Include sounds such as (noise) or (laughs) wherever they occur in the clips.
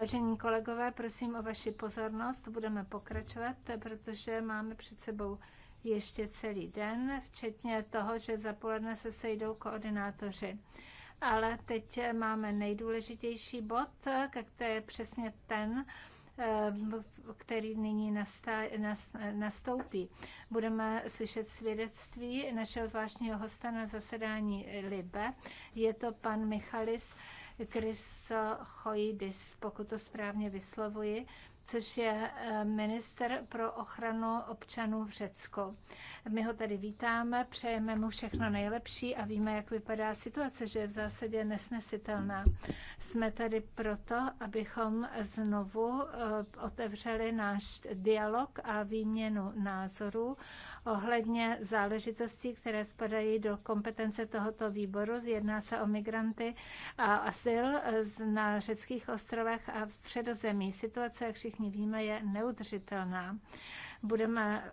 Vážení kolegové, prosím o vaši pozornost. Budeme pokračovat, protože máme před sebou ještě celý den, včetně toho, že poledne se sejdou koordinátoři. Ale teď máme nejdůležitější bod, to je přesně ten, eh, který nyní nastoupí. Budeme slyšet svědectví našeho zvláštního hosta na zasedání LIBE. Je to pan Michalis Chrysochoidis, pokud to správně vyslovuji, což je eh, minister pro ochranu občanů v Řecku. My ho tady vítáme, přejeme mu všechno nejlepší a víme, jak vypadá situace, že je v zásadě nesnesitelná. Jsme tady proto, abychom znovu eh, otevřeli náš dialog a výměnu názorů ohledně záležitostí, které spadají do kompetence tohoto výboru. Jedná se o migranty a asyl eh, na řeckých ostrovech a v středozemí. Situace, jak všichni víme, je neudržitelná budeme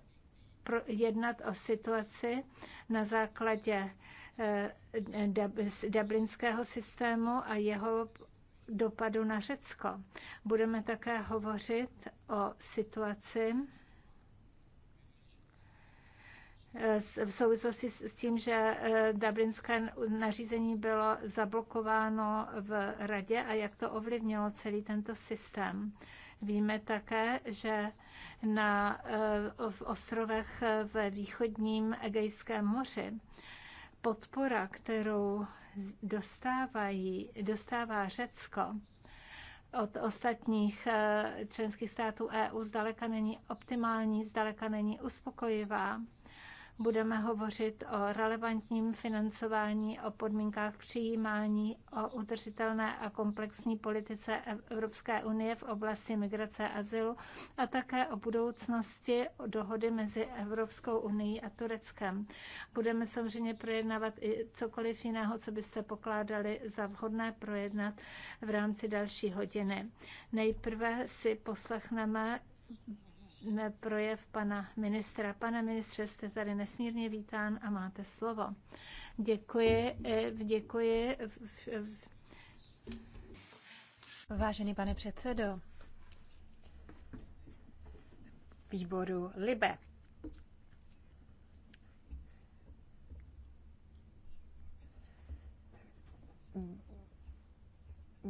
jednat o situaci na základě eh, dublinského systému a jeho dopadu na Řecko. Budeme také hovořit o situaci eh, v souvislosti s tím, že eh, dublinské nařízení bylo zablokováno v radě a jak to ovlivnilo celý tento systém. Víme také, že na eh, v ostrovech eh, ve východním Egejském moři podpora, kterou dostávají, dostává Řecko, od ostatních eh, členských států EU zdaleka není optimální, zdaleka není uspokojivá budeme hovořit o relevantním financování, o podmínkách přijímání, o udržitelné a komplexní politice Evropské unie v oblasti migrace a azylu a také o budoucnosti o dohody mezi Evropskou unii a Tureckem. Budeme samozřejmě projednávat i cokoliv jiného, co byste pokládali za vhodné projednat v rámci další hodiny. Nejprve si poslechneme projev pana ministra. Pane ministře, jste tady nesmírně vítán a máte slovo. Děkuji, eh, děkuji. Vážený pane předsedo výboru LIBE,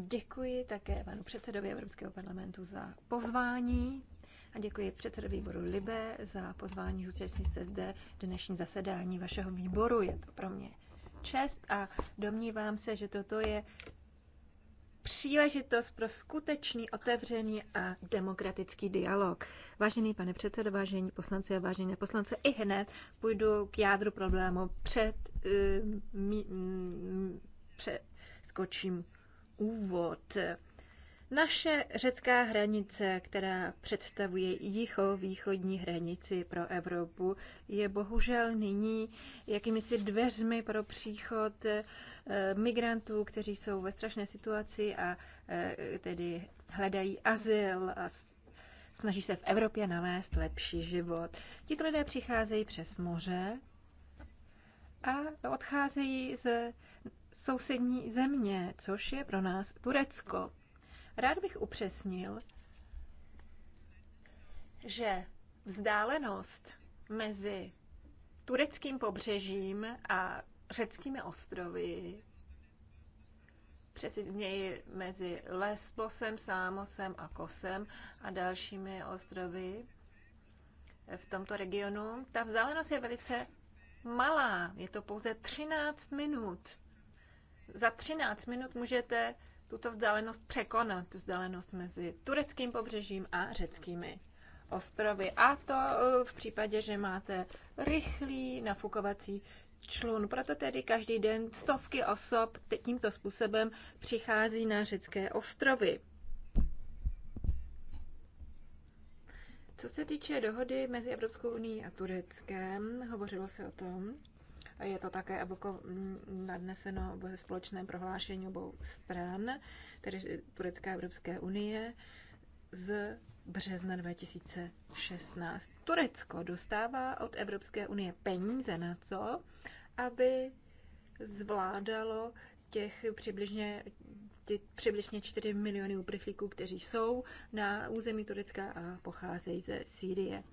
Děkuji také panu předsedovi Evropského parlamentu za pozvání a děkuji předsedovi výboru Libe za pozvání zúčastnit se zde dnešní zasedání vašeho výboru. Je to pro mě čest a domnívám se, že toto je příležitost pro skutečný, otevřený a demokratický dialog. Vážený pane předsedo, vážení poslanci a vážené poslance, i hned půjdu k jádru problému. Před, uh, mi, m, mm, před skočím úvod. Naše řecká hranice, která představuje jicho-východní hranici pro Evropu, je bohužel nyní jakýmisi dveřmi pro příchod eh, migrantů, kteří jsou ve strašné situaci a eh, tedy hledají azyl a snaží se v Evropě nalézt lepší život. Tito lidé přicházejí přes moře a odcházejí z sousední země, což je pro nás Turecko. Rád bych upřesnil, že vzdálenost mezi tureckým pobřežím a řeckými ostrovy, přesněji mezi Lesbosem, Sámosem a Kosem a dalšími ostrovy v tomto regionu, ta vzdálenost je velice malá. Je to pouze 13 minut. Za 13 minut můžete tuto vzdálenost překonat, tu vzdálenost mezi tureckým pobřežím a řeckými ostrovy. A to eh, v případě, že máte rychlý nafukovací člun. Proto tedy každý den stovky osob tímto způsobem přichází na řecké ostrovy. Co se týče dohody mezi Evropskou unii a Tureckem, hovořilo se o tom, je to také Abuko mm, nadneseno ve společném prohlášení obou stran, tedy Turecké a Evropské unie, z března 2016. Turecko dostává od Evropské unie peníze na co? Aby zvládalo těch přibližně, přibližně 4 miliony uprchlíků, kteří jsou na území Turecka a pocházejí ze Sýrie.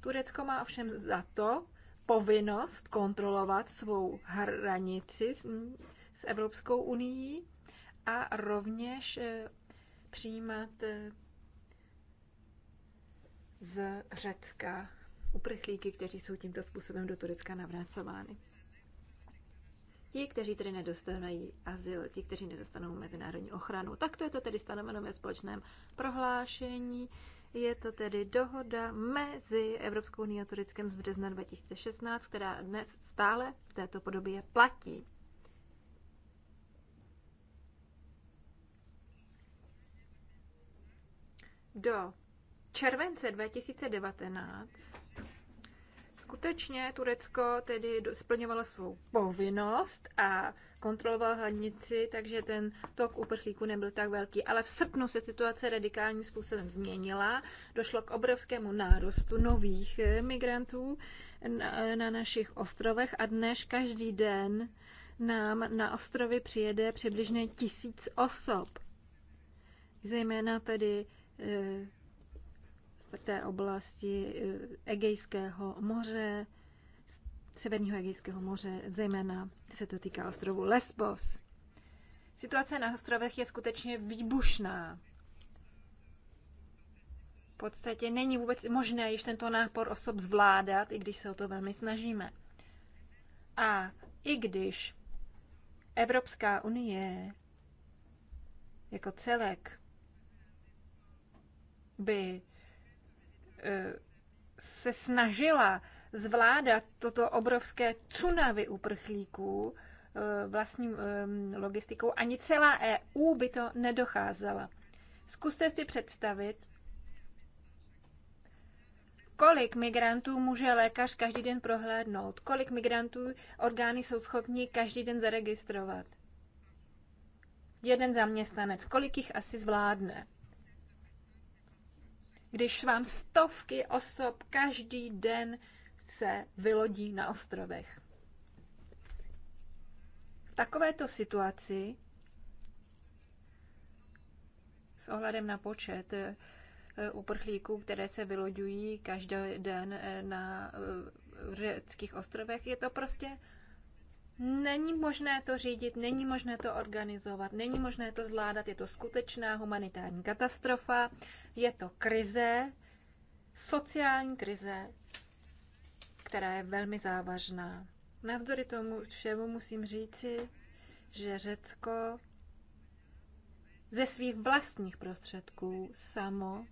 Turecko má ovšem za to, povinnost kontrolovat svou hranici s Evropskou unii a rovněž eh, přijímat eh, z Řecka uprchlíky, kteří jsou tímto způsobem do Turecka navrácovány. Ti, kteří tedy nedostanou azyl, ti, kteří nedostanou mezinárodní ochranu. Tak to je to tedy stanoveno ve společném prohlášení, je to tedy dohoda mezi Evropskou unii a Tureckem z března 2016, která dnes stále v této podobě platí. Do července 2019 skutečně Turecko tedy splňovalo svou povinnost a kontroloval hranici, takže ten tok uprchlíků nebyl tak velký. Ale v srpnu se situace radikálním způsobem změnila. Došlo k obrovskému nárostu nových eh, migrantů na, eh, na našich ostrovech a dnes každý den nám na ostrovy přijede přibližně tisíc osob. Zejména tedy eh, v té oblasti Egejského moře, Severního Egejského moře, zejména se to týká ostrovu Lesbos. Situace na ostrovech je skutečně výbušná. V podstatě není vůbec možné již tento nápor osob zvládat, i když se o to velmi snažíme. A i když Evropská unie jako celek by eh, se snažila zvládat toto obrovské tsunami uprchlíků eh, vlastní logistikou, ani celá EU by to nedocházela. Zkuste si představit, kolik migrantů může lékař každý den prohlédnout, kolik migrantů orgány jsou schopni každý den zaregistrovat. Jeden zaměstnanec, kolik jich asi zvládne? Když vám stovky osob každý den se vylodí na ostrovech. V takovéto situaci s ohledem na počet eh, uprchlíků, které se vyloďují každý den eh, na eh, řeckých ostrovech, je to prostě Není možné to řídit, není možné to organizovat, není možné to zvládat, je to skutečná humanitární katastrofa, je to krize, sociální krize, která je velmi závažná. Navzdory tomu všemu musím říci, že Řecko ze svých vlastních prostředků samo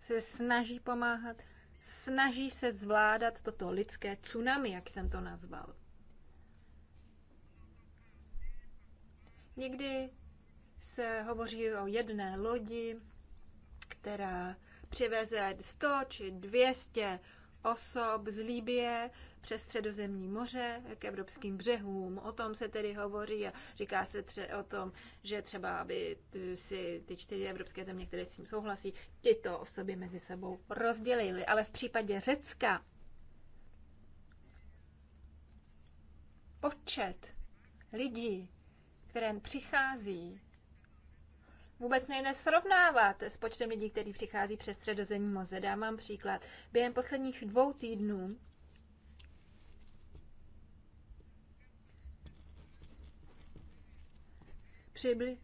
se snaží pomáhat, snaží se zvládat toto lidské tsunami, jak jsem to nazval. Někdy se hovoří o jedné lodi, která přiveze 100 či 200 osob z Líbie přes středozemní moře k evropským břehům. O tom se tedy hovoří a říká se tře- o tom, že třeba aby si ty čtyři evropské země, které s tím souhlasí, tyto osoby mezi sebou rozdělily. Ale v případě Řecka počet lidí, které přichází vůbec nejde srovnávat s počtem lidí, kteří přichází přes středozemní moze. Dám vám příklad. Během posledních dvou týdnů přibli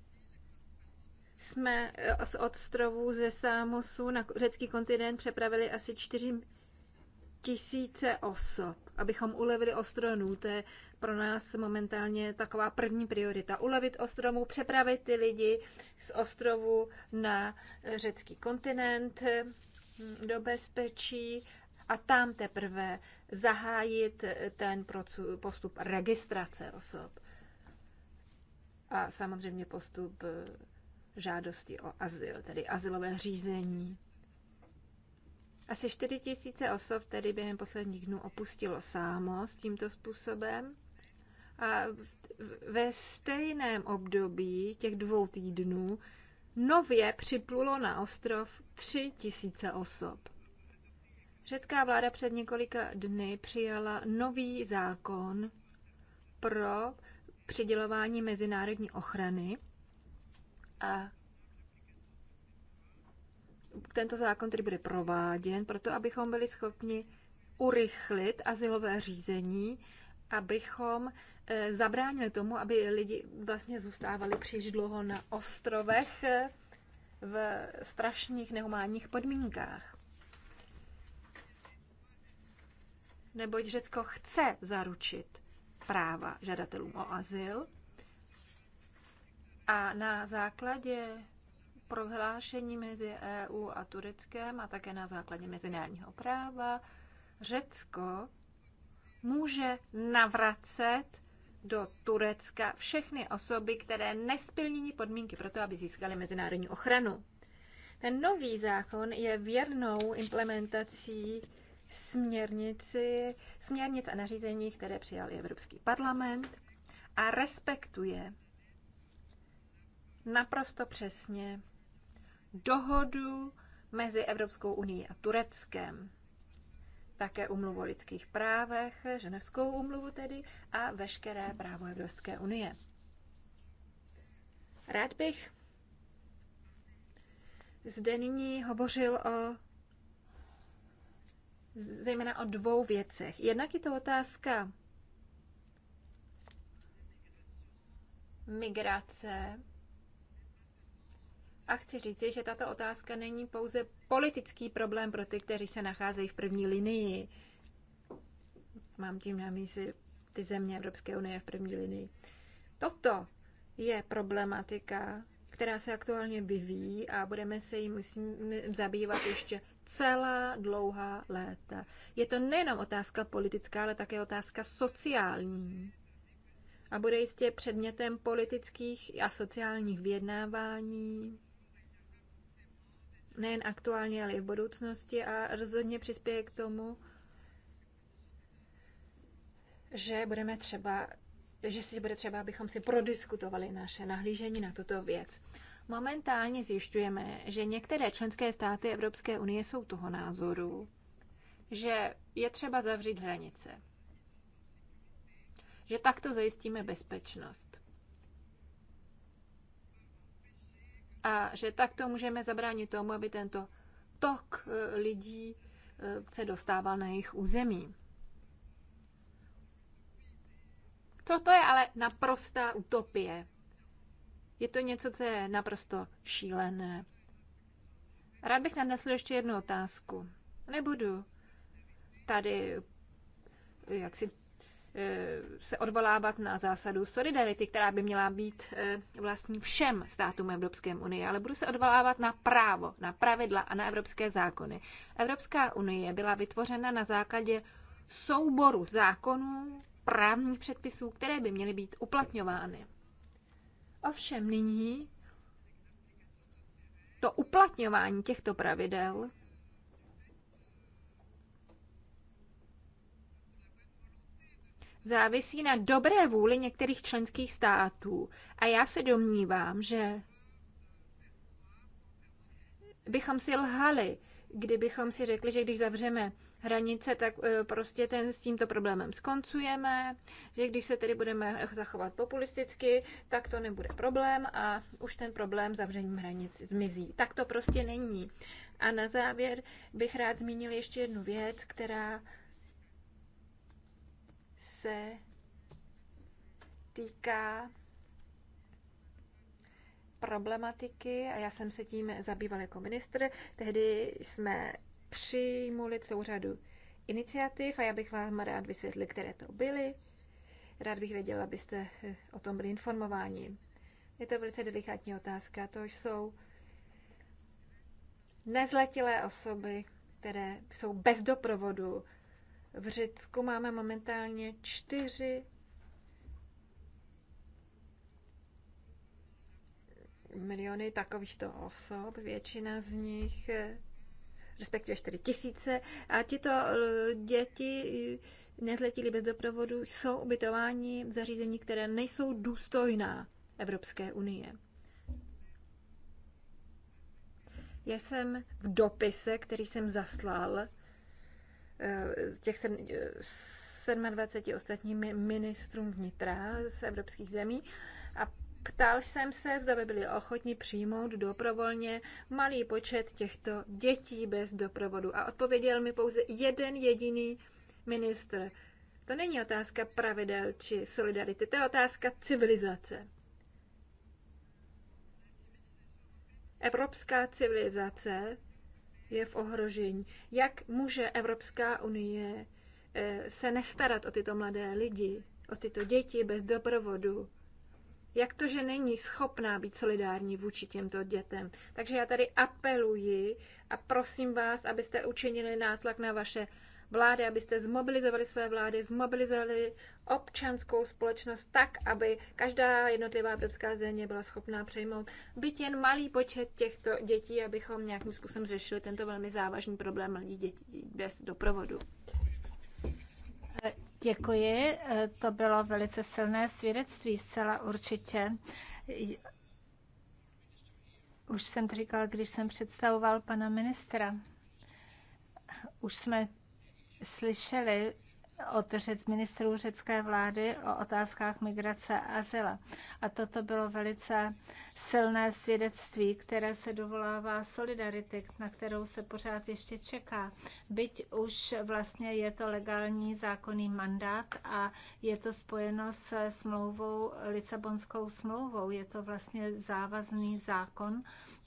jsme eh, z ostrovů ze Sámosu na řecký kontinent přepravili asi čtyři tisíce osob, abychom ulevili ostronů. To je pro nás momentálně taková první priorita. Ulevit ostrovu, přepravit ty lidi z ostrovu na řecký kontinent hm, do bezpečí a tam teprve zahájit ten postup registrace osob a samozřejmě postup eh, žádosti o azyl, tedy azylové řízení. Asi 4 tisíce osob tedy během posledních dnů opustilo sámo s tímto způsobem. A ve stejném období těch dvou týdnů nově připlulo na ostrov tři tisíce osob. Řecká vláda před několika dny přijala nový zákon pro přidělování mezinárodní ochrany a tento zákon tedy bude prováděn, proto abychom byli schopni urychlit asilové řízení abychom eh, zabránili tomu, aby lidi vlastně zůstávali příliš dlouho na ostrovech eh, v strašných nehumánních podmínkách. Neboť Řecko chce zaručit práva žadatelům o azyl a na základě prohlášení mezi EU a Tureckem a také na základě mezinárodního práva Řecko může navracet do Turecka všechny osoby, které nesplnění podmínky pro to, aby získali mezinárodní ochranu. Ten nový zákon je věrnou implementací směrnici, směrnic a nařízení, které přijal i Evropský parlament a respektuje naprosto přesně dohodu mezi Evropskou unii a Tureckem také umluvu o lidských právech, ženevskou umluvu tedy, a veškeré právo Evropské unie. Rád bych zde nyní hovořil o zejména o dvou věcech. Jednak je to otázka migrace a chci říci, že tato otázka není pouze politický problém pro ty, kteří se nacházejí v první linii. Mám tím na mysli ty země Evropské unie v první linii. Toto je problematika, která se aktuálně vyvíjí a budeme se jí musím zabývat ještě celá dlouhá léta. Je to nejenom otázka politická, ale také otázka sociální. A bude jistě předmětem politických a sociálních vyjednávání, nejen aktuálně, ale i v budoucnosti a rozhodně přispěje k tomu, že budeme třeba, že si bude třeba, abychom si prodiskutovali naše nahlížení na tuto věc. Momentálně zjišťujeme, že některé členské státy Evropské unie jsou toho názoru, že je třeba zavřít hranice. Že takto zajistíme bezpečnost. a že takto můžeme zabránit tomu, aby tento tok eh, lidí eh, se dostával na jejich území. Toto je ale naprostá utopie. Je to něco, co je naprosto šílené. Rád bych nadnesl ještě jednu otázku. Nebudu tady eh, jak si Eh, se odvolávat na zásadu solidarity, která by měla být eh, vlastní všem státům Evropské unie, ale budu se odvolávat na právo, na pravidla a na evropské zákony. Evropská unie byla vytvořena na základě souboru zákonů, právních předpisů, které by měly být uplatňovány. Ovšem nyní to uplatňování těchto pravidel závisí na dobré vůli některých členských států. A já se domnívám, že bychom si lhali, kdybychom si řekli, že když zavřeme hranice, tak eh, prostě ten, s tímto problémem skoncujeme, že když se tedy budeme zachovat populisticky, tak to nebude problém a už ten problém zavřením hranic zmizí. Tak to prostě není. A na závěr bych rád zmínil ještě jednu věc, která se týká problematiky a já jsem se tím zabýval jako ministr. Tehdy jsme přijmuli celou řadu iniciativ a já bych vám rád vysvětlil, které to byly. Rád bych věděla, abyste eh, o tom byli informováni. Je to velice delikátní otázka. To jsou nezletilé osoby, které jsou bez doprovodu, v Řecku máme momentálně čtyři miliony takovýchto osob, většina z nich, eh, respektive čtyři tisíce, a tito eh, děti eh, nezletili bez doprovodu jsou ubytováni v zařízení, které nejsou důstojná Evropské unie. Já jsem v dopise, který jsem zaslal Eh, těch 27 eh, ostatními ministrům vnitra z evropských zemí a Ptal jsem se, zda by byli ochotni přijmout doprovolně malý počet těchto dětí bez doprovodu. A odpověděl mi pouze jeden jediný ministr. To není otázka pravidel či solidarity, to je otázka civilizace. Evropská civilizace je v ohrožení. Jak může Evropská unie eh, se nestarat o tyto mladé lidi, o tyto děti bez doprovodu? Jak to, že není schopná být solidární vůči těmto dětem? Takže já tady apeluji a prosím vás, abyste učinili nátlak na vaše vlády, abyste zmobilizovali své vlády, zmobilizovali občanskou společnost tak, aby každá jednotlivá evropská země byla schopná přejmout byť jen malý počet těchto dětí, abychom nějakým způsobem řešili tento velmi závažný problém lidí dětí bez doprovodu. Děkuji, to bylo velice silné svědectví, zcela určitě. Už jsem to říkala, když jsem představoval pana ministra. Už jsme slyšeli od ministrů řecké vlády o otázkách migrace a azyla. A toto bylo velice silné svědectví, které se dovolává solidarity, na kterou se pořád ještě čeká. Byť už vlastně je to legální zákonný mandát a je to spojeno s smlouvou, Lisabonskou smlouvou. Je to vlastně závazný zákon,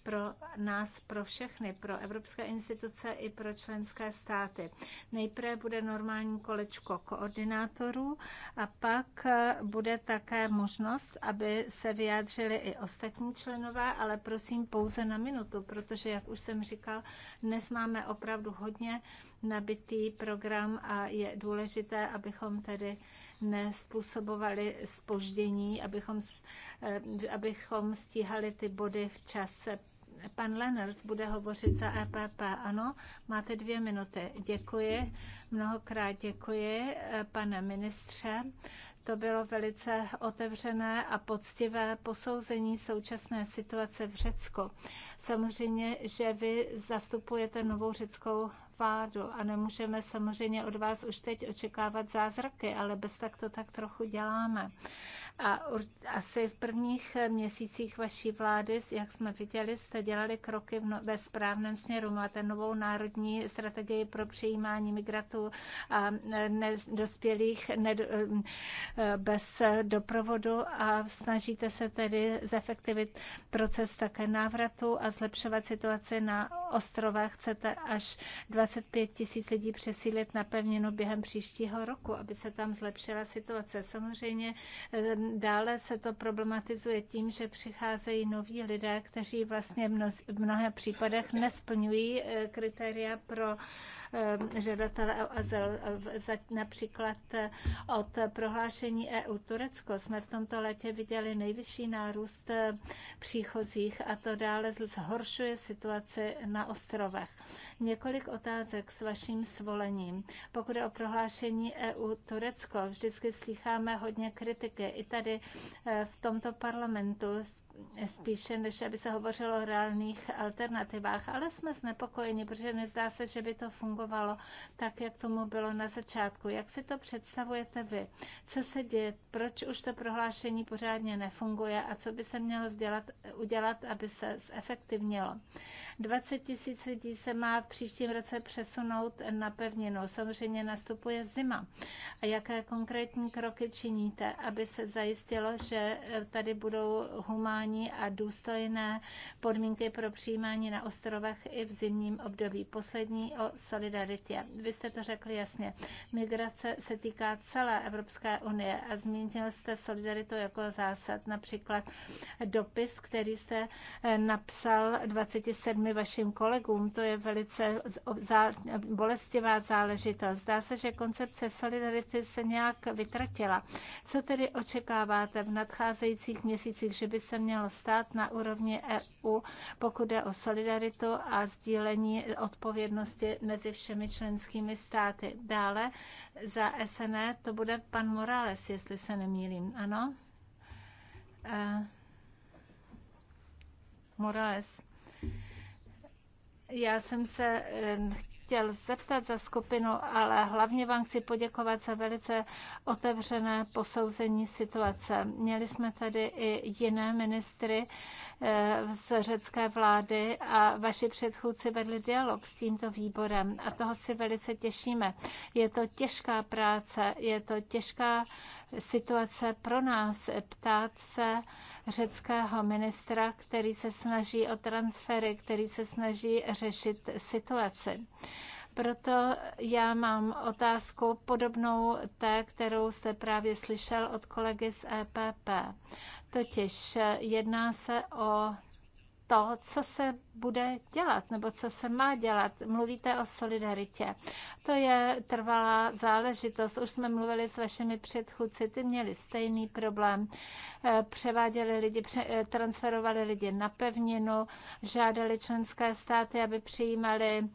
pro nás, pro všechny, pro evropské instituce i pro členské státy. Nejprve bude normální kolečko koordinátorů a pak eh, bude také možnost, aby se vyjádřili i ostatní členové, ale prosím pouze na minutu, protože, jak už jsem říkal, dnes máme opravdu hodně nabitý program a je důležité, abychom tedy nespůsobovali spoždění, abychom, eh, abychom stíhali ty body v čase. Pan Lenners bude hovořit za EPP. Ano, máte dvě minuty. Děkuji, mnohokrát děkuji, eh, pane ministře. To bylo velice otevřené a poctivé posouzení současné situace v Řecku. Samozřejmě, že vy zastupujete novou řeckou vládu a nemůžeme samozřejmě od vás už teď očekávat zázraky, ale bez tak to tak trochu děláme. A asi v prvních eh, měsících vaší vlády, jak jsme viděli, jste dělali kroky no-, ve správném směru. Máte novou národní strategii pro přijímání migratů a eh, dospělých eh, bez doprovodu a snažíte se tedy zefektivit proces také návratu a zlepšovat situaci na ostrovech. Chcete až 25 tisíc lidí přesílit na pevninu během příštího roku, aby se tam zlepšila situace. Samozřejmě Dále se to problematizuje tím, že přicházejí noví lidé, kteří vlastně v mnoha případech nesplňují eh, kritéria pro eh, žadatele o azyl. Například eh, od prohlášení EU Turecko jsme v tomto letě viděli nejvyšší nárůst příchozích a to dále zhoršuje situaci na ostrovech. Několik otázek s vaším svolením. Pokud je o prohlášení EU Turecko, vždycky slycháme hodně kritiky. Itálie tady eh, v tomto parlamentu spíše než aby se hovořilo o reálných alternativách, ale jsme znepokojeni, protože nezdá se, že by to fungovalo tak, jak tomu bylo na začátku. Jak si to představujete vy? Co se děje? Proč už to prohlášení pořádně nefunguje a co by se mělo dělat, udělat, aby se zefektivnilo? 20 tisíc lidí se má v příštím roce přesunout na pevninu. Samozřejmě nastupuje zima. A jaké konkrétní kroky činíte, aby se zajistilo, že tady budou humánní přijímání a důstojné podmínky pro přijímání na ostrovech i v zimním období. Poslední o solidaritě. Vy jste to řekli jasně. Migrace se týká celé Evropské unie a zmínil jste solidaritu jako zásad. Například dopis, který jste eh, napsal 27 vašim kolegům. To je velice bolestivá záležitost. Zdá se, že koncepce solidarity se nějak vytratila. Co tedy očekáváte v nadcházejících měsících, že by se mělo mělo stát na úrovni EU, pokud jde o solidaritu a sdílení odpovědnosti mezi všemi členskými státy. Dále za SNE to bude pan Morales, jestli se nemýlím. Ano? Eh, Morales. Já jsem se eh, chtěl zeptat za skupinu, ale hlavně vám chci poděkovat za velice otevřené posouzení situace. Měli jsme tady i jiné ministry eh, z řecké vlády a vaši předchůdci vedli dialog s tímto výborem a toho si velice těšíme. Je to těžká práce, je to těžká situace pro nás, ptát se řeckého ministra, který se snaží o transfery, který se snaží řešit situaci. Proto já mám otázku podobnou té, kterou jste právě slyšel od kolegy z EPP. Totiž eh, jedná se o to, co se bude dělat nebo co se má dělat. Mluvíte o solidaritě. To je trvalá záležitost. Už jsme mluvili s vašimi předchůdci, ty měli stejný problém. Eh, převáděli lidi, eh, transferovali lidi na pevninu, žádali členské státy, aby přijímali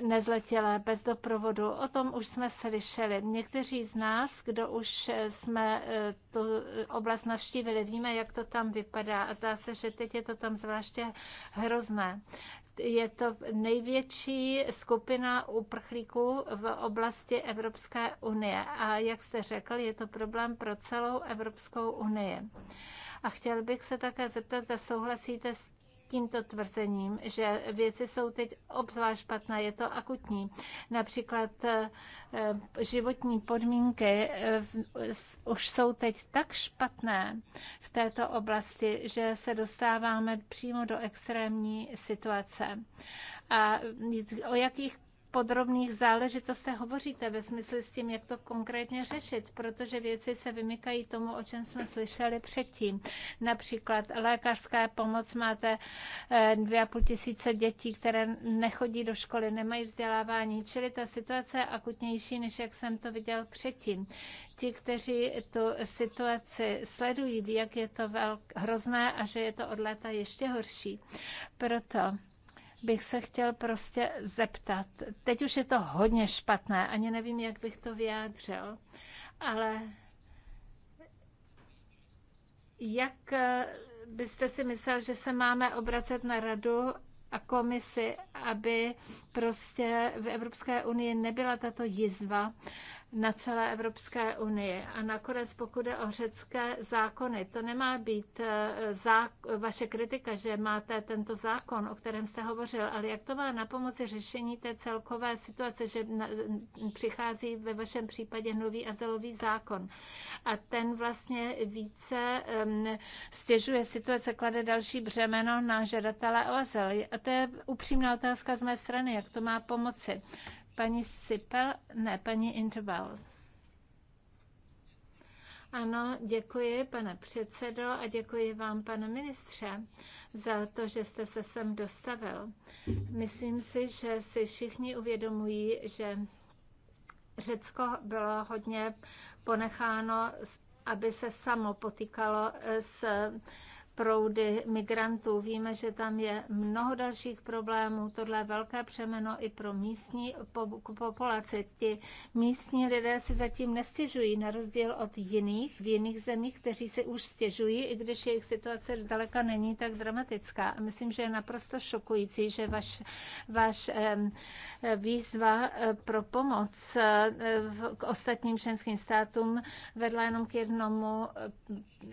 nezletilé bez doprovodu. O tom už jsme slyšeli. Někteří z nás, kdo už jsme eh, tu oblast navštívili, víme, jak to tam vypadá a zdá se, že teď je to tam zvláště hrozné je to největší skupina uprchlíků v oblasti Evropské unie. A jak jste řekl, je to problém pro celou Evropskou unii. A chtěl bych se také zeptat, zda souhlasíte s tímto tvrzením, že věci jsou teď obzvlášť špatné, je to akutní. Například eh, životní podmínky eh, už jsou teď tak špatné v této oblasti, že se dostáváme přímo do extrémní situace. A o jakých podrobných záležitostech hovoříte ve smyslu s tím, jak to konkrétně řešit, protože věci se vymykají tomu, o čem jsme slyšeli předtím. Například lékařská pomoc, máte eh, dvě a půl tisíce dětí, které nechodí do školy, nemají vzdělávání, čili ta situace je akutnější, než jak jsem to viděl předtím. Ti, kteří tu situaci sledují, ví, jak je to velk, hrozné a že je to od léta ještě horší. Proto bych se chtěl prostě zeptat. Teď už je to hodně špatné, ani nevím, jak bych to vyjádřil, ale jak eh, byste si myslel, že se máme obracet na radu a komisi, aby prostě v Evropské unii nebyla tato jizva na celé Evropské unii. A nakonec, pokud je o řecké zákony, to nemá být eh, zák- vaše kritika, že máte tento zákon, o kterém jste hovořil, ale jak to má na pomoci řešení té celkové situace, že na- přichází ve vašem případě nový azylový zákon. A ten vlastně více um, stěžuje situace, klade další břemeno na žadatele o azyl. A to je upřímná otázka z mé strany, jak to má pomoci. Paní Sipel, ne, paní Interval. Ano, děkuji, pane předsedo, a děkuji vám, pane ministře, za to, že jste se sem dostavil. Myslím si, že si všichni uvědomují, že Řecko bylo hodně ponecháno, aby se samo potýkalo s proudy migrantů. Víme, že tam je mnoho dalších problémů. Tohle je velké přemeno i pro místní populace. Ti místní lidé si zatím nestěžují, na rozdíl od jiných v jiných zemích, kteří si už stěžují, i když jejich situace zdaleka není tak dramatická. A myslím, že je naprosto šokující, že vaš, vaš výzva eh, pro pomoc eh, k ostatním členským státům vedla jenom k jednomu eh,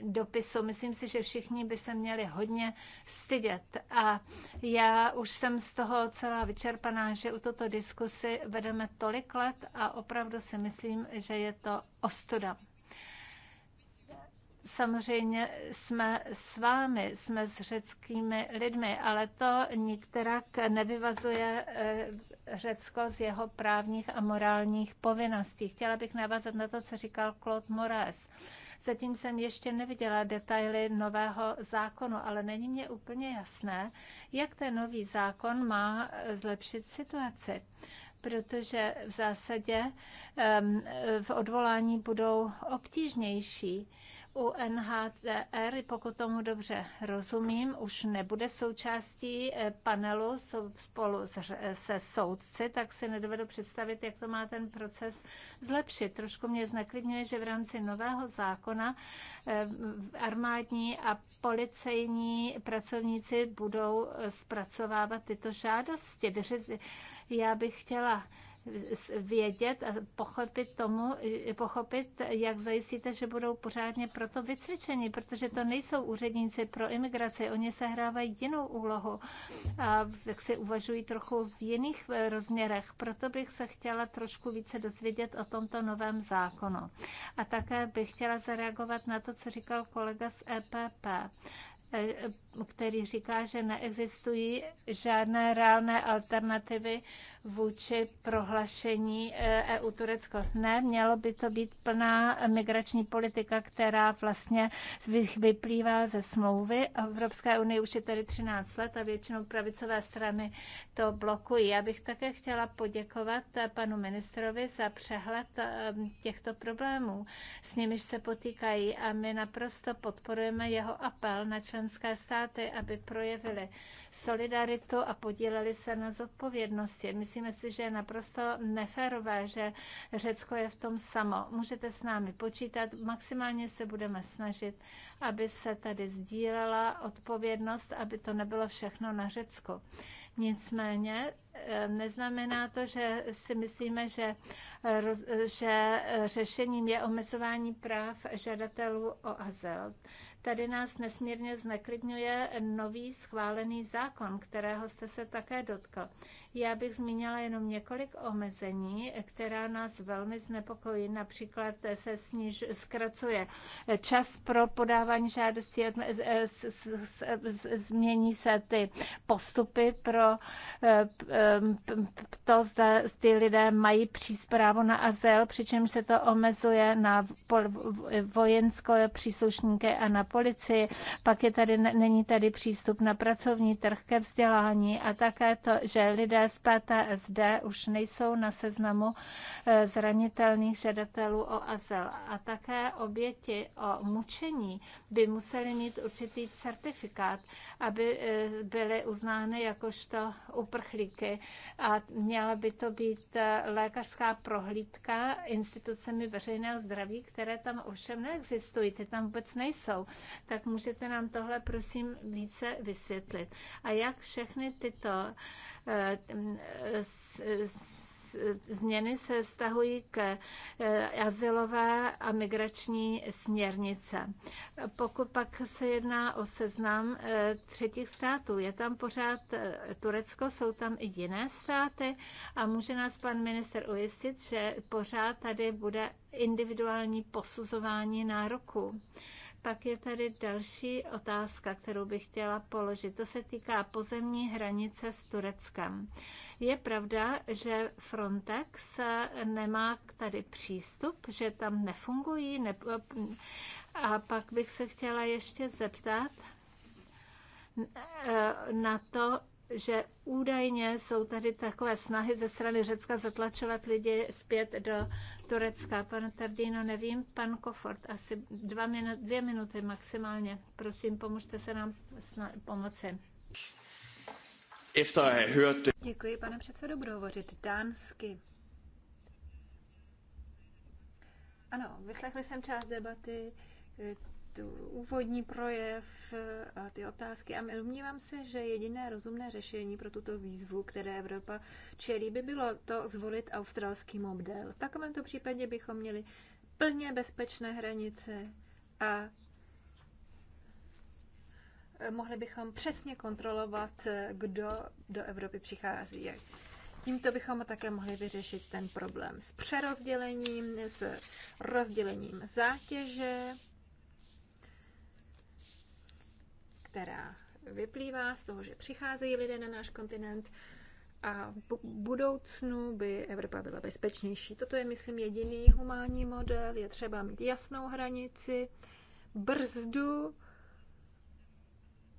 dopisu. Myslím si, že všichni by by se měli hodně stydět. A já už jsem z toho celá vyčerpaná, že u toto diskusy vedeme tolik let a opravdu si myslím, že je to ostuda. Samozřejmě jsme s vámi, jsme s řeckými lidmi, ale to nikterak nevyvazuje eh, Řecko z jeho právních a morálních povinností. Chtěla bych navázat na to, co říkal Claude Moraes. Zatím jsem ještě neviděla detaily nového zákonu, ale není mě úplně jasné, jak ten nový zákon má eh, zlepšit situaci protože v zásadě ehm, v odvolání budou obtížnější. UNHCR, pokud tomu dobře rozumím, už nebude součástí eh, panelu spolu se soudci, tak si nedovedu představit, jak to má ten proces zlepšit. Trošku mě zneklidňuje, že v rámci nového zákona eh, armádní a policejní pracovníci budou eh, zpracovávat tyto žádosti. Já bych chtěla vědět a pochopit tomu, pochopit, jak zajistíte, že budou pořádně proto vycvičeni, protože to nejsou úředníci pro imigraci, oni se hrávají jinou úlohu a jak si uvažují trochu v jiných eh, rozměrech. Proto bych se chtěla trošku více dozvědět o tomto novém zákonu. A také bych chtěla zareagovat na to, co říkal kolega z EPP který říká, že neexistují žádné reálné alternativy vůči prohlašení EU eh, e Turecko. Ne, mělo by to být plná migrační politika, která vlastně vyplývá ze smlouvy. Evropské unie už je tady 13 let a většinou pravicové strany to blokují. Já bych také chtěla poděkovat eh, panu ministrovi za přehled eh, těchto problémů, s nimiž se potýkají a my naprosto podporujeme jeho apel na člen členské státy, aby projevily solidaritu a podíleli se na zodpovědnosti. Myslíme si, že je naprosto neférové, že Řecko je v tom samo. Můžete s námi počítat, maximálně se budeme snažit, aby se tady sdílela odpovědnost, aby to nebylo všechno na Řecku. Nicméně e, neznamená to, že si myslíme, že, že řešením je omezování práv žadatelů o azyl. Tady nás nesmírně zneklidňuje nový schválený zákon, kterého jste se také dotkl. Já bych zmínila jenom několik omezení, která nás velmi znepokojí. Například se sniž, zkracuje čas pro podávání žádostí, eh, změní se ty postupy pro eh, to, zda ty lidé mají přísprávu na azyl, přičemž se to omezuje na vojenské příslušníky a na policii, pak je tady, není tady přístup na pracovní trh ke vzdělání a také to, že lidé z PTSD už nejsou na seznamu eh, zranitelných žadatelů o azyl. A také oběti o mučení by museli mít určitý certifikát, aby eh, byly uznány jakožto uprchlíky a měla by to být eh, lékařská prohlídka institucemi veřejného zdraví, které tam ovšem neexistují, ty tam vůbec nejsou tak můžete nám tohle prosím více vysvětlit. A jak všechny tyto eh, eh, změny se vztahují k eh, azylové a migrační směrnice. Pokud pak se jedná o seznam třetích států, je tam pořád Turecko, jsou tam i jiné státy a může nás pan minister ujistit, že pořád tady bude individuální posuzování nároků. Pak je tady další otázka, kterou bych chtěla položit. To se týká pozemní hranice s Tureckem. Je pravda, že Frontex nemá tady přístup, že tam nefungují? Ne... A pak bych se chtěla ještě zeptat e, na to, že údajně jsou tady takové snahy ze strany Řecka zatlačovat lidi zpět do Turecka. Pan Tardino, nevím, pan Kofort, asi dva minu- dvě minuty maximálně. Prosím, pomožte se nám pomoci. Děkuji, pane předsedo, budu hovořit dánsky. Ano, vyslechli jsem část debaty eh, úvodní projev eh, a ty otázky. A domnívám se, že jediné rozumné řešení pro tuto výzvu, které Evropa čelí, by bylo to zvolit australský model. V takovémto případě bychom měli plně bezpečné hranice a eh, mohli bychom přesně kontrolovat, eh, kdo do Evropy přichází. Tímto bychom také mohli vyřešit ten problém s přerozdělením, s rozdělením zátěže která vyplývá z toho, že přicházejí lidé na náš kontinent a v budoucnu by Evropa byla bezpečnější. Toto je, myslím, jediný humánní model. Je třeba mít jasnou hranici, brzdu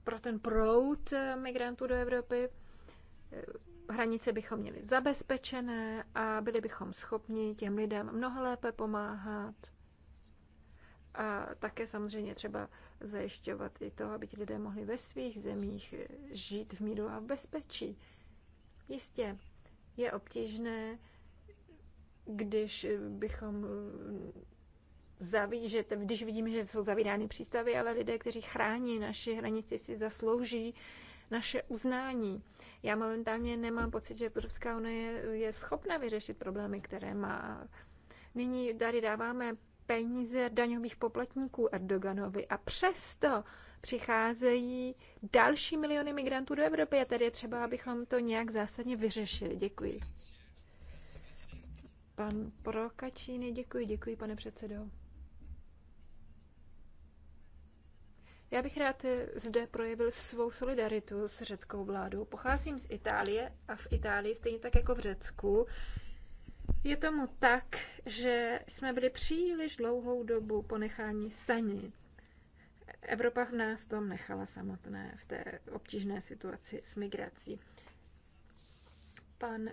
pro ten prout migrantů do Evropy. Hranice bychom měli zabezpečené a byli bychom schopni těm lidem mnoho lépe pomáhat a také samozřejmě třeba zajišťovat i to, aby ti lidé mohli ve svých zemích žít v míru a v bezpečí. Jistě je obtížné, když bychom zaví, když vidíme, že jsou zavírány přístavy, ale lidé, kteří chrání naši hranici, si zaslouží naše uznání. Já momentálně nemám pocit, že Evropská unie je schopna vyřešit problémy, které má. Nyní tady dáváme peníze daňových poplatníků Erdoganovi a přesto přicházejí další miliony migrantů do Evropy a tady je třeba, abychom to nějak zásadně vyřešili. Děkuji. Pan Prokačíny, děkuji, děkuji, pane předsedo. Já bych rád zde projevil svou solidaritu s řeckou vládou. Pocházím z Itálie a v Itálii, stejně tak jako v Řecku, je tomu tak, že jsme byli příliš dlouhou dobu ponecháni sami. Evropa v nás tom nechala samotné v té obtížné situaci s migrací. Pan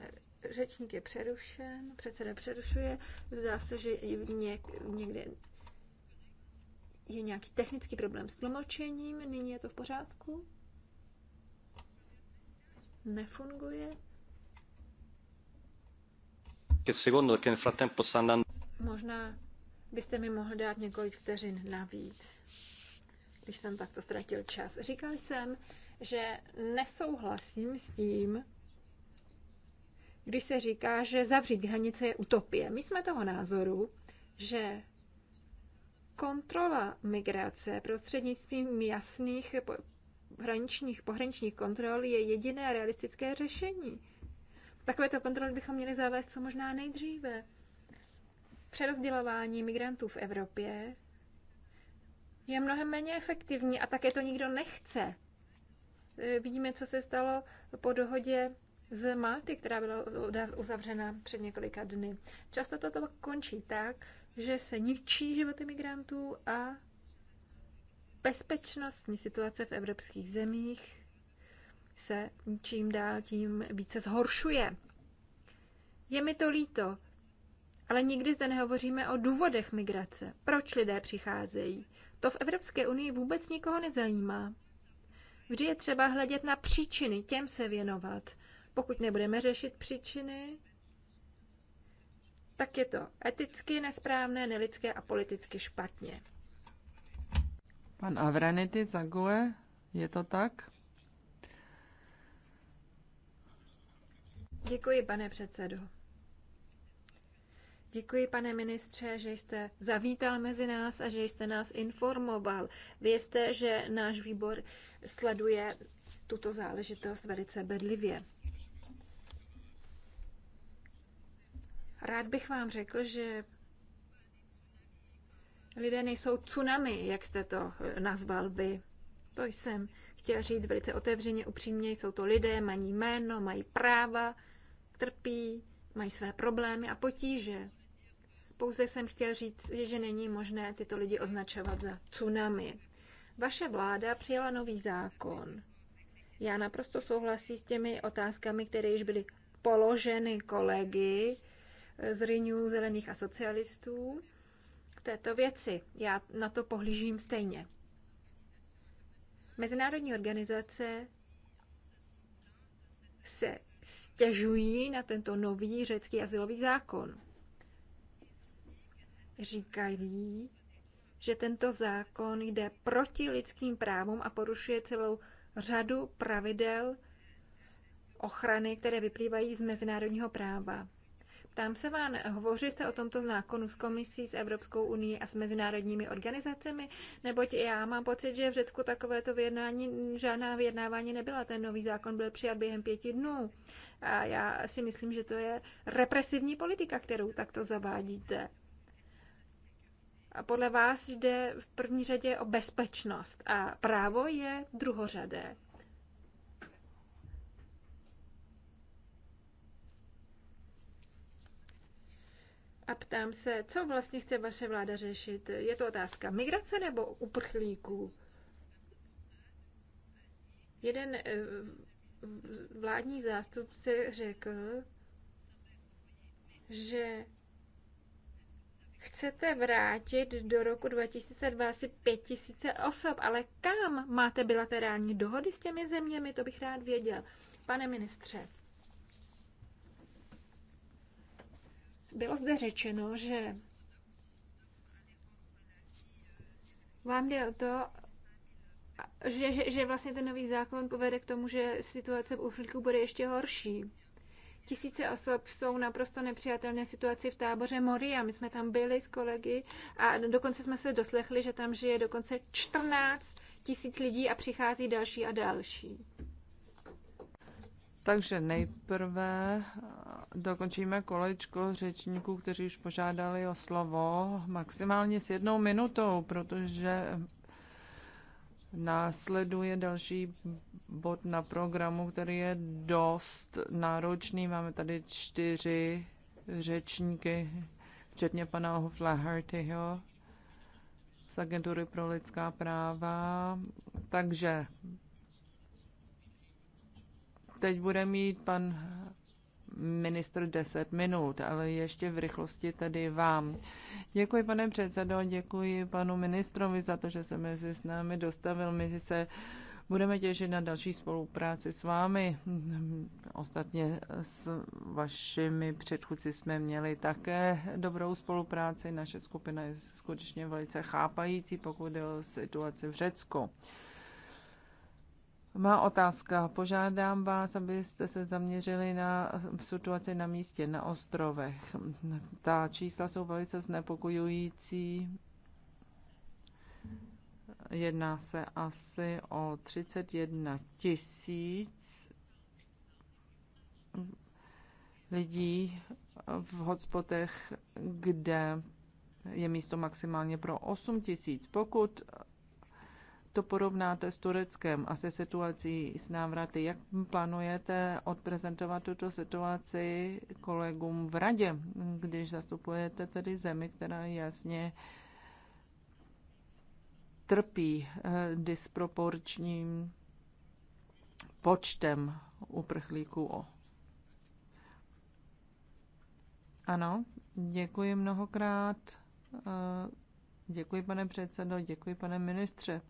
řečník je přerušen, předseda přerušuje. Zdá se, že něk, někde je nějaký technický problém s tlumočením. Nyní je to v pořádku? Nefunguje? secondo, perché nel frattempo sta andando... Možná byste mi mohl dát několik vteřin navíc, když jsem takto ztratil čas. Říkal jsem, že nesouhlasím s tím, když se říká, že zavřít hranice je utopie. My jsme toho názoru, že kontrola migrace prostřednictvím jasných hraničních, pohraničních kontrol je jediné realistické řešení. Takovéto kontroly bychom měli zavést co možná nejdříve. Přerozdělování migrantů v Evropě je mnohem méně efektivní a také to nikdo nechce. E, vidíme, co se stalo po dohodě z Malty, která byla uzavřena před několika dny. Často toto končí tak, že se ničí životy migrantů a bezpečnostní situace v evropských zemích se čím dál tím více zhoršuje. Je mi to líto, ale nikdy zde nehovoříme o důvodech migrace, proč lidé přicházejí. To v Evropské unii vůbec nikoho nezajímá. Vždy je třeba hledět na příčiny, těm se věnovat. Pokud nebudeme řešit příčiny, tak je to eticky nesprávné, nelidské a politicky špatně. Pan Avranity Zague, je to tak? Děkuji, pane předsedo. Děkuji, pane ministře, že jste zavítal mezi nás a že jste nás informoval. Vězte, že náš výbor sleduje tuto záležitost velice bedlivě. Rád bych vám řekl, že lidé nejsou tsunami, jak jste to eh, nazval vy. To jsem chtěl říct velice otevřeně, upřímně. Jsou to lidé, mají jméno, mají práva, trpí, mají své problémy a potíže. Pouze jsem chtěl říct, že není možné tyto lidi označovat za tsunami. Vaše vláda přijala nový zákon. Já naprosto souhlasím s těmi otázkami, které již byly položeny kolegy z Renew zelených a socialistů k této věci. Já na to pohlížím stejně. Mezinárodní organizace se stěžují na tento nový řecký asilový zákon. Říkají, že tento zákon jde proti lidským právům a porušuje celou řadu pravidel ochrany, které vyplývají z mezinárodního práva. Ptám se vám, hovoří jste o tomto zákonu s komisí, s Evropskou unii a s mezinárodními organizacemi? Neboť já mám pocit, že v Řecku takovéto vyjednání, žádná vyjednávání nebyla. Ten nový zákon byl přijat během pěti dnů. A já si myslím, že to je represivní politika, kterou takto zavádíte. A podle vás jde v první řadě o bezpečnost a právo je druhořadé. a ptám se, co vlastně chce vaše vláda řešit. Je to otázka migrace nebo uprchlíků? Jeden eh, vládní zástupce řekl, že chcete vrátit do roku 2025 asi 5000 osob, ale kam máte bilaterální dohody s těmi zeměmi, to bych rád věděl. Pane ministře, Bylo zde řečeno, že vám jde o to, že, že, že vlastně ten nový zákon povede k tomu, že situace v uprchlíků bude ještě horší. Tisíce osob jsou naprosto nepřijatelné situaci v táboře Moria. My jsme tam byli s kolegy a dokonce jsme se doslechli, že tam žije dokonce 14 tisíc lidí a přichází další a další. Takže nejprve eh, dokončíme kolečko řečníků, kteří už požádali o slovo maximálně s jednou minutou, protože následuje další bod na programu, který je dost náročný. Máme tady čtyři řečníky, včetně pana Flahertyho z Agentury pro lidská práva. Takže Teď bude mít pan ministr 10 minut, ale ještě v rychlosti tedy vám. Děkuji, pane předsedo, děkuji panu ministrovi za to, že se mezi s námi dostavil. My se budeme těšit na další spolupráci s vámi. Ostatně s vašimi předchůdci jsme měli také dobrou spolupráci. Naše skupina je skutečně velice chápající, pokud je o situaci v Řecku. Má otázka. Požádám vás, abyste se zaměřili na situaci na místě, na ostrovech. Ta čísla jsou velice znepokojující. Jedná se asi o 31 tisíc lidí v hotspotech, kde je místo maximálně pro 8 tisíc. Pokud to porovnáte s Tureckem a se situací s návraty, jak plánujete odprezentovat tuto situaci kolegům v radě, když zastupujete tedy zemi, která jasně trpí eh, disproporčním počtem uprchlíků. Ano, děkuji mnohokrát. Eh, děkuji, pane předsedo, děkuji, pane ministře.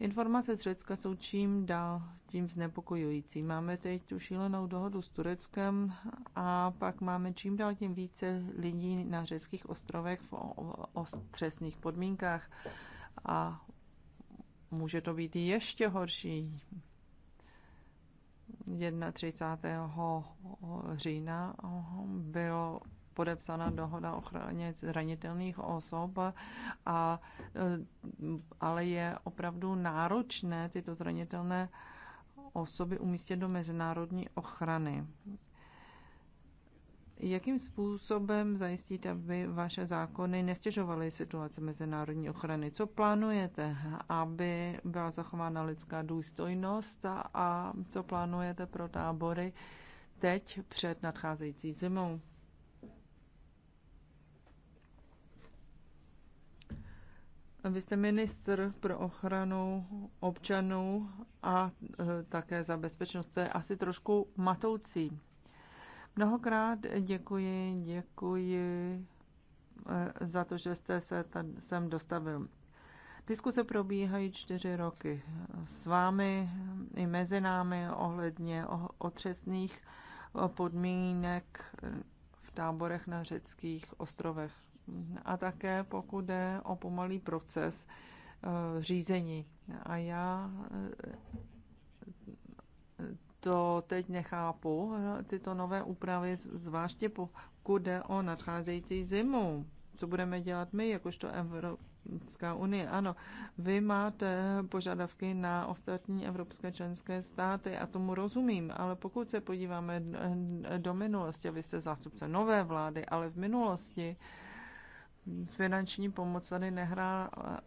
Informace z Řecka jsou čím dál tím znepokojující. Máme teď tu šílenou dohodu s Tureckem a pak máme čím dál tím více lidí na řeckých ostrovech v ostřesných podmínkách a může to být ještě horší. 31. října bylo podepsána dohoda o ochraně zranitelných osob, a, eh, ale je opravdu náročné tyto zranitelné osoby umístit do mezinárodní ochrany. Jakým způsobem zajistíte, aby vaše zákony nestěžovaly situace mezinárodní ochrany? Co plánujete, aby byla zachována lidská důstojnost a, a co plánujete pro tábory teď před nadcházející zimou? Vy jste ministr pro ochranu občanů a e, také za bezpečnost. To je asi trošku matoucí. Mnohokrát děkuji, děkuji e, za to, že jste se tam sem dostavil. Diskuse probíhají čtyři roky s vámi i mezi námi ohledně otřesných podmínek v táborech na řeckých ostrovech a také pokud jde o pomalý proces eh, řízení. A já eh, to teď nechápu, eh, tyto nové úpravy, zvláště pokud jde o nadcházející zimu. Co budeme dělat my, jakožto Evropská unie? Ano, vy máte požadavky na ostatní evropské členské státy a tomu rozumím, ale pokud se podíváme do minulosti, vy jste zástupce nové vlády, ale v minulosti finanční pomoc tady eh, eh, nehrála,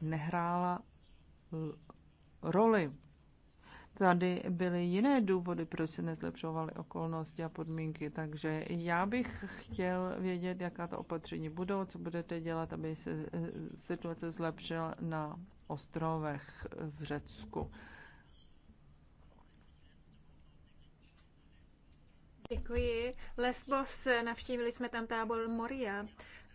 nehrála roli. Tady byly jiné důvody, proč se nezlepšovaly okolnosti a podmínky, takže já bych chtěl vědět, jaká to opatření budou, co budete dělat, aby se eh, situace zlepšila na ostrovech v Řecku. Děkuji. Lesbos, navštívili jsme tam tábor Moria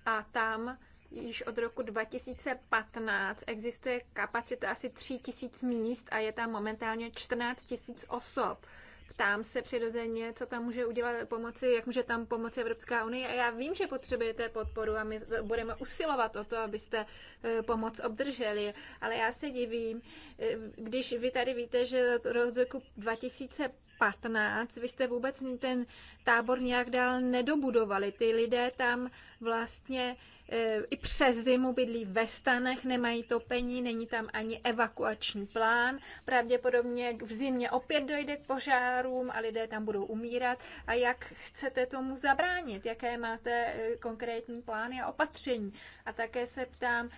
a tam již od roku 2015 existuje kapacita asi 3 tisíc míst a je tam momentálně 14 tisíc osob. Ptám se přirozeně, co tam může udělat pomoci, jak může tam pomoci Evropská unie. A já vím, že potřebujete podporu a my budeme usilovat o to, abyste eh, pomoc obdrželi. Ale já se divím, eh, když vy tady víte, že od roku 2015 15, vy jste vůbec ten tábor nějak dál nedobudovali. Ty lidé tam vlastně eh, i přes zimu bydlí ve stanech, nemají topení, není tam ani evakuační plán. Pravděpodobně v zimě opět dojde k požárům a lidé tam budou umírat. A jak chcete tomu zabránit? Jaké máte eh, konkrétní plány a opatření? A také se ptám,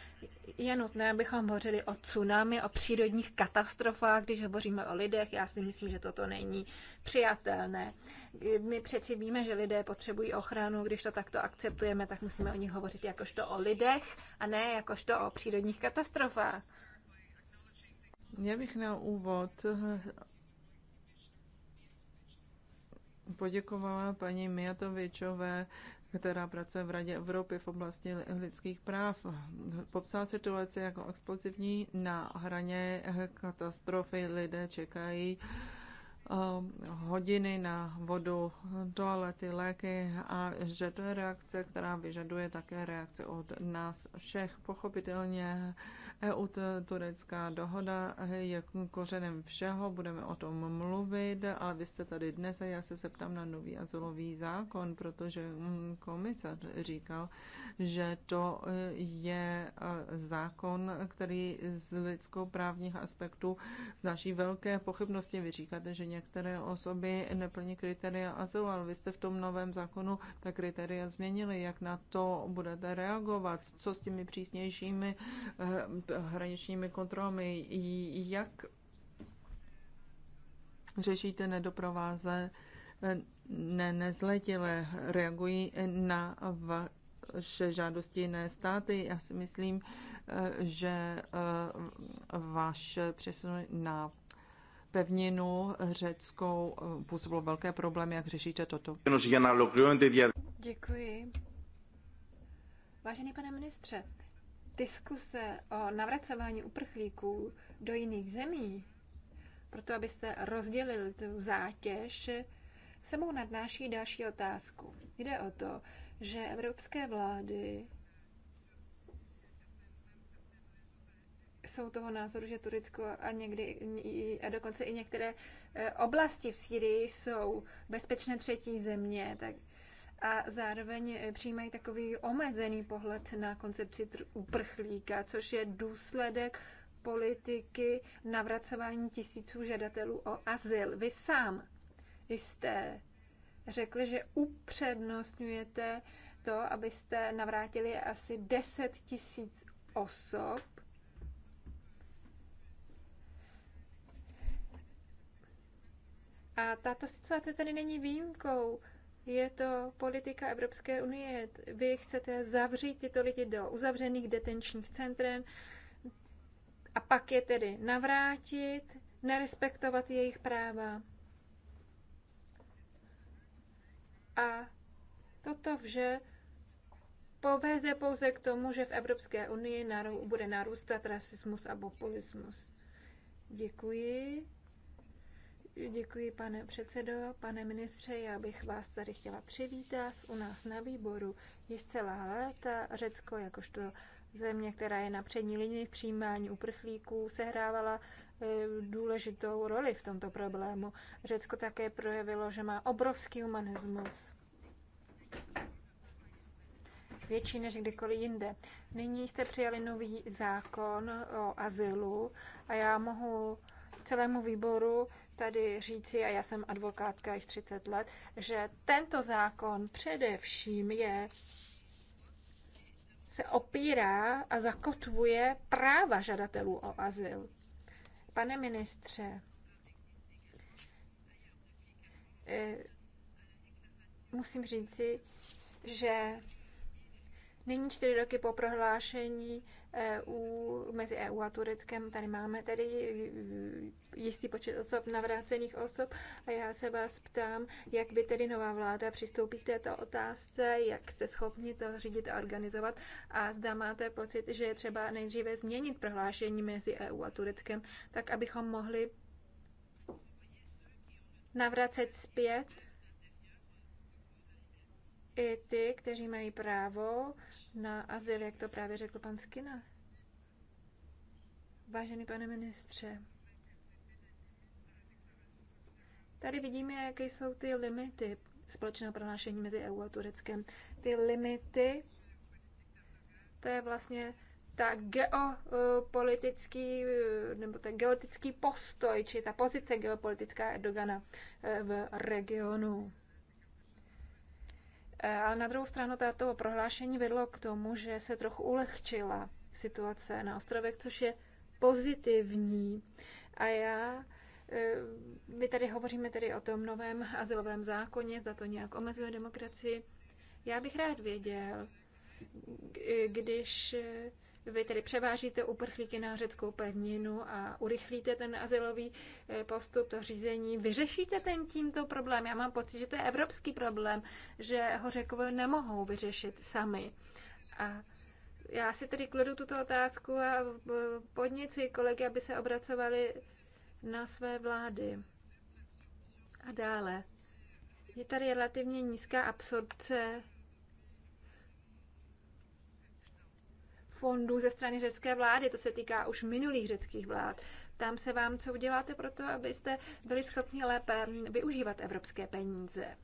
je nutné, abychom hovořili o tsunami, o přírodních katastrofách, když hovoříme o lidech. Já si myslím, že toto není přijatelné. My přeci víme, že lidé potřebují ochranu, když to takto akceptujeme, tak musíme o nich hovořit jakožto o lidech a ne jakožto o přírodních katastrofách. Já bych na úvod eh, poděkovala paní Mijatovičové, která pracuje v Radě Evropy v oblasti lidských práv. Popsala situaci jako explozivní na hraně eh, katastrofy. Lidé čekají Ehm, hodiny na vodu, toalety, léky a že to je reakce, která vyžaduje také reakce od nás všech. Pochopitelně EU-turecká dohoda je kořenem všeho, budeme o tom mluvit, ale vy jste tady dnes a já se zeptám na nový azylový zákon, protože mm, komisař říkal, že to e, je e, zákon, který z lidskoprávních aspektů znaší velké pochybnosti. Vy říkáte, že některé osoby neplní kritéria azylu, ale vy jste v tom novém zákonu ta kritéria změnili. Jak na to budete reagovat? Co s těmi přísnějšími e, hraničními kontrolami. Jak řešíte nedoprováze ne, nezletilé? Reagují na vaše žádosti jiné státy? Já si myslím, že eh, vaše přesun na pevninu řeckou eh, působilo velké problémy. Jak řešíte toto? Děkuji. Vážený pane ministře, diskuse o navracování uprchlíků do jiných zemí, proto abyste rozdělili tu zátěž, mou nadnáší další otázku. Jde o to, že evropské vlády jsou toho názoru, že Turecko a někdy a dokonce i některé eh, oblasti v Syrii jsou bezpečné třetí země, tak a zároveň eh, přijímají takový omezený pohled na koncepci uprchlíka, což je důsledek politiky navracování tisíců žadatelů o azyl. Vy sám jste řekli, že upřednostňujete to, abyste navrátili asi 10 tisíc osob. A tato situace tady není výjimkou je to politika Evropské unie. Vy chcete zavřít tyto lidi do uzavřených detenčních centren a pak je tedy navrátit, nerespektovat jejich práva. A toto vše poveze pouze k tomu, že v Evropské unii bude narůstat rasismus a populismus. Děkuji. Děkuji, pane předsedo. Pane ministře, já bych vás tady chtěla přivítat u nás na výboru. Již celá léta Řecko, jakožto země, která je na přední linii v přijímání uprchlíků, sehrávala eh, důležitou roli v tomto problému. Řecko také projevilo, že má obrovský humanismus. Větší než kdykoliv jinde. Nyní jste přijali nový zákon o azylu a já mohu celému výboru tady říci, a já jsem advokátka již 30 let, že tento zákon především je se opírá a zakotvuje práva žadatelů o azyl. Pane ministře, eh, musím říci, že Nyní čtyři roky po prohlášení EU, mezi EU a Tureckem, tady máme tedy e, jistý počet osob, navrácených osob a já se vás ptám, jak by tedy nová vláda přistoupí k této otázce, jak jste schopni to řídit a organizovat a zda máte pocit, že je třeba nejdříve změnit prohlášení mezi EU a Tureckem, tak abychom mohli navracet zpět i ty, kteří mají právo na azyl, jak to právě řekl pan Skina. Vážený pane ministře, tady vidíme, jaké jsou ty limity společného pronášení mezi EU a Tureckem. Ty limity, to je vlastně ta geopolitický, nebo ten geotický postoj, či ta pozice geopolitická Erdogana eh, v regionu. Eh, ale na druhou stranu tato prohlášení vedlo k tomu, že se trochu ulehčila situace na ostrovech, což je pozitivní. A já, eh, my tady hovoříme tedy o tom novém azylovém zákoně, zda to nějak omezuje demokracii. Já bych rád věděl, eh, když vy tedy převážíte uprchlíky na řeckou pevninu a urychlíte ten asilový eh, postup, to řízení. Vyřešíte ten tímto problém? Já mám pocit, že to je evropský problém, že ho řekové nemohou vyřešit sami. A já si tedy kladu tuto otázku a eh, podněcuji kolegy, aby se obracovali na své vlády. A dále. Je tady relativně nízká absorpce fondů ze strany řecké vlády, to se týká už minulých řeckých vlád. Tam se vám, co uděláte pro to, abyste byli schopni lépe využívat evropské peníze.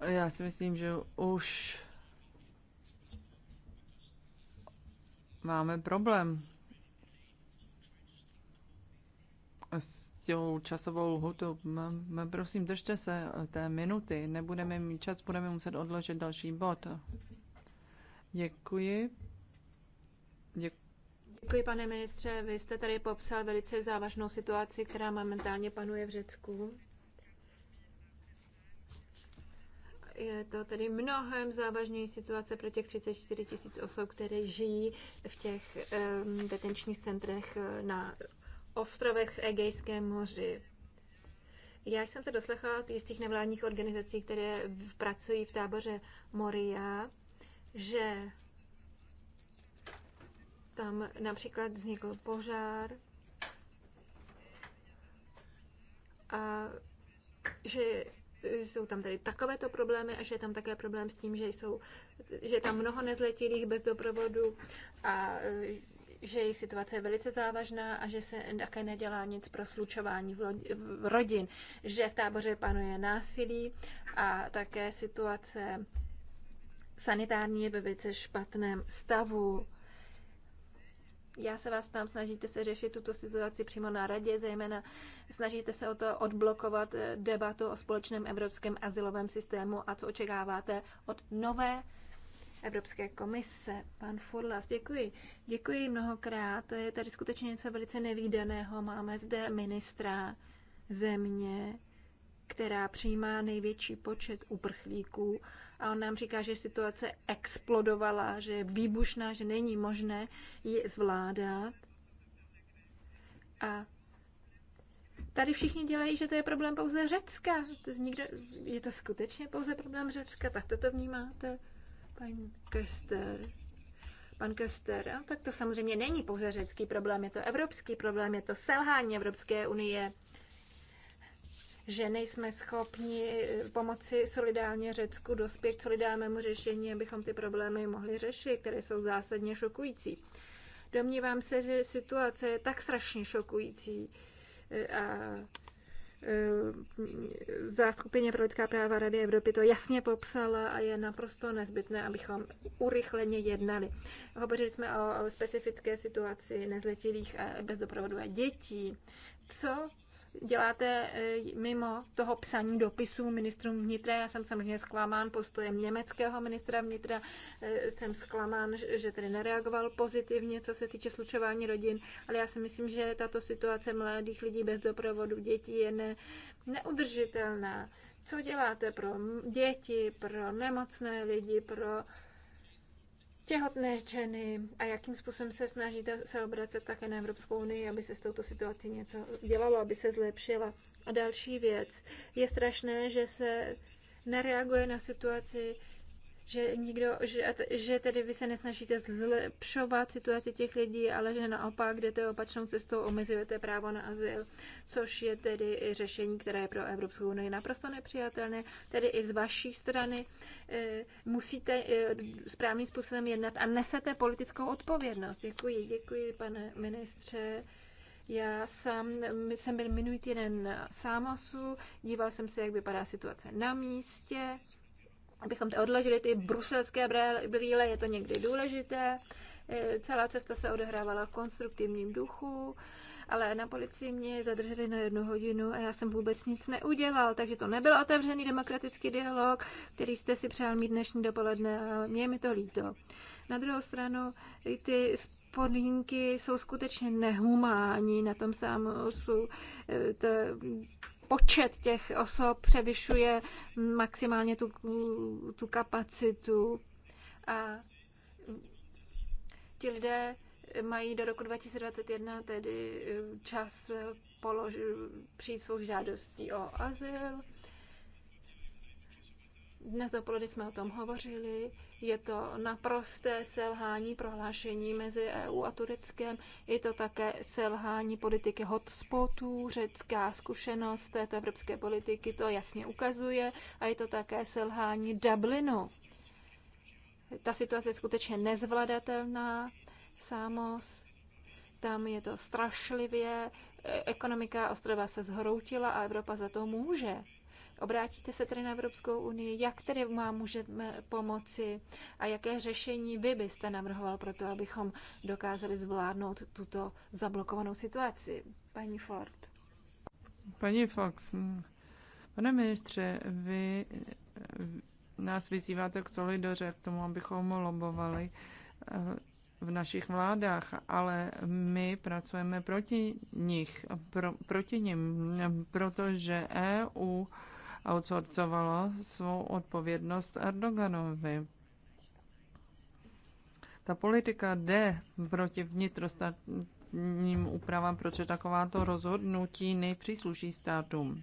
Já si myslím, že už máme problém s tou časovou lhutou. Prosím, držte se té minuty. Nebudeme mít čas, budeme muset odložit další bod. Děkuji. Děkuji. Děkuji, pane ministře. Vy jste tady popsal velice závažnou situaci, která momentálně panuje v Řecku. Je to tedy mnohem závažnější situace pro těch 34 tisíc osob, které žijí v těch um, detenčních centrech eh, na ostrovech v Egejském moři. Já jsem se doslechla od jistých nevládních organizací, které pracují v táboře Moria, že tam například vznikl požár a že jsou tam tady takovéto problémy a že je tam také problém s tím, že, jsou, že je tam mnoho nezletilých bez doprovodu a že jejich situace je velice závažná a že se také nedělá nic pro slučování rodin, že v táboře panuje násilí a také situace sanitární je ve velice špatném stavu. Já se vás tam snažíte se řešit tuto situaci přímo na radě, zejména snažíte se o to odblokovat eh, debatu o společném evropském asilovém systému a co očekáváte od nové Evropské komise. Pan Furlas, děkuji. Děkuji mnohokrát. To je tady skutečně něco velice nevýdaného. Máme zde ministra země, která přijímá největší počet uprchlíků a on nám říká, že situace explodovala, že je výbušná, že není možné ji zvládat. A tady všichni dělají, že to je problém pouze Řecka. To nikdo, je to skutečně pouze problém Řecka? Tak to, to vnímáte, pan Köster? Pan Köster, no, tak to samozřejmě není pouze řecký problém, je to evropský problém, je to selhání Evropské unie že nejsme schopni eh, pomoci solidárně Řecku dospět k solidárnému řešení, abychom ty problémy mohli řešit, které jsou zásadně šokující. Domnívám se, že situace je tak strašně šokující eh, a eh, skupině pro lidská práva Rady Evropy to jasně popsala a je naprosto nezbytné, abychom urychleně jednali. Hovořili jsme o, o specifické situaci nezletilých a bez doprovodu a dětí. Co děláte e, mimo toho psaní dopisů ministrům vnitra. Já jsem samozřejmě zklamán postojem německého ministra vnitra. E, jsem zklamán, že tedy nereagoval pozitivně, co se týče slučování rodin, ale já si myslím, že tato situace mladých lidí bez doprovodu dětí je ne, neudržitelná. Co děláte pro děti, pro nemocné lidi, pro těhotné ženy a jakým způsobem se snažíte se obracet také na Evropskou unii, aby se s touto situací něco dělalo, aby se zlepšila. A další věc. Je strašné, že se nereaguje na situaci že, nikdo, že, že tedy vy se nesnažíte zlepšovat situaci těch lidí, ale že naopak jdete opačnou cestou, omezujete právo na azyl, což je tedy řešení, které je pro Evropskou unii naprosto nepřijatelné. Tedy i z vaší strany eh, musíte eh, správným způsobem jednat a nesete politickou odpovědnost. Děkuji, děkuji, pane ministře. Já sám jsem byl minulý týden na Sámosu, díval jsem se, jak vypadá situace na místě abychom to odložili ty bruselské brýle, je to někdy důležité. Eh, Celá cesta se odehrávala v konstruktivním duchu, ale na policii mě zadrželi na jednu hodinu a já jsem vůbec nic neudělal, takže to nebyl otevřený demokratický dialog, který jste si přál mít dnešní dopoledne a mě mi to líto. Na druhou stranu, ty podmínky jsou skutečně nehumánní na tom eh, to počet těch osob převyšuje maximálně tu, tu kapacitu. A ti lidé mají do roku 2021 tedy eh, čas polož, přijít svou žádostí o azyl dnes dopoledne jsme o tom hovořili. Je to naprosté selhání prohlášení mezi EU a Tureckem. Je to také selhání politiky hotspotů. Řecká zkušenost této evropské politiky to jasně ukazuje. A je to také selhání Dublinu. Ta situace je skutečně nezvladatelná. Sámos, tam je to strašlivě. E- ekonomika ostrova se zhroutila a Evropa za to může. Obrátíte se tedy na Evropskou unii, jak tedy má můžeme pomoci a jaké řešení vy byste navrhoval pro to, abychom dokázali zvládnout tuto zablokovanou situaci? Paní Ford. Paní Fox, pane ministře, vy eh, nás vyzýváte k solidoře, k tomu, abychom lobovali eh, v našich vládách, ale my pracujeme proti nich, pro, proti nim, eh, protože EU outsourcovalo svou odpovědnost Erdoganovi. Ta politika jde proti vnitrostátním úpravám, je takováto rozhodnutí nejpřísluší státům.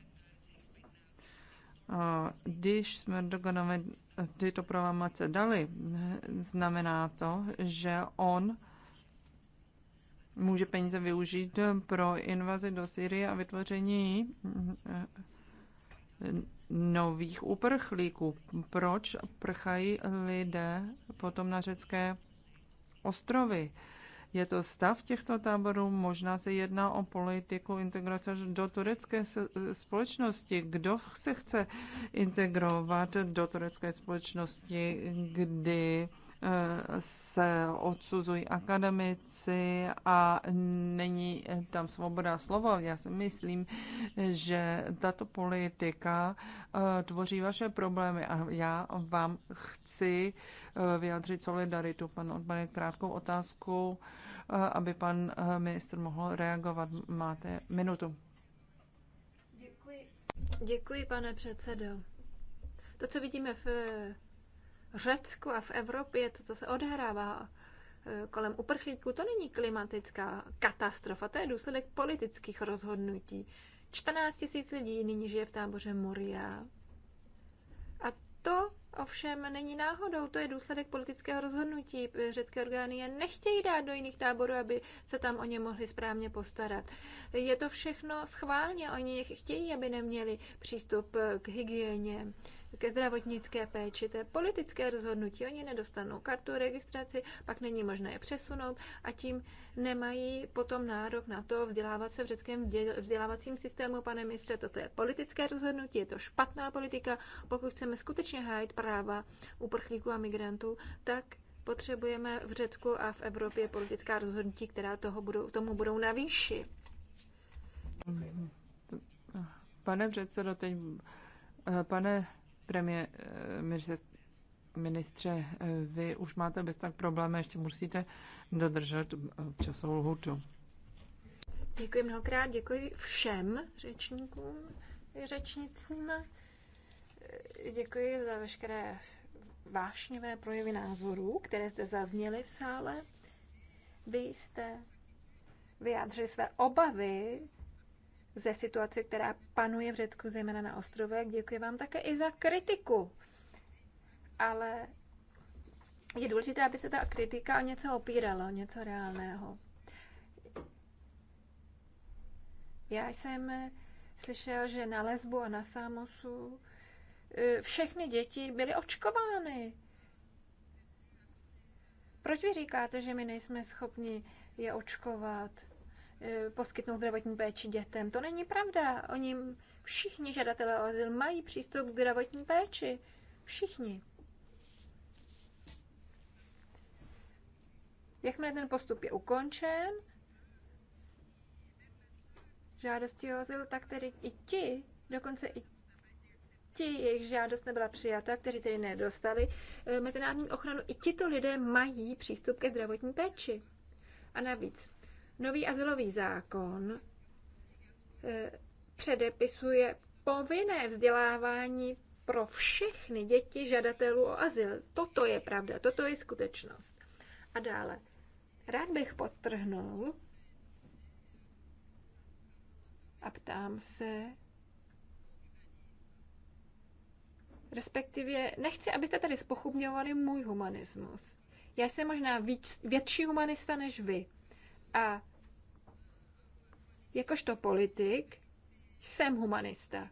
Když jsme Erdoganovi tyto pravomoce dali, znamená to, že on může peníze využít pro invazi do Syrie a vytvoření nových uprchlíků. Proč prchají lidé potom na řecké ostrovy? Je to stav těchto táborů? Možná se jedná o politiku integrace do turecké společnosti. Kdo se chce integrovat do turecké společnosti, kdy se odsuzují akademici a není tam svoboda slova. Já si myslím, že tato politika eh, tvoří vaše problémy a já vám chci eh, vyjádřit solidaritu. Pan odbane krátkou otázku, eh, aby pan ministr mohl reagovat. Máte minutu. Děkuji, Děkuji pane předsedo. To, co vidíme v Řecku a v Evropě, to, co se odehrává e, kolem uprchlíků, to není klimatická katastrofa, to je důsledek politických rozhodnutí. 14 tisíc lidí nyní žije v táboře Moria. A to ovšem není náhodou, to je důsledek politického rozhodnutí. Řecké orgány je nechtějí dát do jiných táborů, aby se tam o ně mohli správně postarat. Je to všechno schválně, oni chtějí, aby neměli přístup k hygieně, ke zdravotnické péči. To je politické rozhodnutí. Oni nedostanou kartu registraci, pak není možné je přesunout a tím nemají potom nárok na to vzdělávat se v řeckém vzdělávacím systému, pane ministře. Toto je politické rozhodnutí, je to špatná politika. Pokud chceme skutečně hájit práva uprchlíků a migrantů, tak potřebujeme v Řecku a v Evropě politická rozhodnutí, která toho budou, tomu budou na výši. Pane předsedo, teď, eh, pane Premiér, eh, ministře, eh, vy už máte bez tak problémy, ještě musíte dodržet eh, časovou lhutu. Děkuji mnohokrát, děkuji všem řečníkům i řečnicím. Děkuji za veškeré vášnivé projevy názorů, které jste zazněli v sále. Vy jste vyjádřili své obavy ze situace, která panuje v Řecku, zejména na ostrově. Děkuji vám také i za kritiku. Ale je důležité, aby se ta kritika o něco opírala, o něco reálného. Já jsem slyšel, že na lesbu a na Samosu e, všechny děti byly očkovány. Proč vy říkáte, že my nejsme schopni je očkovat? E, poskytnout zdravotní péči dětem. To není pravda. Oni všichni žadatelé o azyl mají přístup k zdravotní péči. Všichni. Jakmile ten postup je ukončen, žádosti o azyl, tak tedy i ti, dokonce i ti, jejich žádost nebyla přijata, kteří tedy nedostali e, mezinárodní ochranu, i tito lidé mají přístup ke zdravotní péči. A navíc Nový azylový zákon eh, předepisuje povinné vzdělávání pro všechny děti žadatelů o azyl. Toto je pravda, toto je skutečnost. A dále. Rád bych podtrhnul a ptám se, respektive nechci, abyste tady spochubňovali můj humanismus. Já jsem možná víc, větší humanista než vy. A jakožto politik jsem humanista,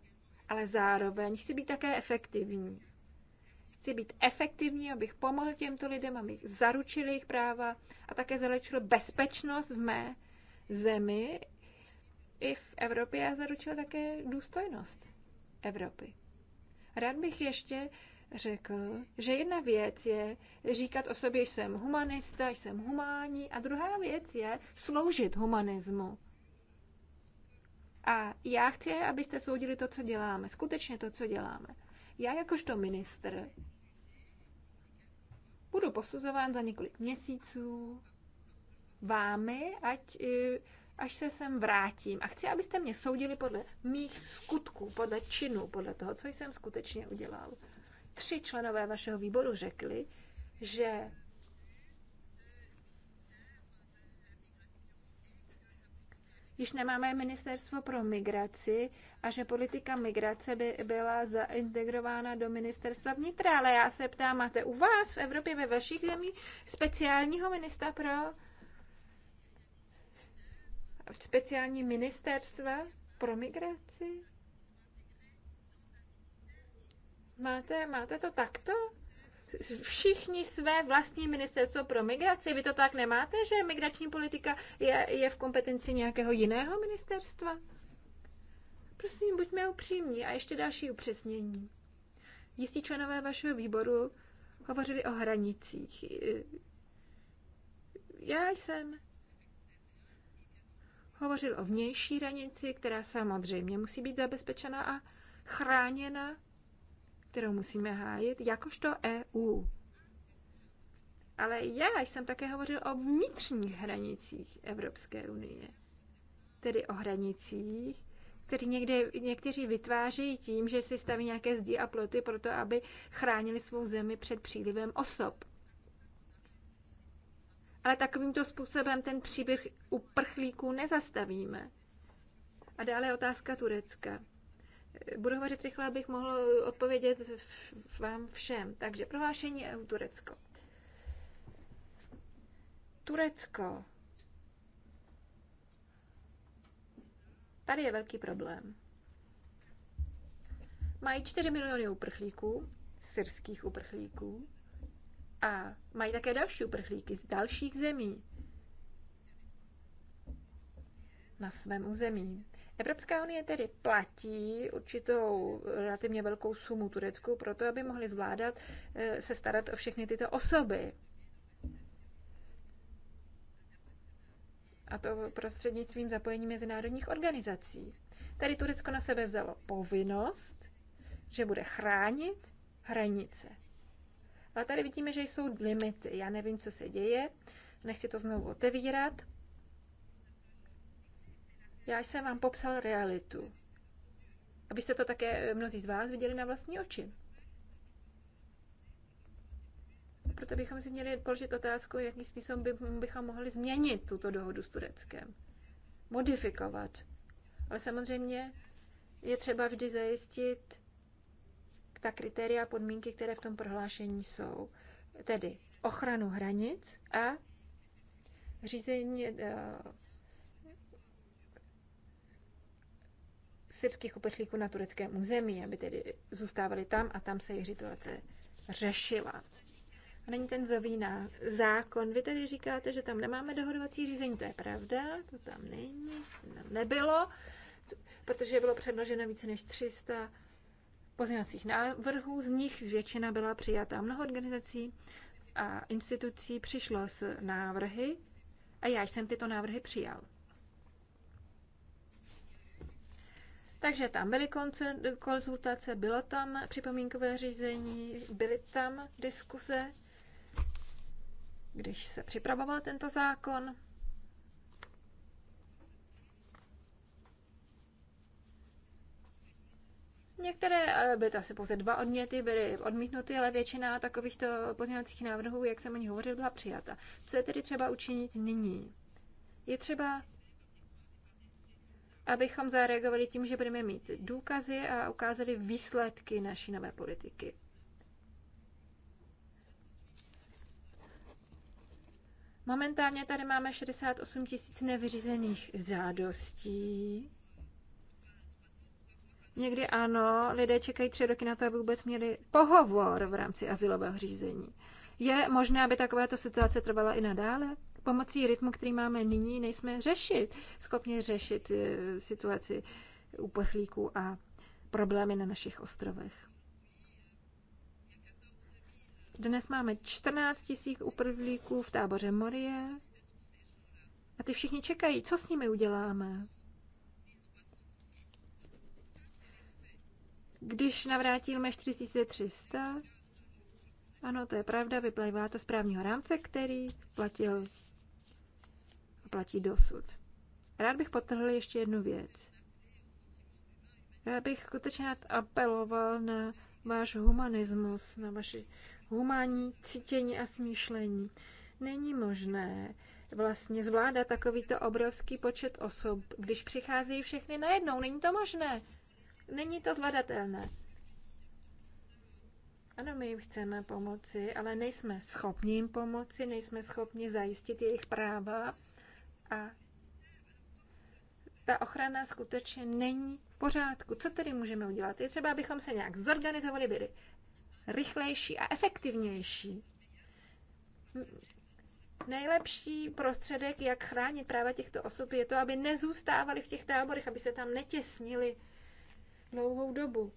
ale zároveň chci být také efektivní. Chci být efektivní, abych pomohl těmto lidem, abych zaručil jejich práva a také zaručil bezpečnost v mé zemi i v Evropě a zaručil také důstojnost Evropy. Rád bych ještě řekl, že jedna věc je říkat o sobě, že jsem humanista, že jsem humání, a druhá věc je sloužit humanismu. A já chci, abyste soudili to, co děláme, skutečně to, co děláme. Já jakožto ministr budu posuzován za několik měsíců vámi, ať, eh, až se sem vrátím. A chci, abyste mě soudili podle mých skutků, podle činů, podle toho, co jsem skutečně udělal tři členové vašeho výboru řekli, že již nemáme ministerstvo pro migraci a že politika migrace by byla zaintegrována do ministerstva vnitra. Ale já se ptám, máte u vás v Evropě, ve vašich zemích speciálního ministra pro speciální ministerstva pro migraci? Máte, máte to takto? všichni své vlastní ministerstvo pro migraci. Vy to tak nemáte, že migrační politika je, je v kompetenci nějakého jiného ministerstva? Prosím, buďme upřímní. A ještě další upřesnění. Jistí členové vašeho výboru hovořili o hranicích. Já jsem hovořil o vnější hranici, která samozřejmě musí být zabezpečena a chráněna kterou musíme hájit, jakožto EU. Ale já jsem také hovořil o vnitřních hranicích Evropské unie. Tedy o hranicích, které někde, někteří vytvářejí tím, že si staví nějaké zdi a ploty pro to, aby chránili svou zemi před přílivem osob. Ale takovýmto způsobem ten příběh uprchlíků nezastavíme. A dále otázka Turecka. Budu hovořit rychle, abych mohl odpovědět vám všem. Takže prohlášení EU Turecko. Turecko. Tady je velký problém. Mají 4 miliony uprchlíků, syrských uprchlíků, a mají také další uprchlíky z dalších zemí na svém území. Evropská unie tedy platí určitou relativně velkou sumu Turecku proto, aby mohli zvládat eh, se starat o všechny tyto osoby. A to prostřednictvím zapojení mezinárodních organizací. Tady Turecko na sebe vzalo povinnost, že bude chránit hranice. Ale tady vidíme, že jsou limity. Já nevím, co se děje, nechci to znovu otevírat. Já jsem vám popsal realitu. Abyste to také eh, mnozí z vás viděli na vlastní oči. Proto bychom si měli položit otázku, jakým způsobem bychom mohli změnit tuto dohodu s Tureckem. Modifikovat. Ale samozřejmě je třeba vždy zajistit ta kritéria a podmínky, které v tom prohlášení jsou. Tedy ochranu hranic a řízení eh, syrských uprchlíků na tureckém území, aby tedy zůstávali tam a tam se jejich situace řešila. A není ten zovíná zákon. Vy tedy říkáte, že tam nemáme dohodovací řízení. To je pravda, to tam není, tam nebylo, protože bylo předloženo více než 300 pozměňovacích návrhů, z nich většina byla přijata. Mnoho organizací a institucí přišlo s návrhy a já jsem tyto návrhy přijal. Takže tam byly konzultace, bylo tam připomínkové řízení, byly tam diskuze, když se připravoval tento zákon. Některé, eh, byly to asi pouze dva odměty, byly odmítnuty, ale většina takovýchto pozměňovacích návrhů, jak jsem o nich hovořil, byla přijata. Co je tedy třeba učinit nyní? Je třeba abychom zareagovali tím, že budeme mít důkazy a ukázali výsledky naší nové politiky. Momentálně tady máme 68 tisíc nevyřízených žádostí. Někdy ano, lidé čekají tři roky na to, aby vůbec měli pohovor v rámci asilového řízení. Je možné, aby takováto situace trvala i nadále? pomocí rytmu, který máme nyní, nejsme řešit, schopni řešit eh, situaci uprchlíků a problémy na našich ostrovech. Dnes máme 14 tisíc uprchlíků v táboře Morie a ty všichni čekají, co s nimi uděláme. Když navrátíme 4300, ano, to je pravda, vyplývá to z právního rámce, který platil platí dosud. Rád bych potrhl ještě jednu věc. Rád bych skutečně apeloval na váš humanismus, na vaši humánní cítění a smýšlení. Není možné vlastně zvládat takovýto obrovský počet osob, když přicházejí všechny najednou. Není to možné. Není to zvladatelné. Ano, my jim chceme pomoci, ale nejsme schopni jim pomoci, nejsme schopni zajistit jejich práva a ta ochrana skutečně není v pořádku. Co tedy můžeme udělat? Je třeba, abychom se nějak zorganizovali, byli rychlejší a efektivnější. Nejlepší prostředek, jak chránit práva těchto osob, je to, aby nezůstávali v těch táborech, aby se tam netěsnili dlouhou dobu.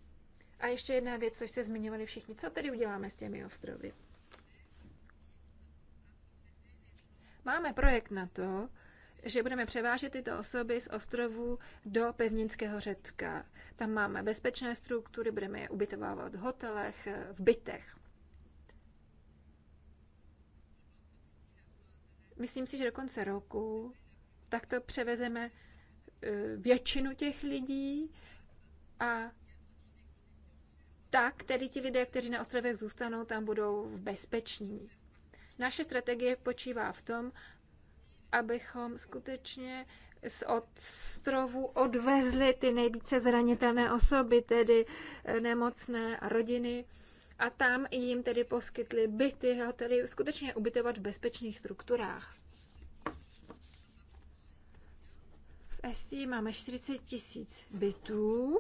A ještě jedna věc, což se zmiňovali všichni. Co tedy uděláme s těmi ostrovy? Máme projekt na to, že budeme převážet tyto osoby z ostrovů do pevninského Řecka. Tam máme bezpečné struktury, budeme je ubytovávat v hotelech, v bytech. Myslím si, že do konce roku takto převezeme e, většinu těch lidí a tak tedy ti lidé, kteří na ostrovech zůstanou, tam budou bezpeční. Naše strategie počívá v tom, abychom skutečně z ostrovu odvezli ty nejvíce zranitelné osoby, tedy eh, nemocné a rodiny, a tam jim tedy poskytli byty, hotely, skutečně ubytovat v bezpečných strukturách. V ST máme 40 tisíc bytů,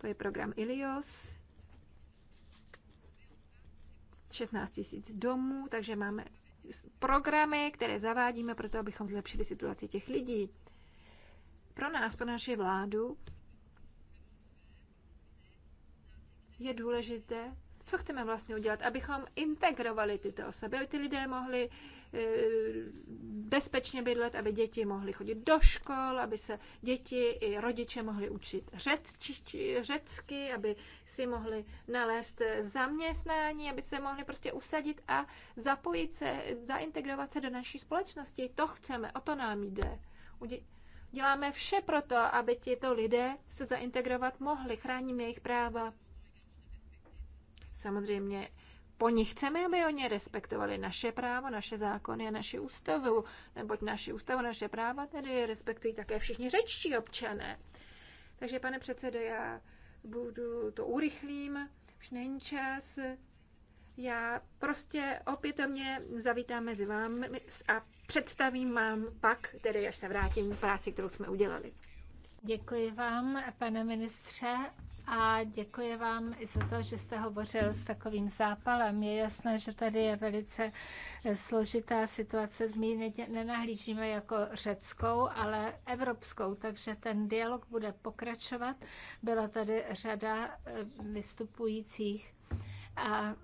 to je program Ilios, 16 tisíc domů, takže máme programy, které zavádíme pro to, abychom zlepšili situaci těch lidí. Pro nás, pro naši vládu, je důležité, co chceme vlastně udělat, abychom integrovali tyto osoby, aby ty lidé mohli e, bezpečně bydlet, aby děti mohly chodit do škol, aby se děti i rodiče mohli učit řecky, aby si mohli nalézt zaměstnání, aby se mohli prostě usadit a zapojit se, zaintegrovat se do naší společnosti. To chceme, o to nám jde. Děláme vše pro to, aby tito lidé se zaintegrovat mohli, chráníme jejich práva, samozřejmě po nich chceme, aby oni respektovali naše právo, naše zákony a naši ústavu, neboť naši ústavu, naše práva tedy respektují také všichni řečtí občané. Takže, pane předsedo, já budu to urychlím, už není čas. Já prostě opětovně zavítám mezi vámi a představím vám pak, tedy až se vrátím práci, kterou jsme udělali. Děkuji vám, pane ministře a děkuji vám i za to, že jste hovořil s takovým zápalem. Je jasné, že tady je velice složitá situace. Zmíny nenahlížíme jako řeckou, ale evropskou, takže ten dialog bude pokračovat. Byla tady řada eh, vystupujících a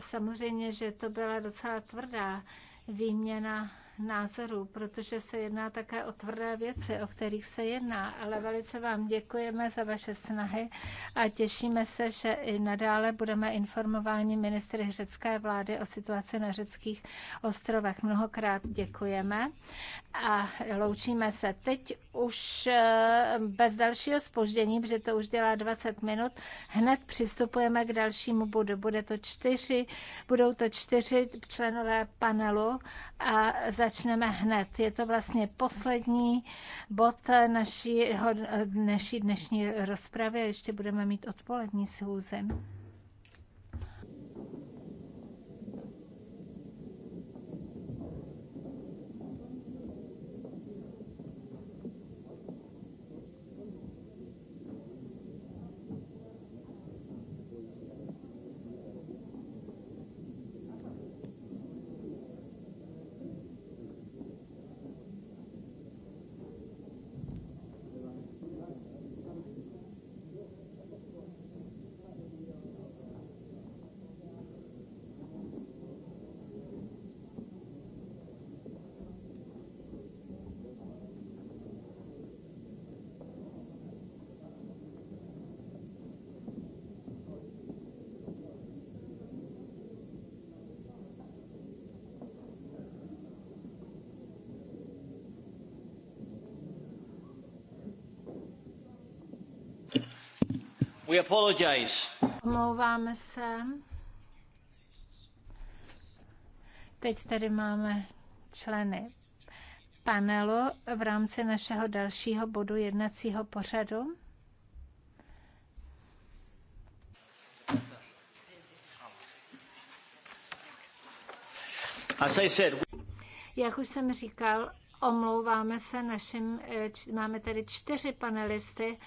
samozřejmě, že to byla docela tvrdá výměna názorů, protože se jedná také o tvrdé věci, o kterých se jedná, ale velice vám děkujeme za vaše snahy a těšíme se, že i nadále budeme informováni ministry řecké vlády o situaci na řeckých ostrovech. Mnohokrát děkujeme a loučíme se teď už eh, bez dalšího spoždění, protože to už dělá 20 minut. Hned přistupujeme k dalšímu bodu. Bude to čtyři, budou to čtyři členové panelu a za začneme hned. Je to vlastně poslední bod naší, naší dnešní rozpravy a ještě budeme mít odpolední schůze. Omlouváme se. Teď tady máme členy panelu v rámci našeho dalšího bodu jednacího pořadu. Jak už jsem říkal, omlouváme se našim, eh, máme tady čtyři panelisty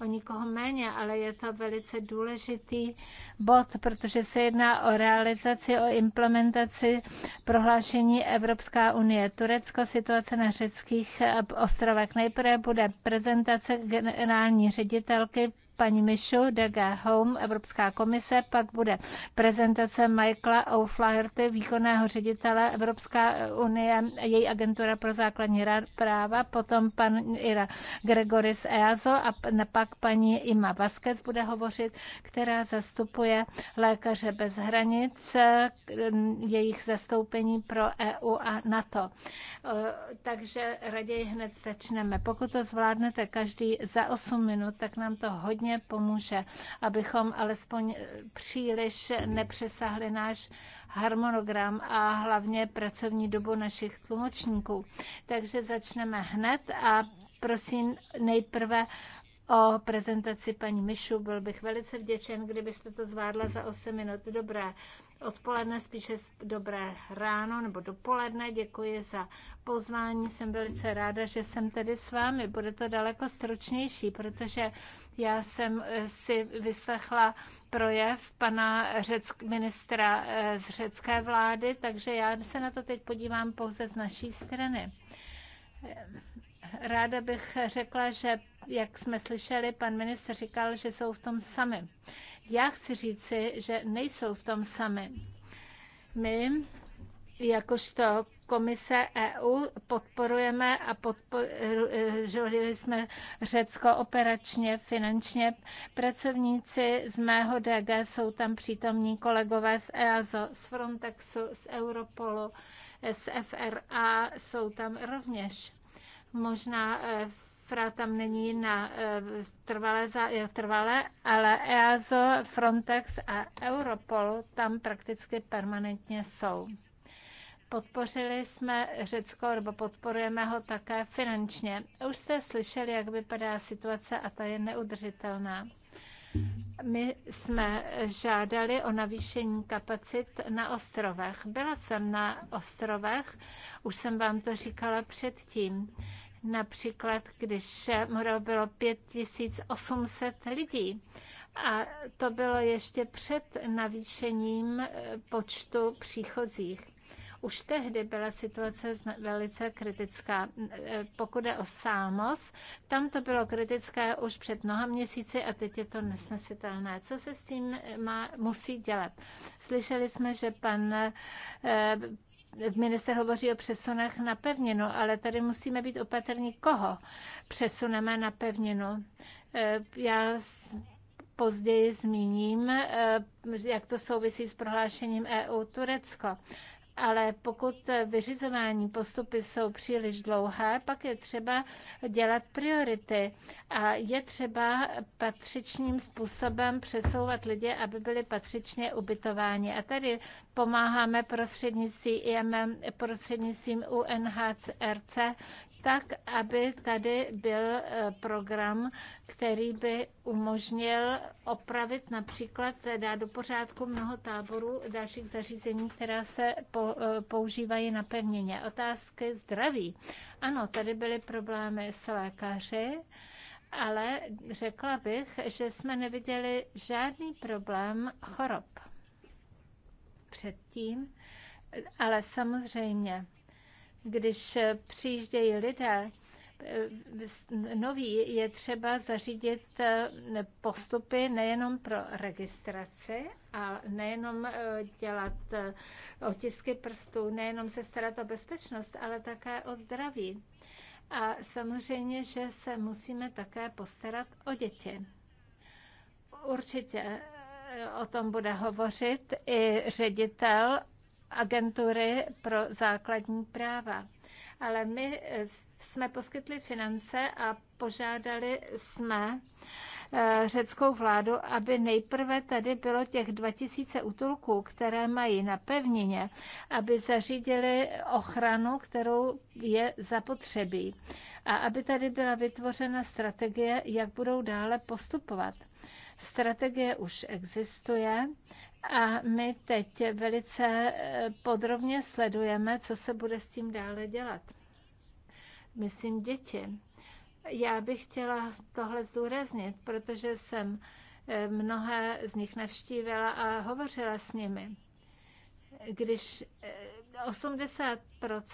o nikoho méně, ale je to velice důležitý bod, protože se jedná o realizaci, o implementaci prohlášení Evropská unie. Turecko, situace na řeckých ostrovech. Nejprve bude prezentace generální ředitelky paní Mišu, DG Home, Evropská komise, pak bude prezentace Michaela O'Flaherty, výkonného ředitele Evropská unie, její agentura pro základní práva, potom pan Ira Gregoris EASO a pak paní Ima Vasquez bude hovořit, která zastupuje lékaře bez hranic, jejich zastoupení pro EU a NATO. Takže raději hned začneme. Pokud to zvládnete každý za 8 minut, tak nám to hodně hodně pomůže, abychom alespoň příliš nepřesahli náš harmonogram a hlavně pracovní dobu našich tlumočníků. Takže začneme hned a prosím nejprve o prezentaci paní Mišu. Byl bych velice vděčen, kdybyste to zvládla za 8 minut. Dobré odpoledne, spíše dobré ráno nebo dopoledne. Děkuji za pozvání. Jsem velice ráda, že jsem tady s vámi. Bude to daleko stručnější, protože já jsem eh, si vyslechla projev pana řeck, ministra eh, z řecké vlády, takže já se na to teď podívám pouze z naší strany. Ráda bych řekla, že jak jsme slyšeli, pan minister říkal, že jsou v tom sami. Já chci říci, že nejsou v tom sami. My, jakožto komise EU podporujeme a podpořili jsme Řecko operačně, finančně. Pracovníci z mého DG jsou tam přítomní kolegové z EASO, z Frontexu, z Europolu, z FRA jsou tam rovněž. Možná eh, FRA tam není na eh, trvalé, eh, trvalé, ale EASO, Frontex a Europol tam prakticky permanentně jsou. Podpořili jsme Řecko, nebo podporujeme ho také finančně. Už jste slyšeli, jak vypadá situace a ta je neudržitelná. My jsme žádali o navýšení kapacit na ostrovech. Byla jsem na ostrovech, už jsem vám to říkala předtím. Například, když Morel bylo 5800 lidí. A to bylo ještě před navýšením eh, počtu příchozích. Už tehdy byla situace velice kritická. E, pokud je o Sámos, tam to bylo kritické už před mnoha měsíci a teď je to nesnesitelné. Co se s tím e, má, musí dělat? Slyšeli jsme, že pan e, minister hovoří o přesunech na pevninu, ale tady musíme být opatrní, koho přesuneme na pevninu. Já později zmíním, jak to souvisí s prohlášením EU Turecko ale pokud vyřizování postupy jsou příliš dlouhé, pak je třeba dělat priority a je třeba patřičným způsobem přesouvat lidi, aby byli patřičně ubytováni. A tady pomáháme prostřednictvím, prostřednictvím UNHCRC, tak aby tady byl eh, program, který by umožnil opravit například, eh, dát do pořádku mnoho táborů dalších zařízení, která se eh, používají na pevněně. Otázky zdraví. Ano, tady byly problémy s lékaři, ale řekla bych, že jsme neviděli žádný problém chorob předtím, ale samozřejmě když eh, přijíždějí lidé, eh, noví, je třeba zařídit eh, postupy nejenom pro registraci, a nejenom dělat otisky prstů, nejenom se starat o bezpečnost, ale také o zdraví. A samozřejmě, že se musíme také postarat o děti. Určitě o tom bude hovořit i ředitel agentury pro základní práva. Ale my eh, jsme poskytli finance a požádali jsme eh, řeckou vládu, aby nejprve tady bylo těch 2000 útulků, které mají na pevnině, aby zařídili ochranu, kterou je zapotřebí a aby tady byla vytvořena strategie, jak budou dále postupovat. Strategie už existuje a my teď velice eh, podrobně sledujeme, co se bude s tím dále dělat. Myslím děti. Já bych chtěla tohle zdůraznit, protože jsem eh, mnohé z nich navštívila a hovořila s nimi. Když 80%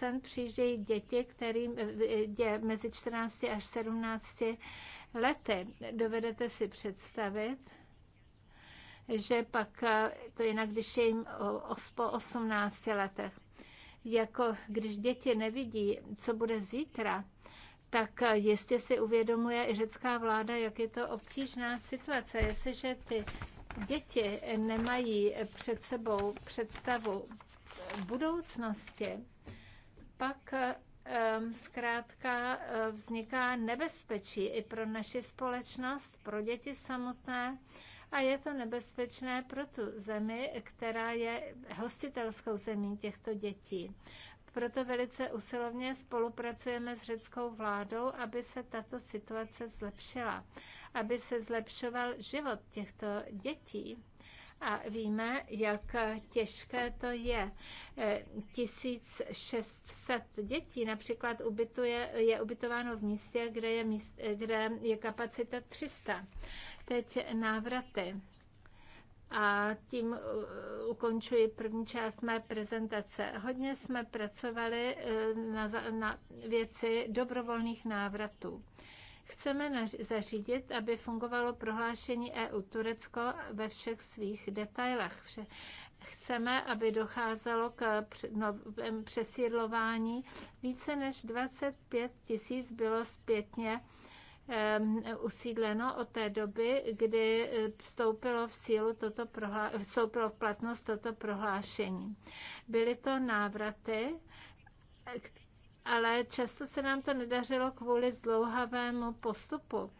eh, přijíždějí děti, kterým je mezi 14 až 17 lety, dovedete si představit, že pak eh, to jinak, když je jim po 18 letech. Jako když děti nevidí, co bude zítra, tak eh, jistě si uvědomuje i řecká vláda, jak je to obtížná situace. Jestliže ty děti nemají před sebou představu budoucnosti, pak ehm, zkrátka eh, vzniká nebezpečí i pro naši společnost, pro děti samotné a je to nebezpečné pro tu zemi, která je hostitelskou zemí těchto dětí. Proto velice usilovně spolupracujeme s řeckou vládou, aby se tato situace zlepšila, aby se zlepšoval život těchto dětí a víme, jak těžké to je. 1600 eh, dětí například ubytuje, je ubytováno v místě, kde je, míst, eh, kde je kapacita 300 teď návraty. A tím ukončuji první část mé prezentace. Hodně jsme pracovali eh, na, na věci dobrovolných návratů. Chceme zařídit, aby fungovalo prohlášení EU Turecko ve všech svých detailech. chceme, aby docházelo k přesídlování. Více než 25 tisíc bylo zpětně usídleno od té doby, kdy vstoupilo v sílu toto vstoupilo v platnost toto prohlášení. Byly to návraty, ale často se nám to nedařilo kvůli zdlouhavému postupu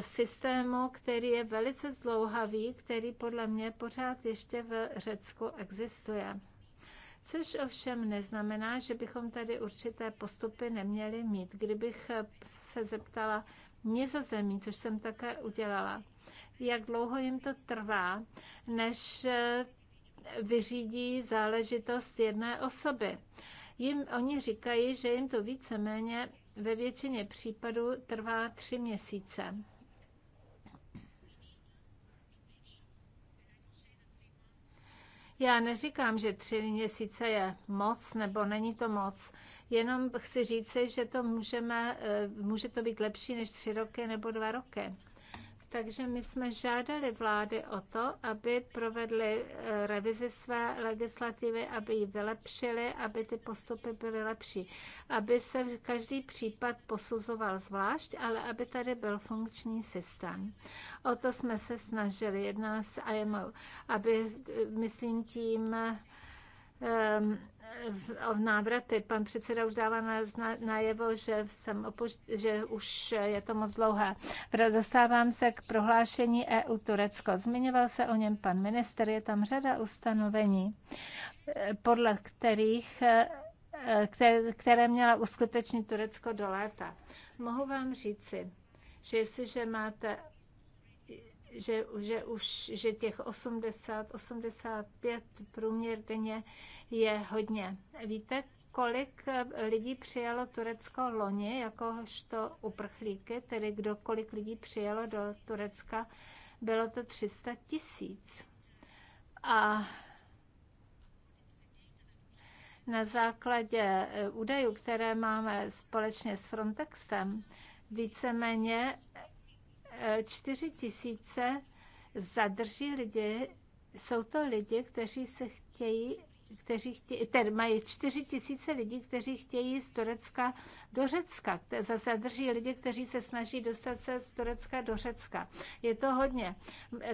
systému, který je velice zdlouhavý, který podle mě pořád ještě v Řecku existuje. Což ovšem neznamená, že bychom tady určité postupy neměli mít. Kdybych se zeptala Nizozemí, což jsem také udělala, jak dlouho jim to trvá, než vyřídí záležitost jedné osoby. Jim, oni říkají, že jim to víceméně ve většině případů trvá tři měsíce. Já neříkám, že tři měsíce je moc nebo není to moc, jenom chci říci, že to můžeme, eh, může to být lepší než tři roky nebo dva roky. Takže my jsme žádali vlády o to, aby provedly eh, revizi své legislativy, aby ji vylepšili, aby ty postupy byly lepší, aby se každý případ posuzoval zvlášť, ale aby tady byl funkční systém. O to jsme se snažili. Jedná s IMO, aby, eh, myslím tím, um, návraty. Pan předseda už dává najevo, že, jsem že už je to moc dlouhé. Dostávám se k prohlášení EU Turecko. Zmiňoval se o něm pan minister, je tam řada ustanovení, podle kterých které měla uskutečnit Turecko do léta. Mohu vám říci, že jestliže máte že, že už že těch 80-85 průměr denně je hodně. Víte, kolik eh, lidí přijalo Turecko loni jakožto uprchlíky, tedy kdo kolik lidí přijelo do Turecka, bylo to 300 tisíc. A na základě eh, údajů, které máme společně s Frontexem, víceméně čtyři tisíce zadrží lidi, jsou to lidi, kteří se chtějí kteří chtějí, ten mají čtyři tisíce lidí, kteří chtějí z Turecka do Řecka. Zase zadrží lidi, kteří se snaží dostat se z Turecka do Řecka. Je to hodně.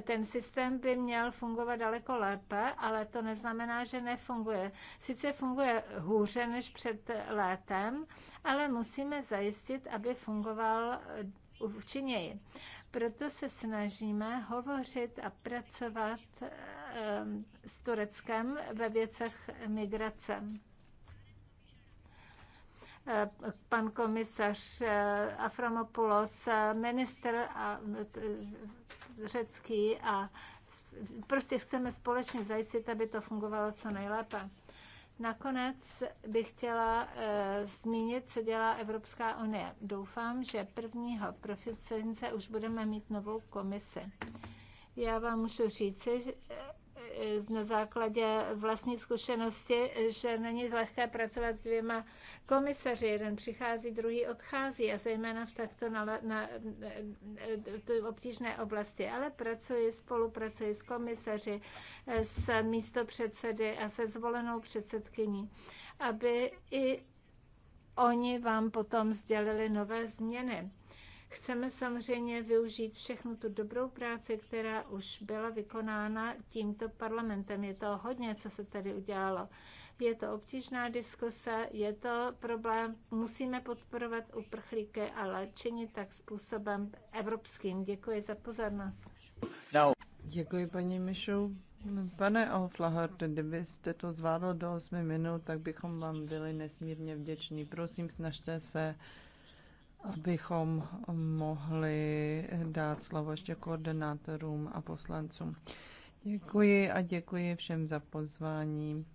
Ten systém by měl fungovat daleko lépe, ale to neznamená, že nefunguje. Sice funguje hůře než před létem, ale musíme zajistit, aby fungoval účinněji. Proto se snažíme hovořit a pracovat ehm, s Tureckem ve věcech migrace ehm, pan komisař eh, Aframopoulos, eh, minister a eh, řecký a prostě chceme společně zajistit, aby to fungovalo co nejlépe. Nakonec bych chtěla e, zmínit, co dělá Evropská unie. Doufám, že 1. prosince už budeme mít novou komisi. Já vám můžu říci, na základě vlastní zkušenosti, že není lehké pracovat s dvěma komisaři. Jeden přichází, druhý odchází a zejména v takto na, na, na, na obtížné oblasti. Ale pracuji, spolupracuji s komisaři, s místopředsedy a se zvolenou předsedkyní, aby i oni vám potom sdělili nové změny. Chceme samozřejmě využít všechnu tu dobrou práci, která už byla vykonána tímto parlamentem. Je to hodně, co se tady udělalo. Je to obtížná diskuse, je to problém. Musíme podporovat uprchlíky, ale činit tak způsobem evropským. Děkuji za pozornost. No. Děkuji, paní Mišu. Pane Oflahar, kdybyste to zvládl do 8 minut, tak bychom vám byli nesmírně vděční. Prosím, snažte se abychom mohli dát slovo ještě koordinátorům a poslancům. Děkuji a děkuji všem za pozvání.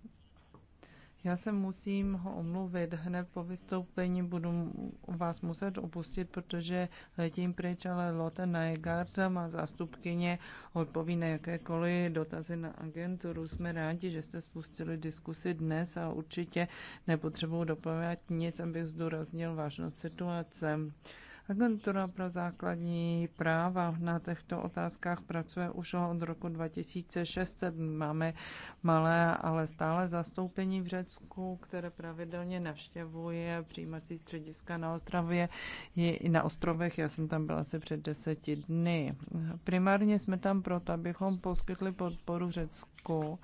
Já se musím ho omluvit. Hned po vystoupení budu vás muset opustit, protože letím pryč, ale Lotte Neigard má zástupkyně, odpoví na jakékoliv dotazy na agenturu. Jsme rádi, že jste spustili diskusi dnes a určitě nepotřebuji doplňovat nic, abych zdůraznil vážnost situace. Agentura pro základní práva na těchto otázkách pracuje už od roku 2006. Máme malé, ale stále zastoupení v Řecku, které pravidelně navštěvuje přijímací střediska na ostrově i na ostrovech. Já jsem tam byla asi před deseti dny. Primárně jsme tam proto, abychom poskytli podporu Řecku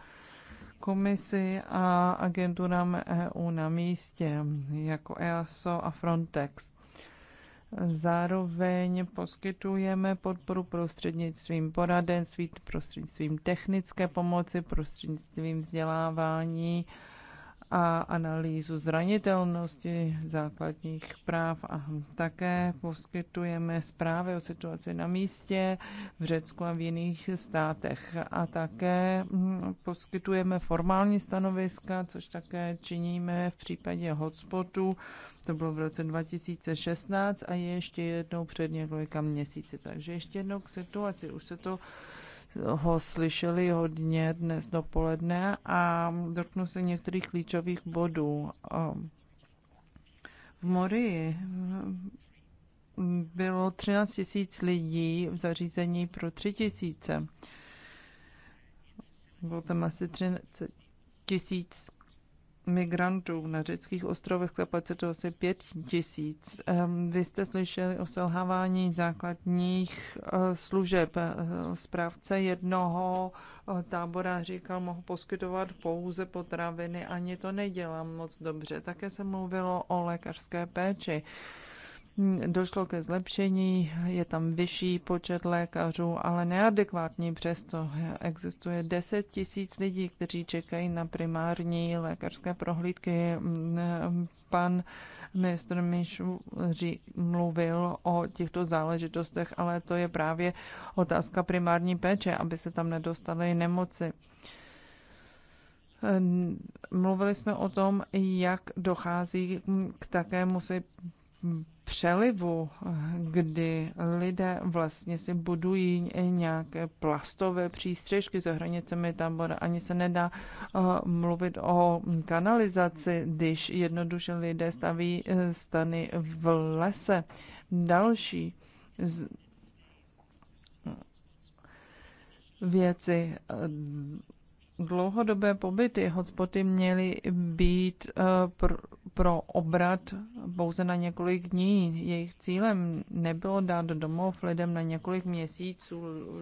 komisi a agenturám EU na místě, jako EASO a Frontex. Zároveň poskytujeme podporu prostřednictvím poradenství, prostřednictvím technické pomoci, prostřednictvím vzdělávání a analýzu zranitelnosti základních práv a také poskytujeme zprávy o situaci na místě v Řecku a v jiných státech a také hm, poskytujeme formální stanoviska, což také činíme v případě hotspotu. To bylo v roce 2016 a je ještě jednou před několika měsíci. Takže ještě jednou k situaci. Už se to ho slyšeli hodně dnes dopoledne a dotknu se některých klíčových bodů. Ehm, v Morii ehm, bylo 13 tisíc lidí v zařízení pro 3 tisíce. Bylo tam asi 13 tisíc migrantů na řeckých ostrovech kapacitu asi 5 tisíc. Ehm, vy jste slyšeli o selhávání základních eh, služeb. Eh, správce jednoho eh, tábora říkal, mohu poskytovat pouze potraviny, ani to nedělám moc dobře. Také se mluvilo o lékařské péči došlo ke zlepšení, je tam vyšší počet lékařů, ale neadekvátní přesto. Existuje 10 tisíc lidí, kteří čekají na primární lékařské prohlídky. Pan ministr Miš mluvil o těchto záležitostech, ale to je právě otázka primární péče, aby se tam nedostaly nemoci. Mluvili jsme o tom, jak dochází k takému si přelivu, kdy lidé vlastně si budují nějaké plastové přístřežky za hranicemi tábora. Ani se nedá eh, mluvit o kanalizaci, když jednoduše lidé staví eh, stany v lese. Další z věci eh, dlouhodobé pobyty hotspoty měly být pro obrat pouze na několik dní. Jejich cílem nebylo dát domov lidem na několik měsíců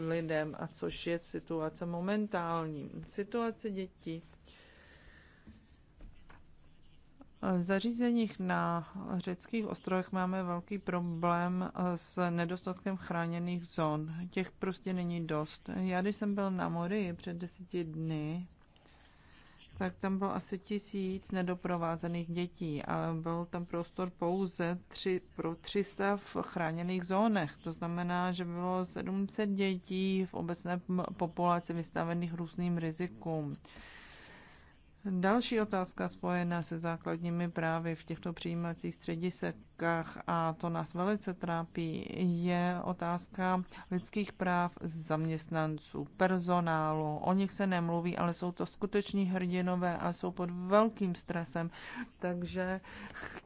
lidem, a což je situace momentální. Situace dětí. V zařízeních na řeckých ostrovech máme velký problém s nedostatkem chráněných zón. Těch prostě není dost. Já, když jsem byl na mori před deseti dny, tak tam bylo asi tisíc nedoprovázených dětí, ale byl tam prostor pouze tři, pro 300 v chráněných zónech. To znamená, že bylo 700 dětí v obecné populaci vystavených různým rizikům. Další otázka spojená se základními právy v těchto přijímacích středisek otázkách, a to nás velice trápí, je otázka lidských práv zaměstnanců, personálu. O nich se nemluví, ale jsou to skuteční hrdinové a jsou pod velkým stresem, takže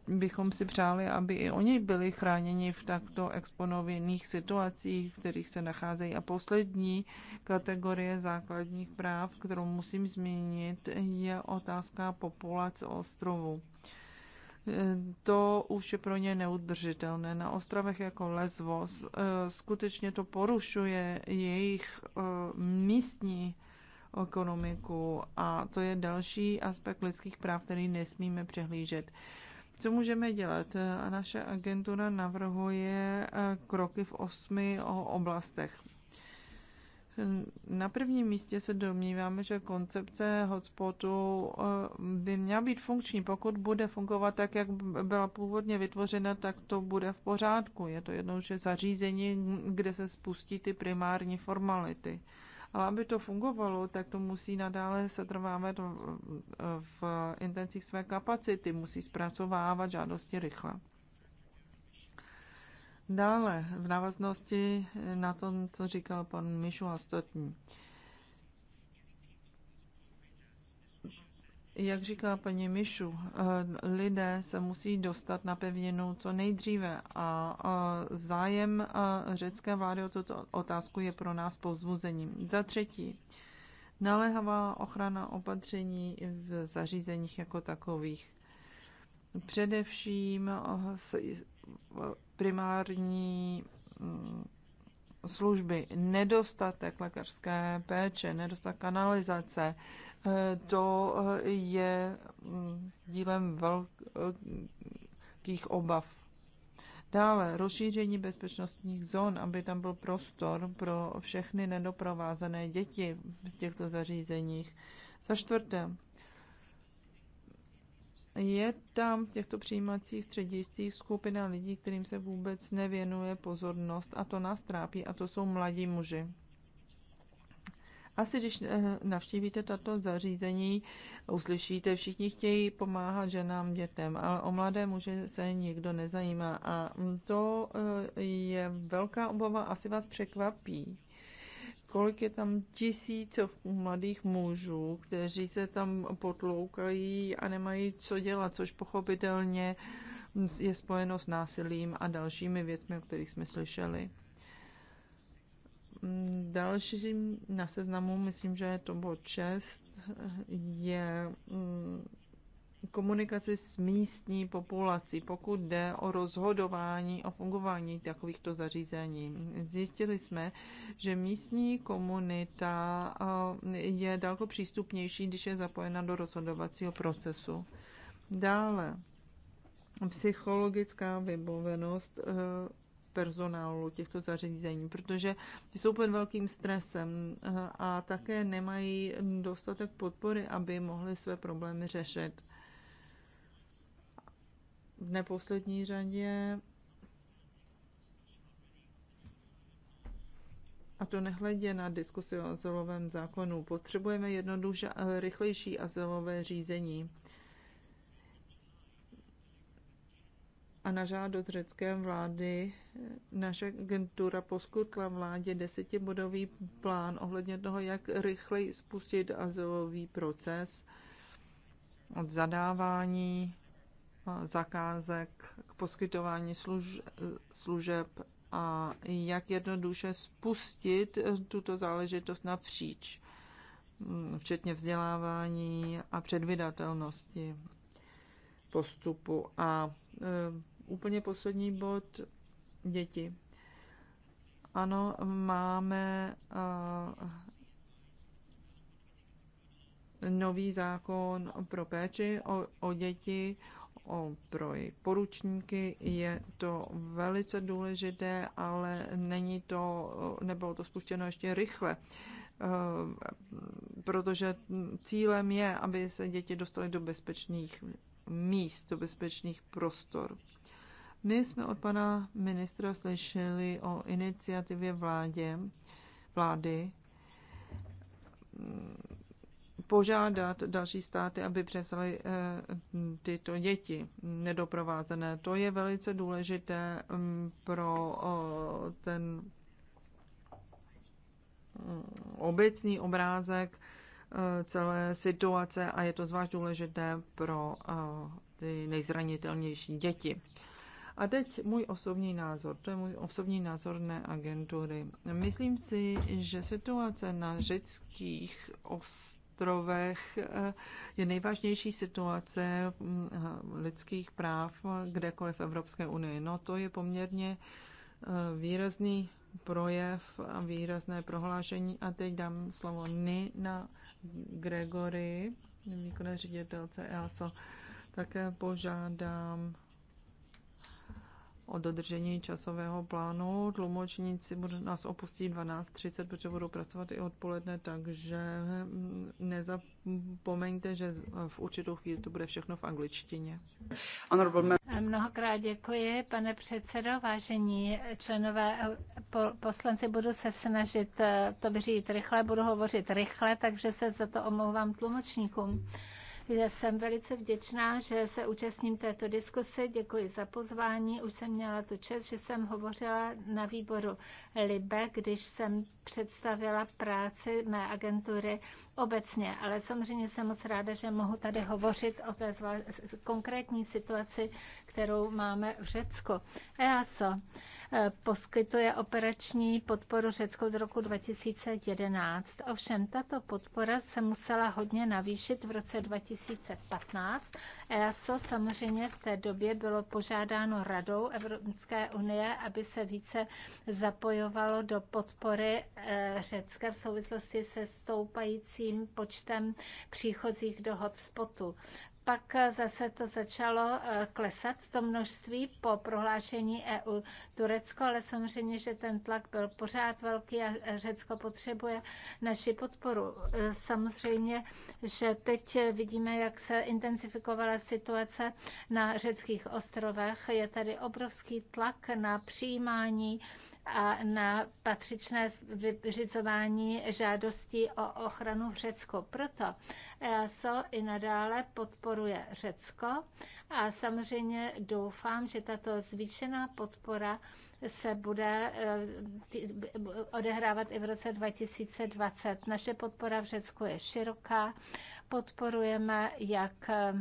bychom si přáli, aby i oni byli chráněni v takto exponovaných situacích, v kterých se nacházejí. A poslední kategorie základních práv, kterou musím zmínit, je otázka populace ostrovů to už je pro ně neudržitelné. Na ostravech jako Lesvos eh, skutečně to porušuje jejich eh, místní ekonomiku a to je další aspekt lidských práv, který nesmíme přehlížet. Co můžeme dělat? A naše agentura navrhuje eh, kroky v osmi oblastech. Na prvním místě se domníváme, že koncepce hotspotu eh, by měla být funkční. Pokud bude fungovat tak, jak byla původně vytvořena, tak to bude v pořádku. Je to jednou, že zařízení, kde se spustí ty primární formality. Ale aby to fungovalo, tak to musí nadále setrvávat eh, v intencích své kapacity, musí zpracovávat žádosti rychle. Dále, v návaznosti na to, co říkal pan Mišu a Jak říká paní Mišu, eh, lidé se musí dostat na pevninu co nejdříve a zájem eh, řecké vlády o tuto otázku je pro nás povzbuzením. Za třetí, naléhavá ochrana opatření v zařízeních jako takových. Především eh, primární mm, služby, nedostatek lékařské péče, nedostatek kanalizace, eh, to eh, je mm, dílem velkých obav. Dále rozšíření bezpečnostních zón, aby tam byl prostor pro všechny nedoprovázené děti v těchto zařízeních. Za čtvrté, je tam v těchto přijímacích střediscích skupina lidí, kterým se vůbec nevěnuje pozornost a to nás trápí a to jsou mladí muži. Asi když eh, navštívíte tato zařízení, uslyšíte, všichni chtějí pomáhat ženám, dětem, ale o mladé muže se nikdo nezajímá. A to eh, je velká obava, asi vás překvapí kolik je tam tisíc mladých mužů, kteří se tam potloukají a nemají co dělat, což pochopitelně je spojeno s násilím a dalšími věcmi, o kterých jsme slyšeli. Dalším na seznamu, myslím, že je to bod 6, je mm, komunikaci s místní populací, pokud jde o rozhodování o fungování takovýchto zařízení. Zjistili jsme, že místní komunita eh, je daleko přístupnější, když je zapojena do rozhodovacího procesu. Dále, psychologická vybovenost eh, personálu těchto zařízení, protože ty jsou pod velkým stresem eh, a také nemají dostatek podpory, aby mohli své problémy řešit v neposlední řadě a to nehledě na diskusi o azylovém zákonu. Potřebujeme jednoduše a eh, rychlejší azylové řízení. A na žádost řecké vlády eh, naše agentura poskutla vládě desetibodový plán ohledně toho, jak rychleji spustit azylový proces od zadávání zakázek k poskytování služeb a jak jednoduše spustit tuto záležitost napříč, mm, včetně vzdělávání a předvydatelnosti postupu. A e, úplně poslední bod děti. Ano, máme nový zákon pro péči o, o děti, o pro její poručníky. Je to velice důležité, ale není to, nebylo to spuštěno ještě rychle eh, protože cílem je, aby se děti dostaly do bezpečných míst, do bezpečných prostor. My jsme od pana ministra slyšeli o iniciativě vládě, vlády požádat další státy, aby převzali eh, tyto děti nedoprovázené. To je velice důležité mm, pro ten mm, obecný obrázek eh, celé situace a je to zvlášť důležité pro eh, ty nejzranitelnější děti. A teď můj osobní názor. To je můj osobní názor ne agentury. Myslím si, že situace na řeckých ostrovech ostrovech eh, je nejvážnější situace mm, eh, lidských práv kdekoliv v Evropské unii. No to je poměrně eh, výrazný projev a výrazné prohlášení. A teď dám slovo Nina na Gregory, výkonné ředitelce EASO. Také požádám o dodržení časového plánu. Tlumočníci nás opustí 12.30, protože budou pracovat i odpoledne, takže hm, nezapomeňte, že v určitou chvíli to bude všechno v angličtině. Eh, mnohokrát děkuji, pane předsedo, vážení členové eh, poslanci, budu se snažit eh, to vyřídit rychle, budu hovořit rychle, takže se za to omlouvám tlumočníkům. Jsem velice vděčná, že se účastním této diskuse. Děkuji za pozvání. Už jsem měla tu čest, že jsem hovořila na výboru LIBE, když jsem představila práci mé agentury obecně. Ale samozřejmě jsem moc ráda, že mohu tady hovořit o té konkrétní situaci, kterou máme v Řecku. EASO poskytuje operační podporu Řecku od roku 2011. Ovšem tato podpora se musela hodně navýšit v roce 2015. EASO samozřejmě v té době bylo požádáno Radou Evropské unie, aby se více zapojovalo do podpory e, Řecka v souvislosti se stoupajícím počtem příchozích do hotspotu pak eh, zase to začalo eh, klesat, to množství po prohlášení EU Turecko, ale samozřejmě, že ten tlak byl pořád velký a Řecko potřebuje naši podporu. Eh, samozřejmě, že teď vidíme, jak se intenzifikovala situace na řeckých ostrovech. Je tady obrovský tlak na přijímání a na patřičné vyřizování žádostí o ochranu v Řecku. Proto EASO eh, i nadále podporuje Řecko a samozřejmě doufám, že tato zvýšená podpora se bude eh, odehrávat i v roce 2020. Naše podpora v Řecku je široká. Podporujeme jak eh,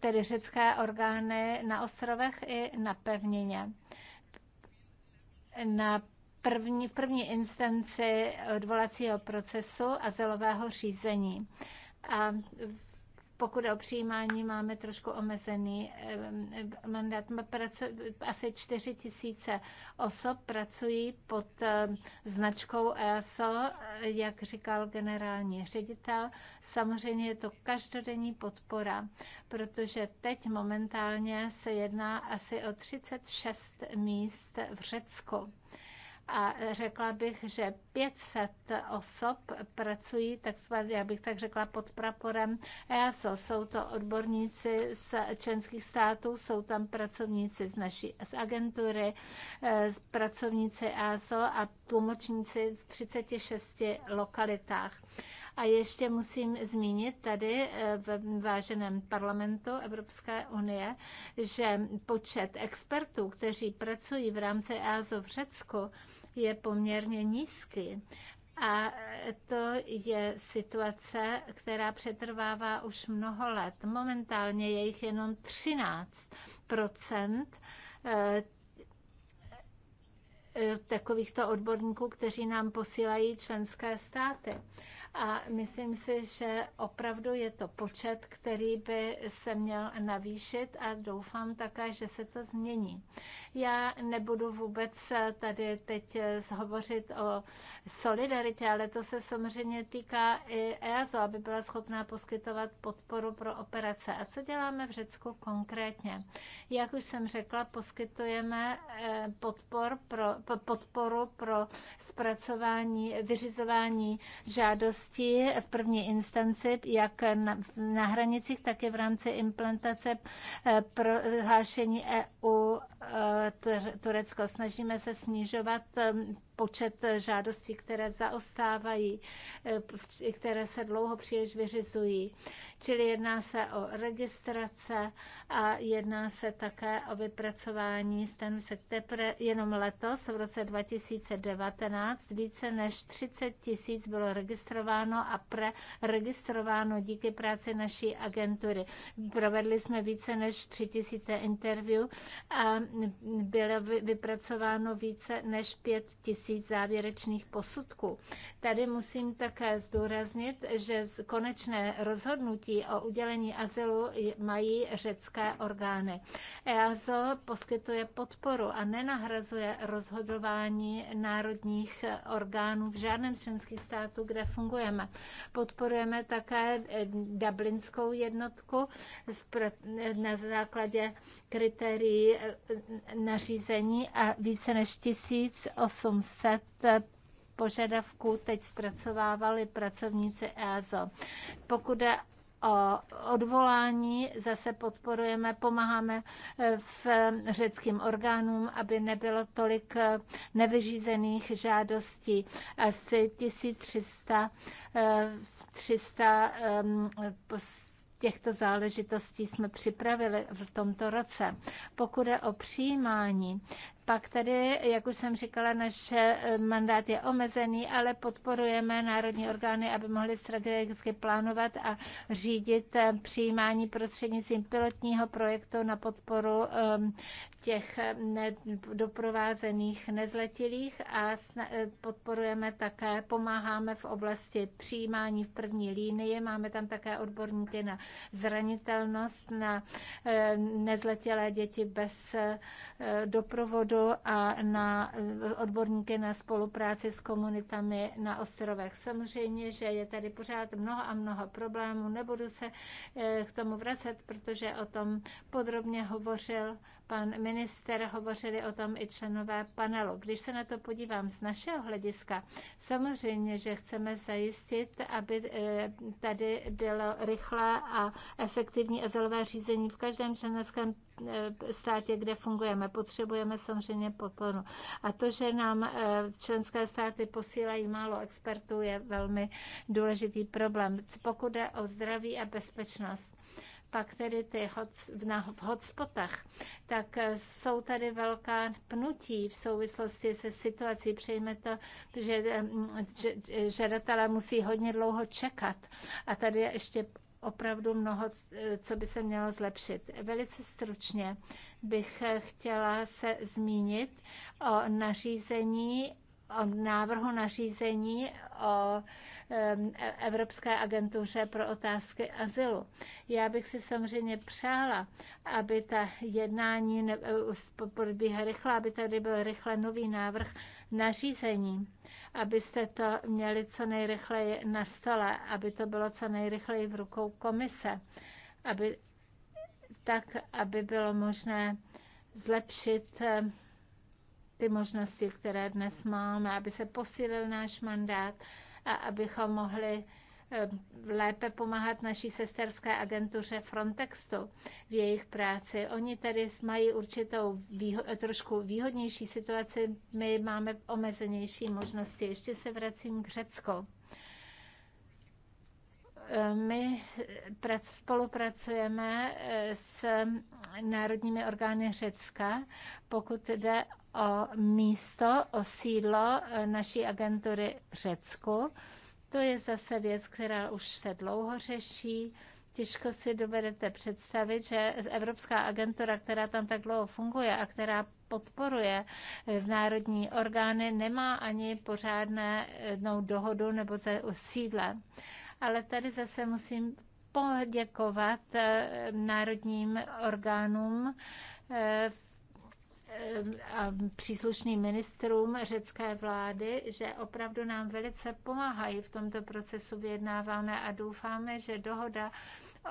tedy řecké orgány na ostrovech i na pevnině na první, v první instanci odvolacího procesu azylového řízení. A pokud o přijímání máme trošku omezený eh, mandát, asi 4 tisíce osob pracují pod eh, značkou EASO, eh, jak říkal generální ředitel. Samozřejmě je to každodenní podpora, protože teď momentálně se jedná asi o 36 míst v Řecku a řekla bych, že 500 osob pracují takzvaně, já bych tak řekla, pod praporem EASO. Jsou to odborníci z členských států, jsou tam pracovníci z naší z agentury, eh, pracovníci EASO a tlumočníci v 36 lokalitách. A ještě musím zmínit tady eh, v váženém parlamentu Evropské unie, že počet expertů, kteří pracují v rámci EASO v Řecku, je poměrně nízký. A to je situace, která přetrvává už mnoho let. Momentálně je jich jenom 13 eh, takovýchto odborníků, kteří nám posílají členské státy a myslím si, že opravdu je to počet, který by se měl navýšit a doufám také, že se to změní. Já nebudu vůbec tady teď hovořit o solidaritě, ale to se samozřejmě týká i EASO, aby byla schopná poskytovat podporu pro operace. A co děláme v Řecku konkrétně? Jak už jsem řekla, poskytujeme eh, podpor pro, podporu pro zpracování, vyřizování žádostí žádostí v první instanci, jak na, na hranicích, tak i v rámci implantace eh, prohlášení EU eh, Turecko. Snažíme se snižovat eh, počet žádostí, které zaostávají, eh, které se dlouho příliš vyřizují. Čili jedná se o registrace a jedná se také o vypracování se teprve jenom letos, v roce 2019, více než 30 tisíc bylo registrováno a preregistrováno díky práci naší agentury. Provedli jsme více než 3 tisíce interview a bylo vypracováno více než 5 tisíc tisíc závěrečných posudků. Tady musím také zdůraznit, že konečné rozhodnutí o udělení azylu mají řecké orgány. EASO poskytuje podporu a nenahrazuje rozhodování národních orgánů v žádném členských státu, kde fungujeme. Podporujeme také eh, dublinskou jednotku eh, na základě kritérií eh, nařízení a více než 1800 10 požadavků teď zpracovávali pracovníci EASO. Pokud je o odvolání zase podporujeme, pomáháme eh, v řeckým orgánům, aby nebylo tolik eh, nevyřízených žádostí. Asi 1300 300 eh, ehm, těchto záležitostí jsme připravili v tomto roce. Pokud je o přijímání, pak tady, jak už jsem říkala, náš eh, mandát je omezený, ale podporujeme národní orgány, aby mohly strategicky plánovat a řídit eh, přijímání prostřednictvím pilotního projektu na podporu ehm, těch eh, doprovázených nezletilých a podporujeme také, pomáháme v oblasti přijímání v první línii. Máme tam také odborníky na zranitelnost, na nezletilé děti bez doprovodu míru a na eh, odborníky na spolupráci s komunitami na ostrovech. Samozřejmě, že je tady pořád mnoho a mnoho problémů. Nebudu se eh, k tomu vracet, protože o tom podrobně hovořil pan minister, hovořili o tom i členové panelu. Když se na to podívám z našeho hlediska, samozřejmě, že chceme zajistit, aby eh, tady bylo rychlé a efektivní azylové řízení v každém členském eh, státě, kde fungujeme. Potřebujeme samozřejmě podporu. A to, že nám eh, členské státy posílají málo expertů, je velmi důležitý problém. Pokud jde o zdraví a bezpečnost pak tedy ty hot, na, v hotspotách, tak eh, jsou tady velká pnutí v souvislosti se situací. Přejme to, eh, že žadatelé musí hodně dlouho čekat. A tady je ještě opravdu mnoho, eh, co by se mělo zlepšit. Velice stručně bych chtěla se zmínit o nařízení o návrhu nařízení o Evropské agentuře pro otázky azylu. Já bych si samozřejmě přála, aby ta jednání eh, probíhala rychle, aby tady byl rychle nový návrh nařízení, abyste to měli co nejrychleji na stole, aby to bylo co nejrychleji v rukou komise, aby, tak, aby bylo možné zlepšit eh, ty možnosti, které dnes máme, aby se posílil náš mandát a abychom mohli eh, lépe pomáhat naší sesterské agentuře Frontextu v jejich práci. Oni tady mají určitou výho- trošku výhodnější situaci, my máme omezenější možnosti. Ještě se vracím k Řecku my spolupracujeme eh, s národními orgány Řecka, pokud jde o místo, o sídlo eh, naší agentury v Řecku. To je zase věc, která už se dlouho řeší. Těžko si dovedete představit, že Evropská agentura, která tam tak dlouho funguje a která podporuje eh, národní orgány, nemá ani pořádnou dohodu nebo se o sídle ale tady zase musím poděkovat eh, národním orgánům eh, eh, a příslušným ministrům řecké vlády, že opravdu nám velice pomáhají v tomto procesu. Vyjednáváme a doufáme, že dohoda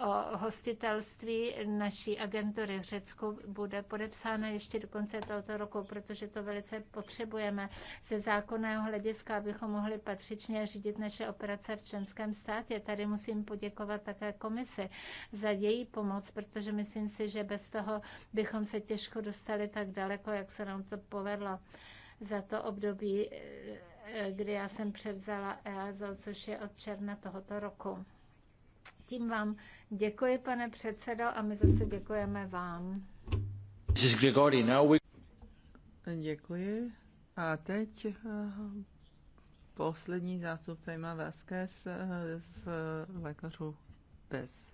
o hostitelství naší agentury v Řecku bude podepsána ještě do konce tohoto roku, protože to velice potřebujeme ze zákonného hlediska, abychom mohli patřičně řídit naše operace v členském státě. Tady musím poděkovat také komisi za její pomoc, protože myslím si, že bez toho bychom se těžko dostali tak daleko, jak se nám to povedlo za to období, eh, kdy já jsem převzala EASO, což je od června tohoto roku. Tím vám děkuji, pane předsedo, a my zase děkujeme vám. Grigori, now we... Děkuji. A teď eh, poslední zástupce má Vázquez eh, z lékařů bez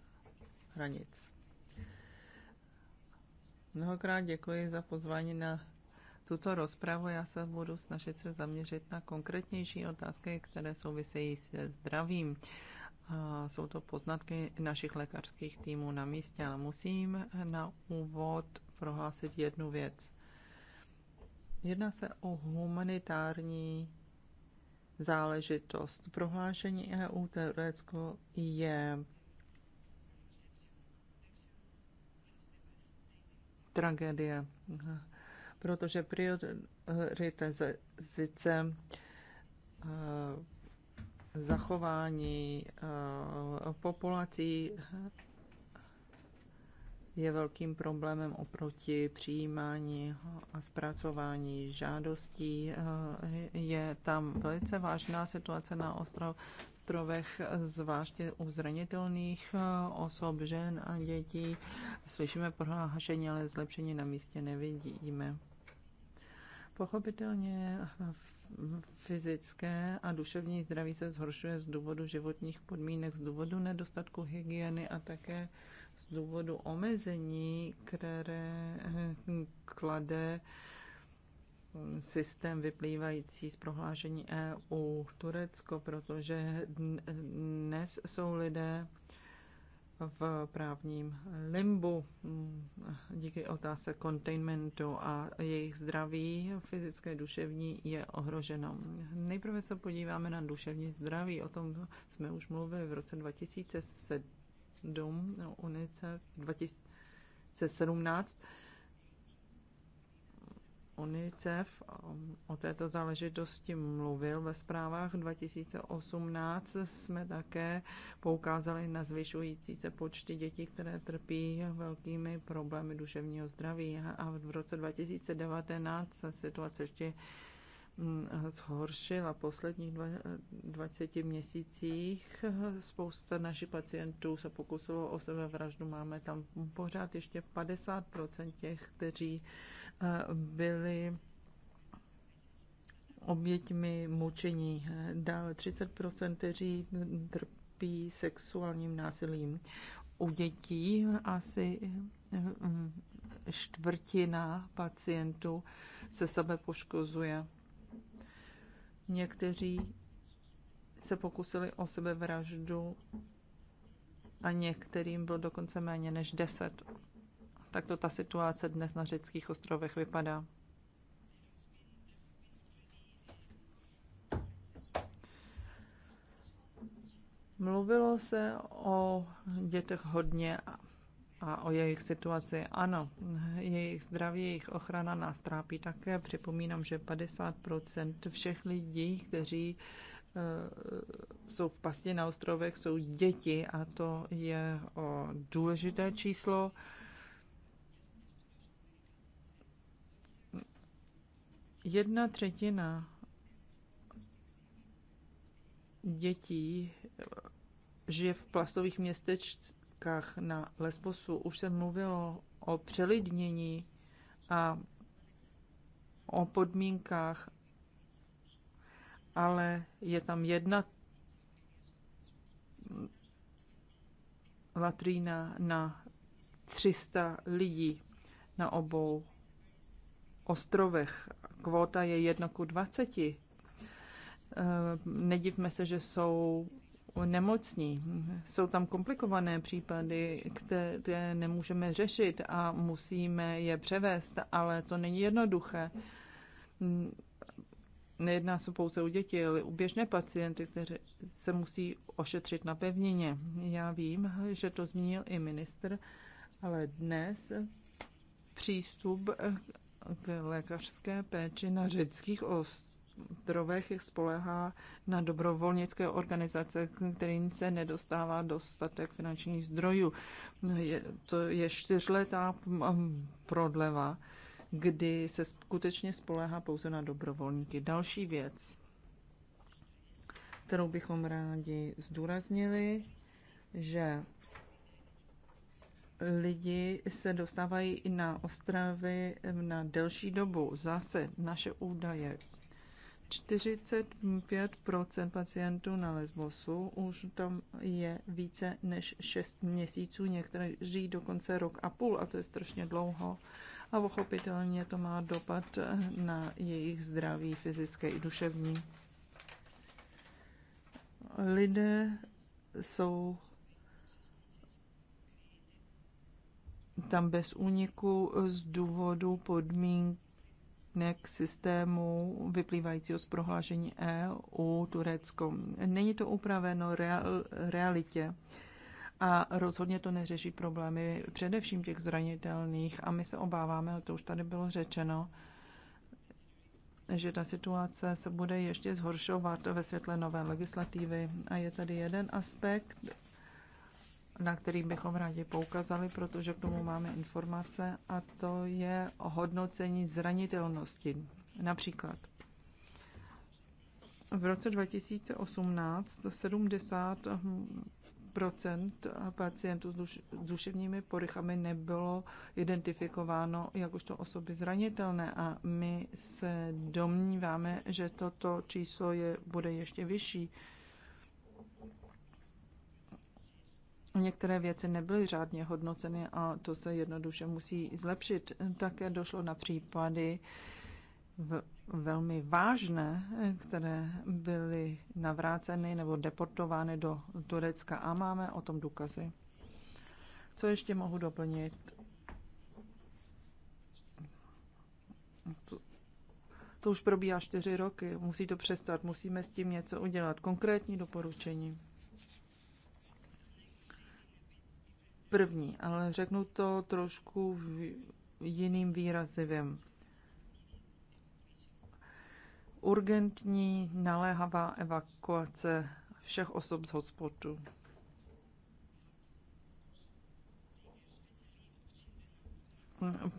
hranic. Mnohokrát děkuji za pozvání na tuto rozpravu. Já se budu snažit se zaměřit na konkrétnější otázky, které souvisejí se zdravím jsou to poznatky našich lékařských týmů na místě, ale musím na úvod prohlásit jednu věc. Jedná se o humanitární záležitost. Prohlášení EU Turecko je tragédie, protože prioritizace zachování eh, populací je velkým problémem oproti přijímání a zpracování žádostí. Eh, je tam velice vážná situace na ostrovech, zvláště u zranitelných eh, osob, žen a dětí. Slyšíme prohlášení, ale zlepšení na místě nevidíme. Pochopitelně v fyzické a duševní zdraví se zhoršuje z důvodu životních podmínek, z důvodu nedostatku hygieny a také z důvodu omezení, které hm, klade hm, systém vyplývající z prohlášení EU Turecko, protože dnes jsou lidé v právním limbu mm, díky otázce containmentu a jejich zdraví fyzické, duševní je ohroženo. Nejprve se podíváme na duševní zdraví, o tom jsme už mluvili v roce 2007, no, UNICEF 2017 UNICEF o této záležitosti mluvil ve zprávách 2018. Jsme také poukázali na zvyšující se počty dětí, které trpí velkými problémy duševního zdraví. A v roce 2019 se situace ještě mm, zhoršila. V posledních 20 měsících spousta našich pacientů se pokusilo o sebevraždu. Máme tam pořád ještě 50% těch, kteří Eh, byly oběťmi mučení. Dále 30%, kteří trpí sexuálním násilím. U dětí asi eh, čtvrtina pacientů se sebe poškozuje. Někteří se pokusili o sebevraždu a některým bylo dokonce méně než 10 tak to ta situace dnes na řeckých ostrovech vypadá. Mluvilo se o dětech hodně a o jejich situaci. Ano, jejich zdraví, jejich ochrana nás trápí také. Připomínám, že 50% všech lidí, kteří eh, jsou v pasti na ostrovech, jsou děti a to je eh, důležité číslo. Jedna třetina dětí eh, žije v plastových městečkách na Lesbosu. Už se mluvilo o přelidnění a o podmínkách, ale je tam jedna latrína na 300 lidí na obou ostrovech kvóta je 1 ku 20. Eh, nedivme se, že jsou nemocní. Jsou tam komplikované případy, které nemůžeme řešit a musíme je převést, ale to není jednoduché. Nejedná se pouze u děti, ale u běžné pacienty, kteří se musí ošetřit na pevnině. Já vím, že to zmínil i ministr, ale dnes přístup k lékařské péči na řeckých ostrovech spolehá na dobrovolnické organizace, kterým se nedostává dostatek finančních zdrojů. Je, to je čtyřletá prodleva, kdy se skutečně spolehá pouze na dobrovolníky. Další věc, kterou bychom rádi zdůraznili, že lidi se dostávají i na ostravy na delší dobu. Zase naše údaje. 45 pacientů na Lesbosu už tam je více než 6 měsíců, někteří dokonce rok a půl, a to je strašně dlouho. A pochopitelně to má dopad na jejich zdraví fyzické i duševní. Lidé jsou tam bez úniku z důvodu podmínek systému vyplývajícího z prohlášení EU Turecko. Není to upraveno real, realitě a rozhodně to neřeší problémy především těch zranitelných a my se obáváme, to už tady bylo řečeno, že ta situace se bude ještě zhoršovat ve světle nové legislativy. A je tady jeden aspekt, na který bychom rádi poukázali, protože k tomu máme informace, a to je hodnocení zranitelnosti. Například v roce 2018 70 pacientů s duševními poruchami nebylo identifikováno jakožto osoby zranitelné a my se domníváme, že toto číslo je, bude ještě vyšší Některé věci nebyly řádně hodnoceny a to se jednoduše musí zlepšit. Také došlo na případy v velmi vážné, které byly navráceny nebo deportovány do Turecka a máme o tom důkazy. Co ještě mohu doplnit? To, to už probíhá čtyři roky, musí to přestat, musíme s tím něco udělat. Konkrétní doporučení. první, ale řeknu to trošku jiným výrazivem. Urgentní naléhavá evakuace všech osob z hotspotu.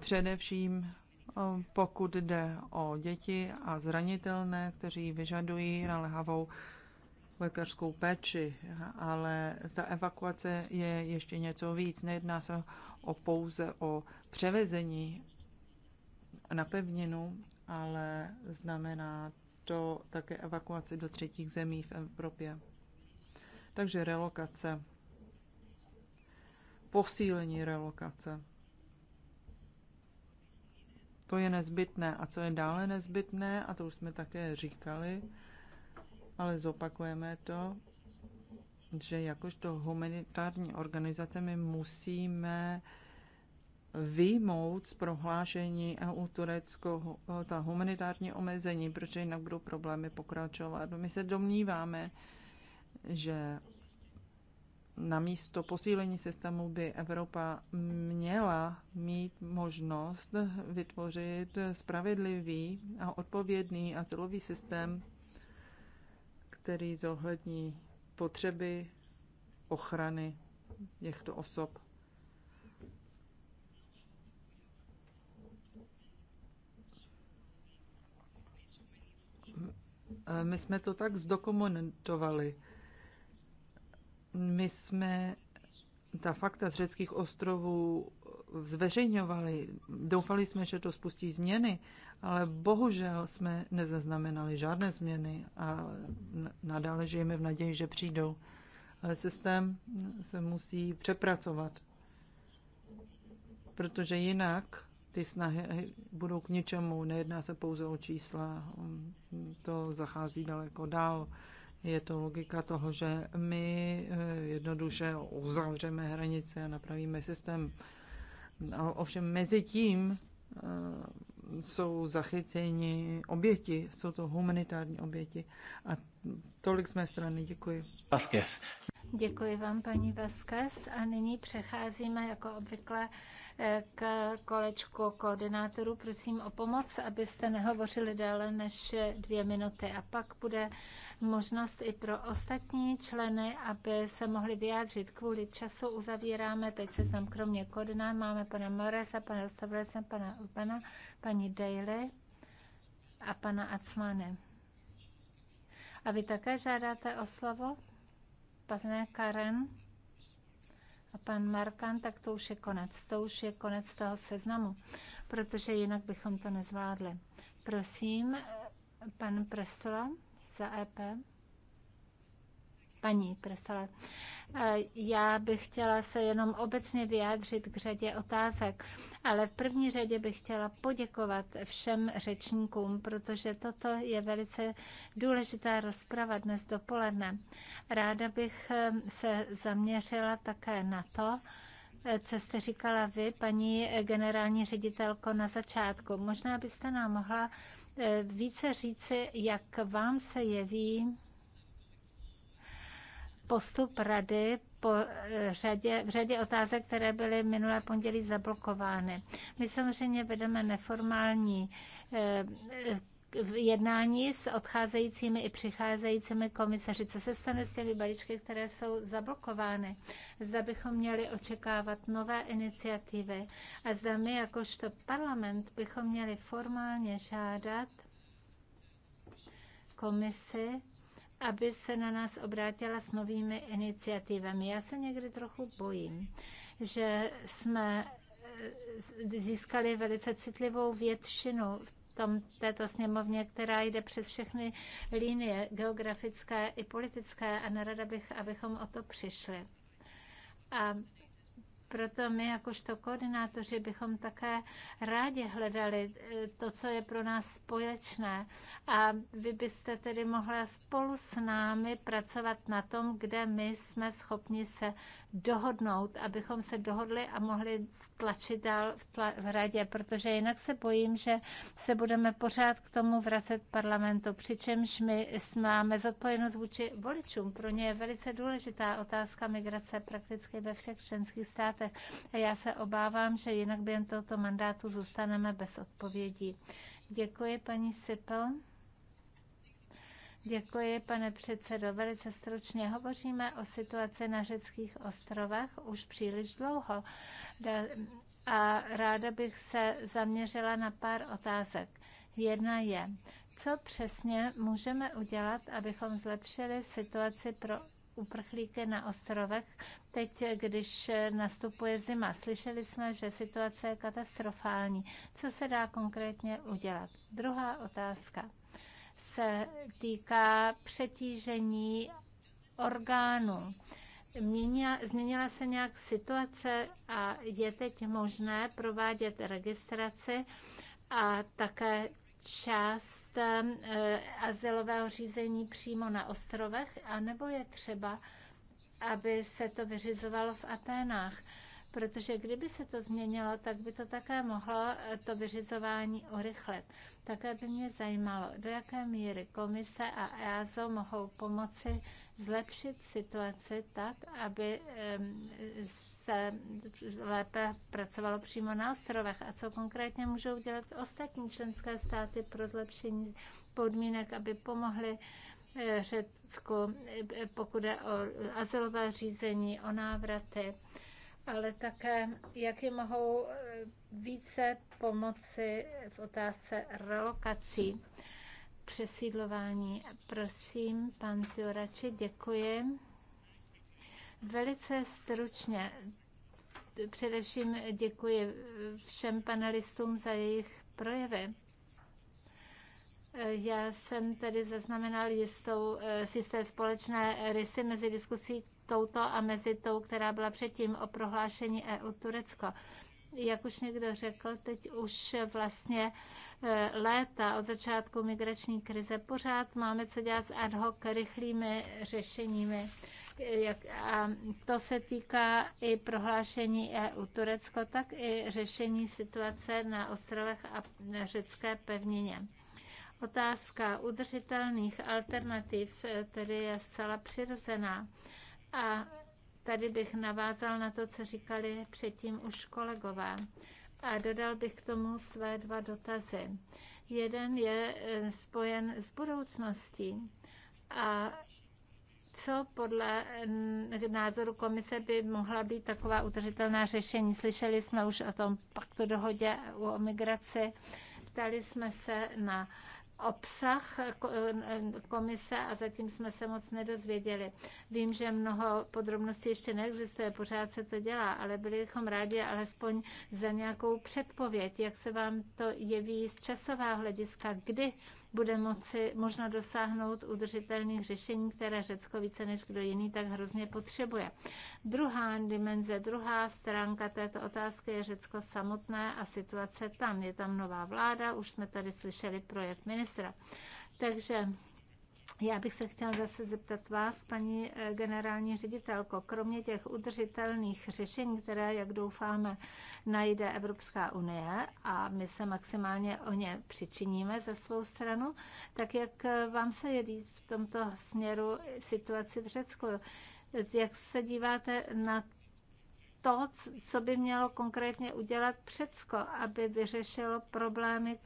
Především eh, pokud jde o děti a zranitelné, kteří vyžadují naléhavou lékařskou péči, ale ta evakuace je ještě něco víc. Nejedná se o pouze o převezení na pevninu, ale znamená to také evakuaci do třetích zemí v Evropě. Takže relokace, posílení relokace. To je nezbytné. A co je dále nezbytné, a to už jsme také říkali, ale zopakujeme to, že jakožto humanitární organizace my musíme vyjmout z prohlášení EU Turecko eh, ta humanitární omezení, protože jinak budou problémy pokračovat. My se domníváme, že na místo posílení systému by Evropa měla mít možnost vytvořit spravedlivý a odpovědný a celový systém který zohlední potřeby ochrany těchto osob. My jsme to tak zdokumentovali. My jsme ta fakta z řeckých ostrovů zveřejňovali. Doufali jsme, že to spustí změny ale bohužel jsme nezaznamenali žádné změny a nadále žijeme v naději, že přijdou. Ale systém se musí přepracovat, protože jinak ty snahy budou k ničemu. Nejedná se pouze o čísla, to zachází daleko dál. Je to logika toho, že my eh, jednoduše uzavřeme hranice a napravíme systém. Ovšem mezi tím eh, jsou zachyceni oběti, jsou to humanitární oběti. A tolik z mé strany, děkuji. Vaskes. Děkuji vám, paní Vaskes, A nyní přecházíme jako obvykle Eh, k kolečku koordinátorů. Prosím o pomoc, abyste nehovořili déle než dvě minuty. A pak bude možnost i pro ostatní členy, aby se mohli vyjádřit. Kvůli času uzavíráme teď se znám kromě koordinátorů, Máme pana Moresa, pana Rostavresa, pana Urbana, paní Daly a pana Acmane. A vy také žádáte o slovo? Pane Karen? a pan Markan, tak to už je konec. To už je konec toho seznamu, protože jinak bychom to nezvládli. Prosím, pan Prestola za EP. Paní Prestola. Eh, já bych chtěla se jenom obecně vyjádřit k řadě otázek, ale v první řadě bych chtěla poděkovat všem řečníkům, protože toto je velice důležitá rozprava dnes dopoledne. Ráda bych eh, se zaměřila také na to, eh, co jste říkala vy, paní generální ředitelko, na začátku. Možná byste nám mohla více říci, jak vám se jeví postup rady po eh, řadě, v řadě otázek, které byly minulé pondělí zablokovány. My samozřejmě vedeme neformální eh, v jednání s odcházejícími i přicházejícími komisaři. Co se stane s těmi balíčky, které jsou zablokovány? Zda bychom měli očekávat nové iniciativy a zda my jakožto parlament bychom měli formálně žádat komisi, aby se na nás obrátila s novými iniciativami. Já se někdy trochu bojím, že jsme eh, získali velice citlivou většinu v tom, této sněmovně, která jde přes všechny linie geografické i politické a nerada bych, abychom o to přišli. A proto my jakožto koordinátoři bychom také rádi hledali eh, to, co je pro nás společné. A vy byste tedy mohla spolu s námi pracovat na tom, kde my jsme schopni se dohodnout, abychom se dohodli a mohli tlačit dál v, tla, v radě, protože jinak se bojím, že se budeme pořád k tomu vracet parlamentu, přičemž my máme zodpovědnost vůči voličům. Pro ně je velice důležitá otázka migrace prakticky ve všech členských státech státech. A já se obávám, že jinak během tohoto mandátu zůstaneme bez odpovědí. Děkuji, paní Sipel. Děkuji, pane předsedo. Velice stručně hovoříme o situaci na řeckých ostrovech už příliš dlouho a ráda bych se zaměřila na pár otázek. Jedna je, co přesně můžeme udělat, abychom zlepšili situaci pro uprchlíky na ostrovech, teď, když nastupuje zima. Slyšeli jsme, že situace je katastrofální. Co se dá konkrétně udělat? Druhá otázka se týká přetížení orgánů. Měnila, změnila se nějak situace a je teď možné provádět registraci a také část ehm, eh, azylového řízení přímo na ostrovech, anebo je třeba, aby se to vyřizovalo v Aténách. Protože kdyby se to změnilo, tak by to také mohlo eh, to vyřizování urychlit. Také by mě zajímalo, do jaké míry komise a EASO mohou pomoci zlepšit situaci tak, aby se lépe pracovalo přímo na ostrovech a co konkrétně můžou dělat ostatní členské státy pro zlepšení podmínek, aby pomohly eh, Řecku, eh, pokud je o azylové řízení, o návraty ale také, jak jim mohou eh, více pomoci v otázce relokací, přesídlování. Prosím, pan Tiorači, děkuji. Velice stručně především děkuji všem panelistům za jejich projevy. Já jsem tedy zaznamenal jistou, eh, jisté společné rysy mezi diskusí touto a mezi tou, která byla předtím o prohlášení EU Turecko. Jak už někdo řekl, teď už vlastně eh, léta od začátku migrační krize pořád máme co dělat s ad hoc rychlými řešeními. Eh, jak, a to se týká i prohlášení EU Turecko, tak i řešení situace na ostrovech a řecké pevnině. Otázka udržitelných alternativ eh, tedy je zcela přirozená. A tady bych navázal na to, co říkali předtím už kolegové. A dodal bych k tomu své dva dotazy. Jeden je eh, spojen s budoucností. A co podle názoru komise by mohla být taková udržitelná řešení? Slyšeli jsme už o tom paktu dohodě o migraci, ptali jsme se na obsah eh, eh, eh, komise a zatím jsme se moc nedozvěděli. Vím, že mnoho podrobností ještě neexistuje, pořád se to dělá, ale byli bychom rádi alespoň za nějakou předpověď, jak se vám to jeví z časového hlediska, kdy bude moci možno dosáhnout udržitelných řešení, které Řecko více než kdo jiný tak hrozně potřebuje. Druhá dimenze, druhá stránka této otázky je Řecko samotné a situace tam. Je tam nová vláda, už jsme tady slyšeli projev ministra. Takže já bych se chtěla zase zeptat vás, paní eh, generální ředitelko, kromě těch udržitelných řešení, které, jak doufáme, najde Evropská unie a my se maximálně o ně přičiníme ze svou stranu, tak jak eh, vám se jeví v tomto směru situaci v Řecku? Jak se díváte na to, co by mělo konkrétně udělat Přecko, aby vyřešilo problémy,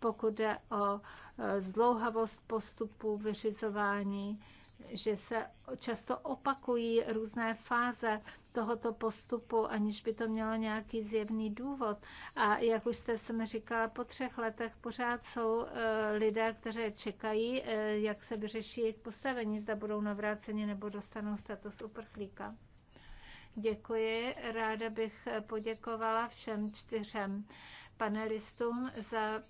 pokud jde o e, zdlouhavost postupů vyřizování, že se často opakují různé fáze tohoto postupu, aniž by to mělo nějaký zjevný důvod. A jak už jste mi říkala, po třech letech pořád jsou e, lidé, kteří čekají, e, jak se vyřeší jejich postavení, zda budou navráceni nebo dostanou status uprchlíka. Děkuji. Ráda bych poděkovala všem čtyřem panelistům za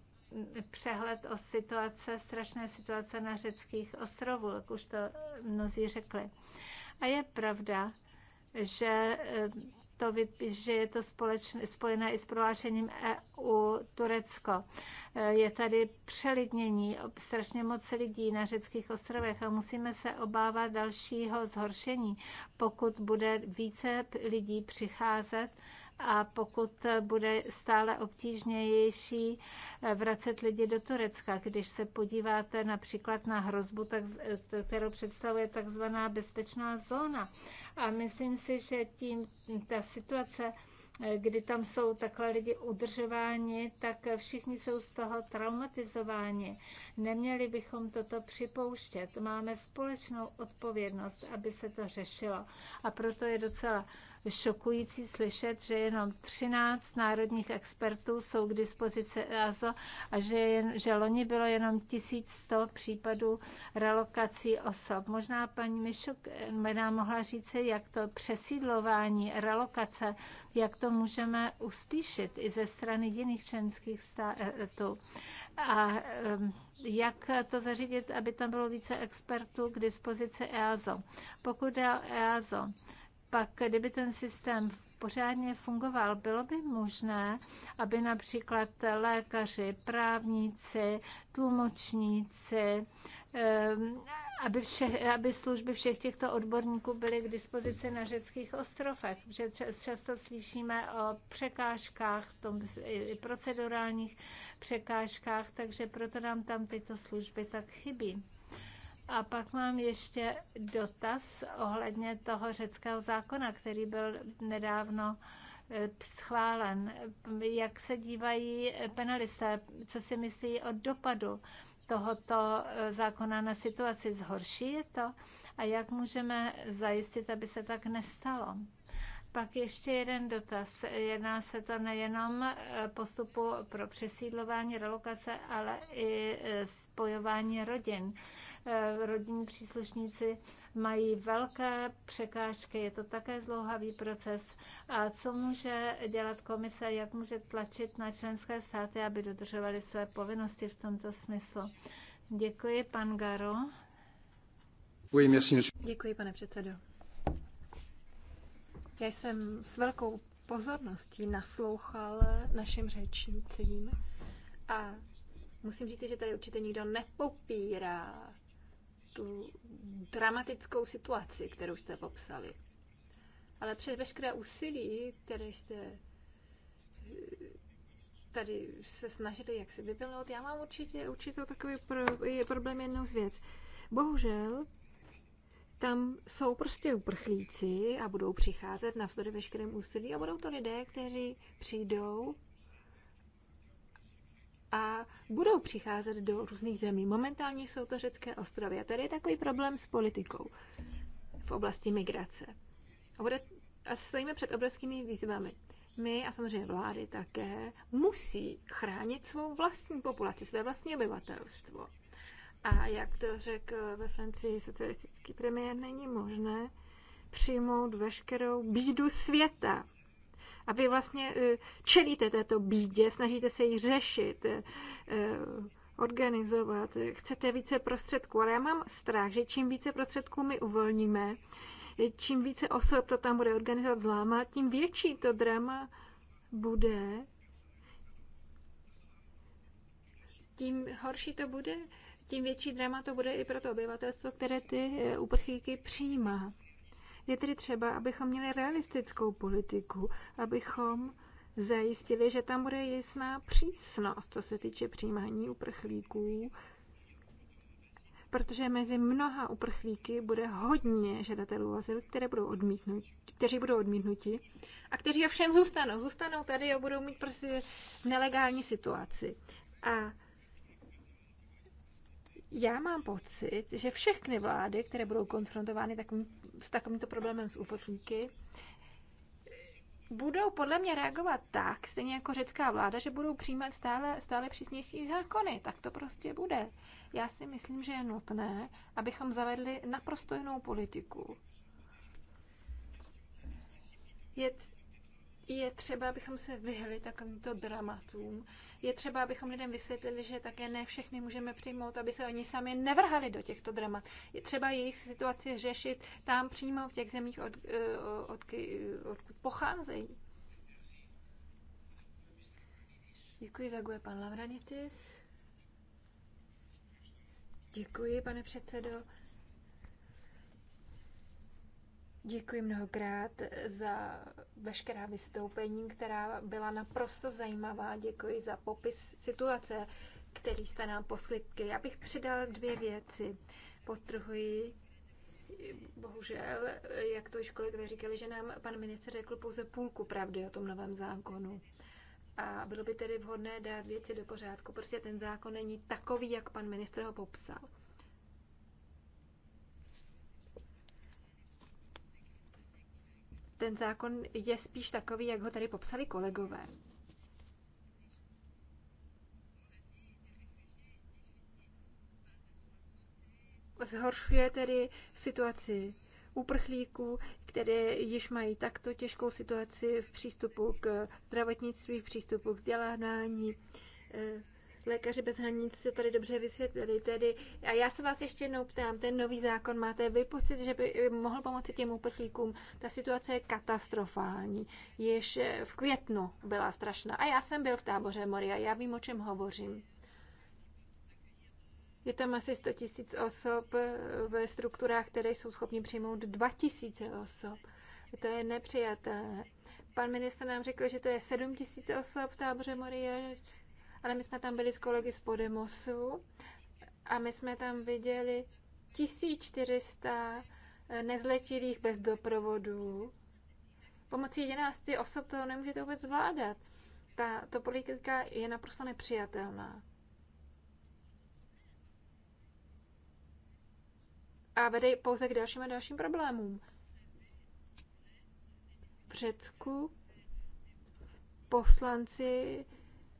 přehled o situace, strašné situace na řeckých ostrovů, jak už to mnozí řekli. A je pravda, že to, že je to společné, spojené i s prohlášením EU Turecko. E, je tady přelidnění, strašně moc lidí na řeckých ostrovech a musíme se obávat dalšího zhoršení, pokud bude více lidí přicházet a pokud bude stále obtížnější eh, vracet lidi do Turecka. Když se podíváte například na hrozbu, tak, eh, kterou představuje takzvaná bezpečná zóna. A myslím si, že tím ta situace eh, kdy tam jsou takhle lidi udržováni, tak všichni jsou z toho traumatizováni. Neměli bychom toto připouštět. Máme společnou odpovědnost, aby se to řešilo. A proto je docela šokující slyšet, že jenom 13 národních expertů jsou k dispozici EASO a že, jen, že loni bylo jenom 1100 případů relokací osob. Možná paní Mišuk by nám mohla říci, jak to přesídlování, relokace, jak to můžeme uspíšit i ze strany jiných členských států. A um, jak to zařídit, aby tam bylo více expertů k dispozici EASO. Pokud je EASO, pak kdyby ten systém pořádně fungoval, bylo by možné, aby například lékaři, právníci, tlumočníci, ehm, aby, vše, aby služby všech těchto odborníků byly k dispozici na řeckých ostrovech, protože často slyšíme o překážkách, tom, procedurálních překážkách, takže proto nám tam tyto služby tak chybí. A pak mám ještě dotaz ohledně toho řeckého zákona, který byl nedávno e, schválen. Jak se dívají penalisté, co si myslí o dopadu tohoto e, zákona na situaci? Zhorší je to? A jak můžeme zajistit, aby se tak nestalo? Pak ještě jeden dotaz. Jedná se to nejenom e, postupu pro přesídlování, relokace, ale i spojování rodin. Eh, rodinní příslušníci mají velké překážky, je to také zlouhavý proces. A co může dělat komise, jak může tlačit na členské státy, aby dodržovali své povinnosti v tomto smyslu? Děkuji, pan Garo. Děkuji, pane předsedo. Já jsem s velkou pozorností naslouchal našim řečnicím a musím říct, že tady určitě nikdo nepopírá tu dramatickou situaci, kterou jste popsali. Ale přes veškeré úsilí, které jste eh, tady se snažili jak si vyvinout, já mám určitě, určitě takový pro, je problém jednou z věc. Bohužel, tam jsou prostě uprchlíci a budou přicházet navzdory veškerém úsilí a budou to lidé, kteří přijdou a budou přicházet do různých zemí. Momentálně jsou to řecké ostrovy a tady je takový problém s politikou v oblasti migrace. A, bude, a stojíme před obrovskými výzvami. My a samozřejmě vlády také musí chránit svou vlastní populaci, své vlastní obyvatelstvo. A jak to řekl ve Francii socialistický premiér, není možné přijmout veškerou bídu světa. A vy vlastně eh, čelíte této bídě, snažíte se ji řešit, eh, organizovat, chcete více prostředků. Ale já mám strach, že čím více prostředků my uvolníme, eh, čím více osob to tam bude organizovat zláma, tím větší to drama bude, tím horší to bude, tím větší drama to bude i pro to obyvatelstvo, které ty uprchlíky přijímá. Je tedy třeba, abychom měli realistickou politiku, abychom zajistili, že tam bude jasná přísnost, co se týče přijímání uprchlíků, protože mezi mnoha uprchlíky bude hodně žadatelů azyl, které budou odmítnuti, kteří budou odmítnuti a kteří ovšem zůstanou. Zůstanou tady a budou mít prostě nelegální situaci. A já mám pocit, že všechny vlády, které budou konfrontovány takovým s takovýmto problémem s úprchlíky, budou podle mě reagovat tak, stejně jako řecká vláda, že budou přijímat stále, stále přísnější zákony. Tak to prostě bude. Já si myslím, že je nutné, abychom zavedli naprosto jinou politiku. Je je třeba, abychom se vyhli takovýmto dramatům. Je třeba, abychom lidem vysvětlili, že také ne všechny můžeme přijmout, aby se oni sami nevrhali do těchto dramat. Je třeba jejich situaci řešit tam přímo v těch zemích, od, eh, od, od, odkud pocházejí. Děkuji za gue, pan Lavranitis. Děkuji, pane předsedo. Děkuji mnohokrát za veškerá vystoupení, která byla naprosto zajímavá. Děkuji za popis situace, který jste nám poskytli. Já bych přidal dvě věci. Potrhuji, bohužel, jak to již kolegové říkali, že nám pan minister řekl pouze půlku pravdy o tom novém zákonu. A bylo by tedy vhodné dát věci do pořádku. Prostě ten zákon není takový, jak pan ministr ho popsal. ten zákon je spíš takový, jak ho tady popsali kolegové. Zhoršuje tedy situaci uprchlíků, které již mají takto těžkou situaci v přístupu k zdravotnictví, v přístupu k vzdělávání, eh, Lékaři bez hranic se tady dobře vysvětlili. Tedy, a já se vás ještě jednou ptám, ten nový zákon, máte vy pocit, že by eh, mohl pomoci těm uprchlíkům? Ta situace je katastrofální. Již eh, v květnu byla strašná. A já jsem byl v táboře Moria, já vím, o čem hovořím. Je tam asi 100 tisíc osob eh, ve strukturách, které jsou schopni přijmout 2 tisíce osob. To je nepřijatelné. Pan minister nám řekl, že to je 7 tisíc osob v táboře Moria ale my jsme tam byli s kolegy z Podemosu a my jsme tam viděli 1400 eh, nezletilých bez doprovodu. Pomocí 11 osob to nemůžete vůbec zvládat. Ta, to politika je naprosto nepřijatelná. A vede pouze k dalším a dalším problémům. V Řecku poslanci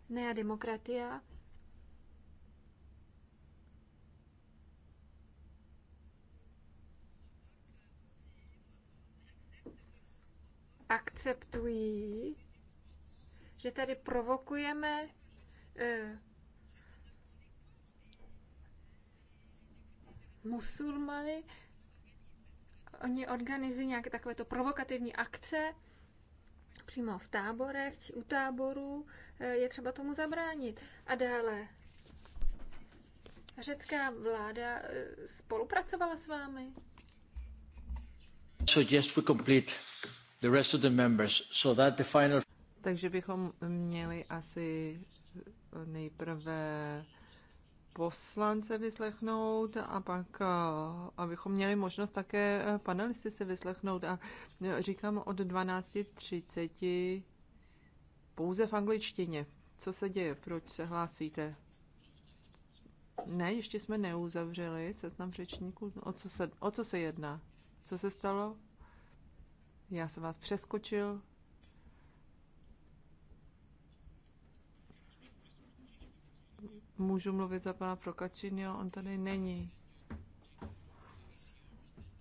Nea Demokratia, akceptují, že tady provokujeme eh, musulmany, oni organizují nějaké takovéto provokativní akce přímo v táborech u táborů, eh, je třeba tomu zabránit. A dále, řecká vláda eh, spolupracovala s vámi? So just we complete the rest of the members so that the final... Takže bychom měli asi eh, nejprve poslance vyslechnout a pak, eh, abychom měli možnost také eh, panelisty se vyslechnout. A eh, říkám od 12.30 pouze v angličtině. Co se děje? Proč se hlásíte? Ne, ještě jsme neuzavřeli seznam řečníků. O co se, o co se jedná? Co se stalo? Já jsem vás přeskočil. Můžu mluvit za pana Prokačinio, on tady není.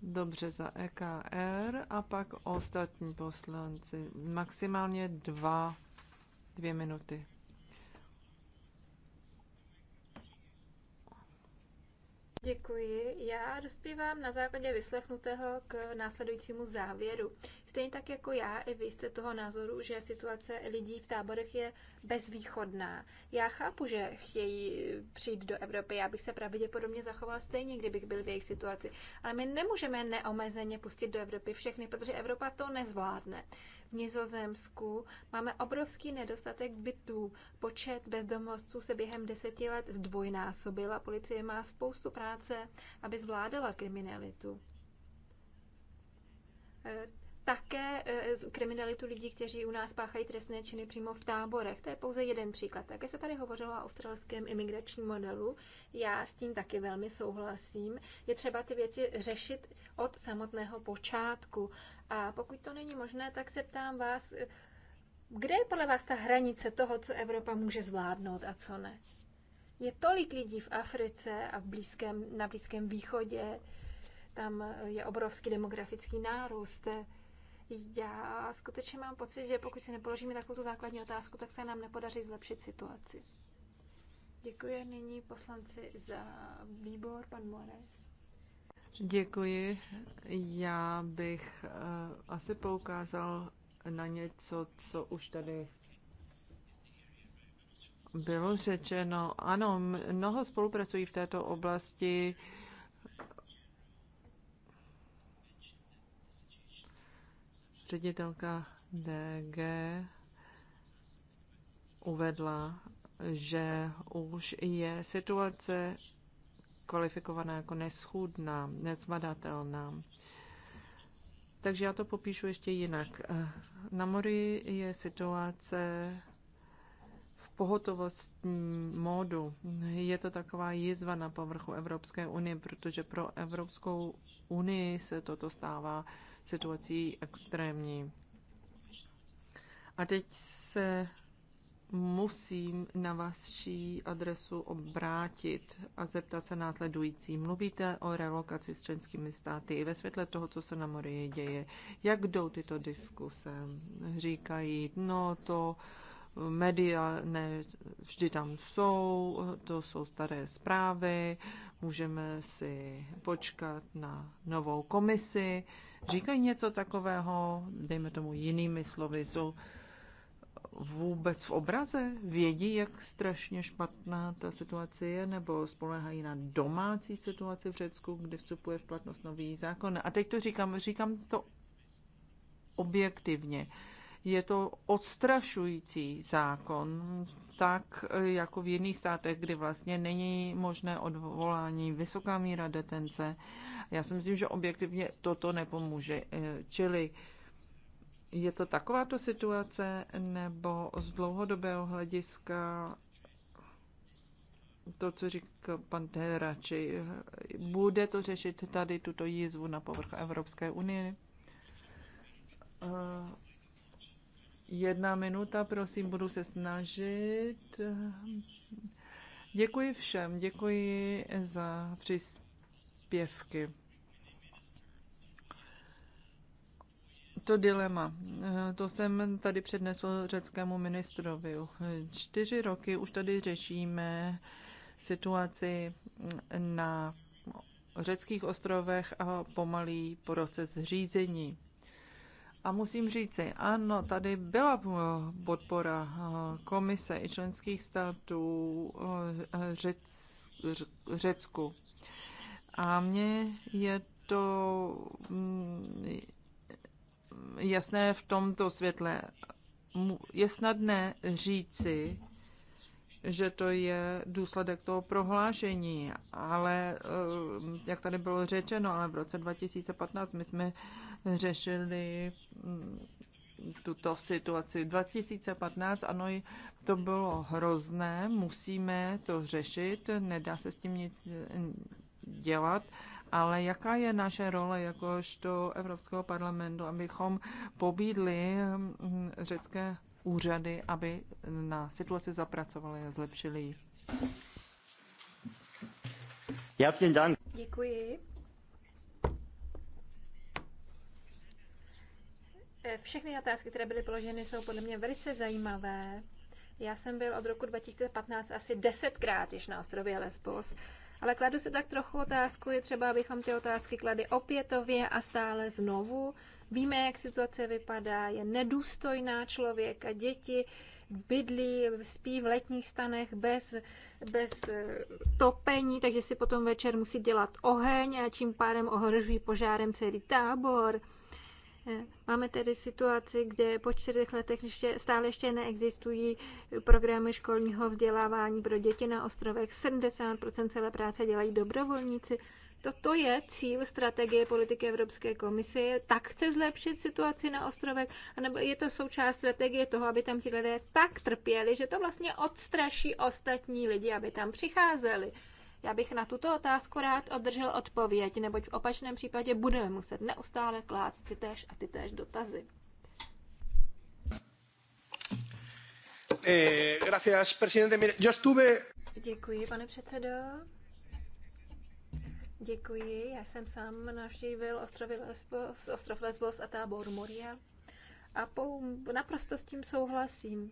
Dobře, za EKR a pak ostatní poslanci. Maximálně dva, dvě minuty. Děkuji. Já dospívám na základě vyslechnutého k následujícímu závěru. Stejně tak jako já, i vy jste toho názoru, že situace lidí v táborech je bezvýchodná. Já chápu, že chtějí přijít do Evropy, já bych se pravděpodobně zachoval stejně, kdybych byl v jejich situaci. Ale my nemůžeme neomezeně pustit do Evropy všechny, protože Evropa to nezvládne. V Nizozemsku máme obrovský nedostatek bytů. Počet bezdomovců se během deseti let zdvojnásobil a policie má spoustu práce, aby zvládala kriminalitu také eh, kriminalitu lidí, kteří u nás páchají trestné činy přímo v táborech. To je pouze jeden příklad. Také se tady hovořilo o australském imigračním modelu. Já s tím taky velmi souhlasím. Je třeba ty věci řešit od samotného počátku. A pokud to není možné, tak se ptám vás, eh, kde je podle vás ta hranice toho, co Evropa může zvládnout a co ne? Je tolik lidí v Africe a v blízkém, na Blízkém východě, tam eh, je obrovský demografický nárůst já skutečně mám pocit, že pokud si nepoložíme takovou základní otázku, tak se nám nepodaří zlepšit situaci. Děkuji nyní poslanci za výbor, pan Moraes. Děkuji. Já bych uh, asi poukázal na něco, co už tady bylo řečeno. Ano, mnoho spolupracují v této oblasti uh, ředitelka DG uvedla, že už je situace kvalifikovaná jako neschůdná, nezvadatelná. Takže já to popíšu ještě jinak. Na mori je situace v pohotovostním módu. Je to taková jizva na povrchu Evropské unie, protože pro Evropskou unii se toto stává situací extrémní. A teď se musím na vaši adresu obrátit a zeptat se následující. Mluvíte o relokaci s členskými státy i ve světle toho, co se na Morii děje. Jak jdou tyto diskuse? Říkají, no to eh, média ne vždy tam jsou, to jsou staré zprávy, můžeme si počkat na novou komisi říkají něco takového, dejme tomu jinými slovy, jsou vůbec v obraze? Vědí, jak strašně špatná ta situace je, nebo spolehají na domácí situaci v Řecku, kde vstupuje v platnost nový zákon? A teď to říkám, říkám to objektivně. Je to odstrašující zákon, tak eh, jako v jiných státech, kdy vlastně není možné odvolání, vysoká míra detence. Já si myslím, že objektivně toto nepomůže. Eh, čili je to takováto situace, nebo z dlouhodobého hlediska to, co říká pan Terači, eh, bude to řešit tady tuto jízvu na povrch Evropské unie? Jedna minuta, prosím, budu se snažit. Děkuji všem, děkuji za příspěvky. To dilema, to jsem tady přednesl řeckému ministrovi. Čtyři roky už tady řešíme situaci na řeckých ostrovech a pomalý proces řízení. A musím říci, ano, tady byla podpora eh, komise i členských států eh, Řec, Řecku. A mně je to mm, jasné v tomto světle. Je snadné říci, že to je důsledek toho prohlášení, ale eh, jak tady bylo řečeno, ale v roce 2015 my jsme řešili mm, tuto situaci. 2015, ano, to bylo hrozné, musíme to řešit, nedá se s tím nic mm, dělat, ale jaká je naše role jakožto Evropského parlamentu, abychom pobídli mm, řecké úřady, aby na situaci zapracovali a zlepšili ji? Děkuji. Eh, všechny otázky, které byly položeny, jsou podle mě velice zajímavé. Já jsem byl od roku 2015 asi desetkrát již na ostrově Lesbos, ale kladu se tak trochu otázku, je třeba, abychom ty otázky kladli opětově a stále znovu. Víme, jak situace vypadá, je nedůstojná člověk a děti bydlí, spí v letních stanech bez, bez eh, topení, takže si potom večer musí dělat oheň a čím pádem ohrožují požárem celý tábor. Máme tedy situaci, kde po čtyřech letech ještě, stále ještě neexistují programy školního vzdělávání pro děti na ostrovech. 70% celé práce dělají dobrovolníci. Toto je cíl strategie politiky Evropské komise. Tak chce zlepšit situaci na ostrovech, anebo je to součást strategie toho, aby tam ti lidé tak trpěli, že to vlastně odstraší ostatní lidi, aby tam přicházeli. Já bych na tuto otázku rád obdržel odpověď, neboť v opačném případě budeme muset neustále klást ty též a ty též dotazy. Eh, gracias, presidente. Mire, yo estuve... Děkuji, pane předsedo. Děkuji. Já jsem sám navštívil ostrovy Lesbos, ostrov Lesbos a tábor Moria. A po, naprosto s tím souhlasím.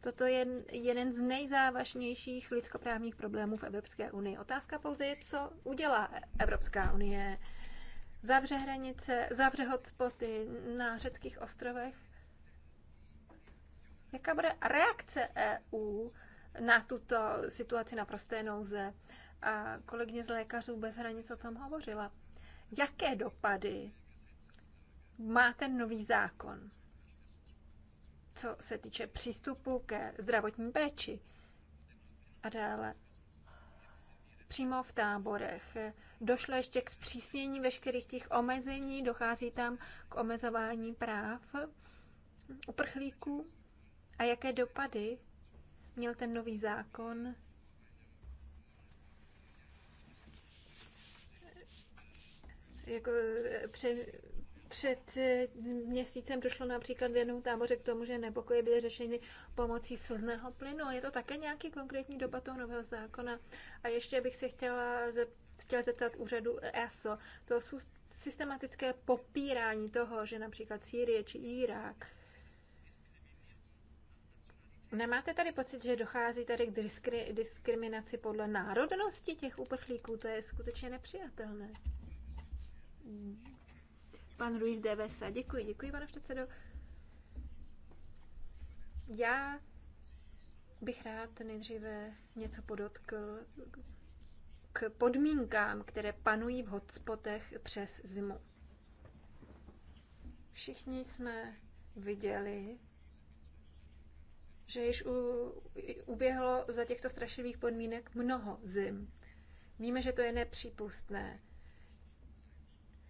Toto je jeden z nejzávažnějších lidskoprávních problémů v Evropské unii. Otázka pouze je, co udělá Evropská unie. Zavře hranice, zavře hotspoty na řeckých ostrovech. Jaká bude reakce EU na tuto situaci na prosté nouze? A kolegyně z lékařů bez hranic o tom hovořila. Jaké dopady má ten nový zákon? co se týče přístupu ke zdravotní péči. A dále přímo v táborech. Došlo ještě k zpřísnění veškerých těch omezení, dochází tam k omezování práv uprchlíků. A jaké dopady měl ten nový zákon jako eh, pře, před eh, měsícem došlo například v jednom táboře k tomu, že nepokoje byly řešeny pomocí slzného plynu. Je to také nějaký konkrétní doba toho nového zákona? A ještě bych se chtěla zeptat, chtěla zeptat úřadu ESO. To jsou systematické popírání toho, že například Sýrie či Irák Nemáte tady pocit, že dochází tady k diskri- diskriminaci podle národnosti těch uprchlíků? To je skutečně nepřijatelné. Pan Ruiz de Vesa. Děkuji, děkuji, pane předsedo. Já bych rád nejdříve něco podotkl k podmínkám, které panují v hotspotech přes zimu. Všichni jsme viděli, že již u, uběhlo za těchto strašlivých podmínek mnoho zim. Víme, že to je nepřípustné.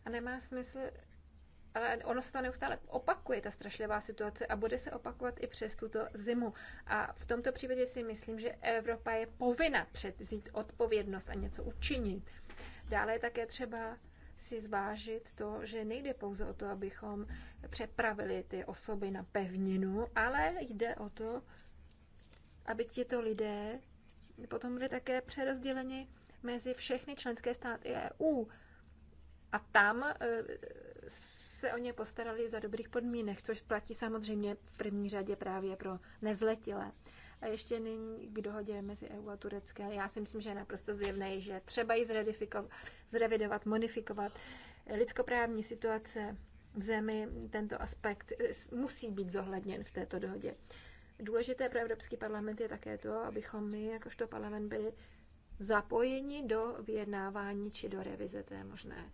A nemá smysl ale ono se to neustále opakuje, ta strašlivá situace, a bude se opakovat i přes tuto zimu. A v tomto případě si myslím, že Evropa je povinna předzít odpovědnost a něco učinit. Dále je také třeba si zvážit to, že nejde pouze o to, abychom přepravili ty osoby na pevninu, ale jde o to, aby tito lidé potom byli také přerozděleni mezi všechny členské státy EU. A tam e, se o ně postarali za dobrých podmínek, což platí samozřejmě v první řadě právě pro nezletilé. A ještě nyní k dohodě mezi EU a Tureckem. Já si myslím, že je naprosto zjevné, že třeba ji zrevidovat, modifikovat. Lidskoprávní situace v zemi, tento aspekt eh, musí být zohledněn v této dohodě. Důležité pro Evropský parlament je také to, abychom my, jakožto parlament, byli zapojeni do vyjednávání či do revize té možné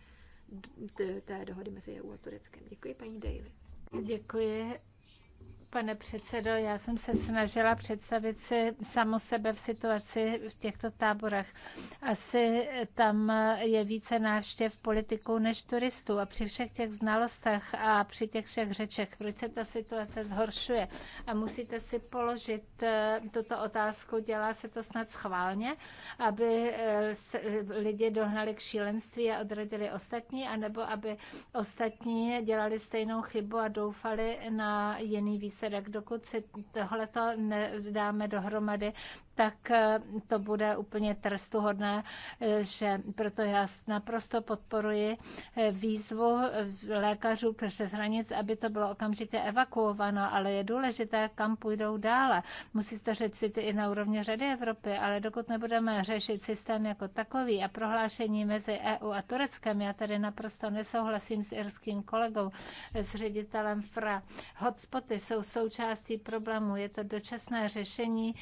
té dohody mezi EU a Tureckem. Děkuji, paní Daly. Děkuji Pane předsedo, já jsem se snažila představit si samo sebe v situaci v těchto táborech. Asi tam je více návštěv politiků než turistů a při všech těch znalostech a při těch všech řečech, proč se ta situace zhoršuje? A musíte si položit eh, tuto otázku, dělá se to snad schválně, aby eh, lidi dohnali k šílenství a odradili ostatní, anebo aby ostatní dělali stejnou chybu a doufali na jiný výsledek výsledek. Dokud si tohleto nedáme dohromady, tak eh, to bude úplně trestuhodné, eh, že proto já naprosto podporuji eh, výzvu lékařů přes hranic, aby to bylo okamžitě evakuováno, ale je důležité, kam půjdou dále. Musí to řešit i na úrovni řady Evropy, ale dokud nebudeme řešit systém jako takový a prohlášení mezi EU a Tureckem, já tady naprosto nesouhlasím s irským kolegou, s ředitelem FRA. Hotspoty jsou součástí problému. Je to dočasné řešení.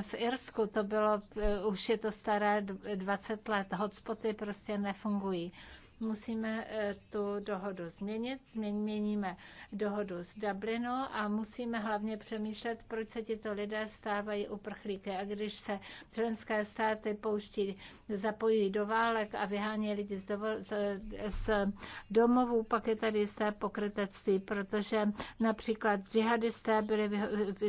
V Irsku to bylo, eh, už je to staré 20 let. Hotspoty prostě nefungují. Musíme eh, tu dohodu změnit, změníme dohodu z Dublinu a musíme hlavně přemýšlet, proč se tito lidé stávají uprchlíky. A když se členské státy pouští, zapojí do válek a vyhání lidi z, dovo- z, z domovů, pak je tady jisté pokrytectví, protože například džihadisté byli,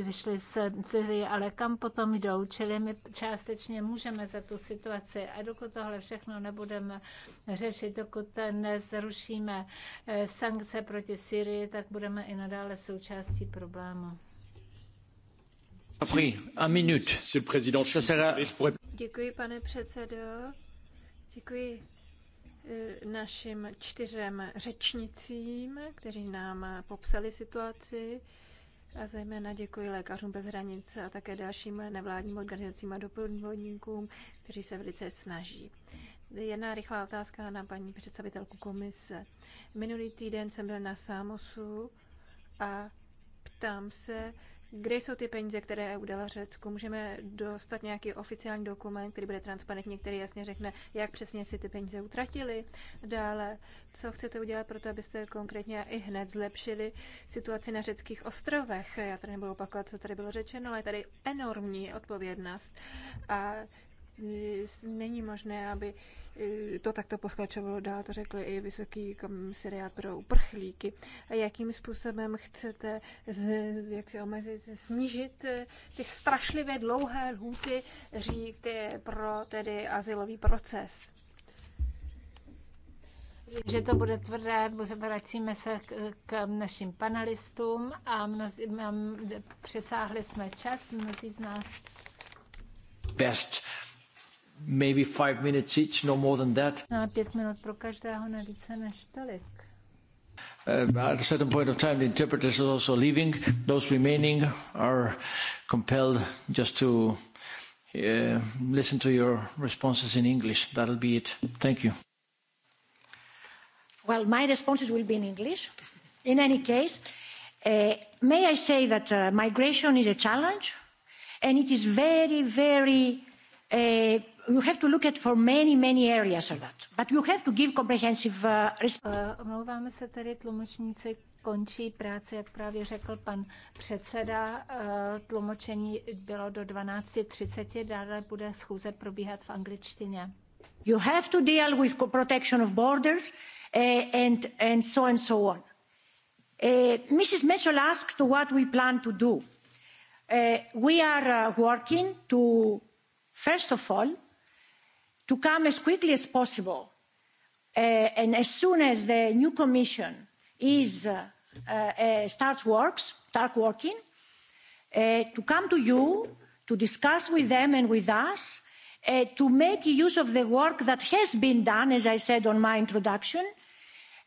vyšli z Syrie, ale kam potom jdou, čili my částečně můžeme za tu situaci a dokud tohle všechno nebudeme řešit, dokud pokud nezrušíme eh, sankce proti Syrii, tak budeme i nadále součástí problému. Děkuji, pane předsedo. Děkuji eh, našim čtyřem řečnicím, kteří nám popsali situaci. A zejména děkuji lékařům bez hranice a také dalším nevládním organizacím a doplňovníkům, kteří se velice snaží. Jedna rychlá otázka na paní představitelku komise. Minulý týden jsem byl na Sámosu a ptám se, kde jsou ty peníze, které EU dala Řecku? Můžeme dostat nějaký oficiální dokument, který bude transparentní, který jasně řekne, jak přesně si ty peníze utratili? Dále, co chcete udělat pro to, abyste konkrétně i hned zlepšili situaci na řeckých ostrovech? Já tady nebudu opakovat, co tady bylo řečeno, ale je tady enormní odpovědnost. A není možné, aby e, to takto poskačovalo dál, to řekl i vysoký komisariát pro uprchlíky. A jakým způsobem chcete z, jak se omezit, snížit e, ty strašlivě dlouhé lhůty říkte pro tedy asilový proces? že to bude tvrdé, vracíme se k, k našim panelistům a mnozí, přesáhli jsme čas, mnozí z nás. Best maybe five minutes each, no more than that. No, pět minut pro každého, ne více než tolik. Uh, at a certain point of time, the interpreters are also leaving. Those remaining are compelled just to uh, listen to your responses in English. That'll be it. Thank you. Well, my responses will be in English. In any case, uh, may I say that uh, migration is a challenge, and it is very, very uh, you have to look at for many, many areas of that. But you have to give comprehensive uh, response. Eh, končí práce, jak právě řekl pan předseda. Eh, tlumočení bylo do 12.30, dále bude schůze probíhat v angličtině. You have to deal with protection of borders eh, and, and so and so on. Mrs. Mitchell asked what we plan to do. we are uh, working to, first of all, to come as quickly as possible uh, and as soon as the new commission is, uh, uh, uh, starts works, start working, uh, to come to you, to discuss with them and with us, uh, to make use of the work that has been done, as I said on my introduction,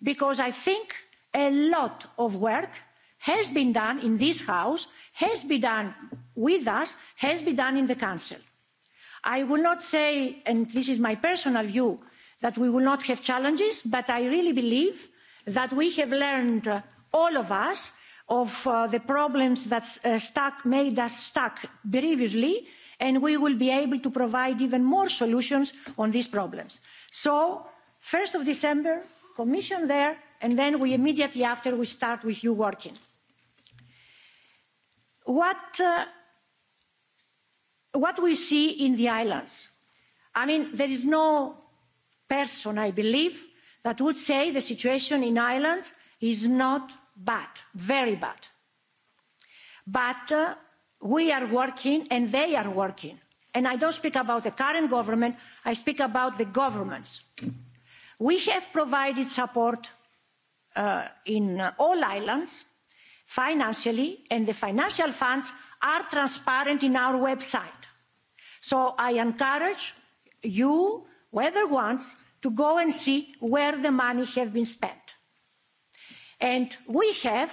because I think a lot of work has been done in this House, has been done with us, has been done in the Council i will not say and this is my personal view that we will not have challenges but i really believe that we have learned uh, all of us of uh, the problems that uh, made us stuck previously and we will be able to provide even more solutions on these problems. so first of december commission there and then we immediately after we start with you working. what what we see in the islands i mean there is no person i believe that would say the situation in ireland is not bad very bad but uh, we are working and they are working and i don't speak about the current government i speak about the governments we have provided support uh, in uh, all islands financially and the financial funds are transparent in our website. So I encourage you, whoever wants, to go and see where the money has been spent. And we have,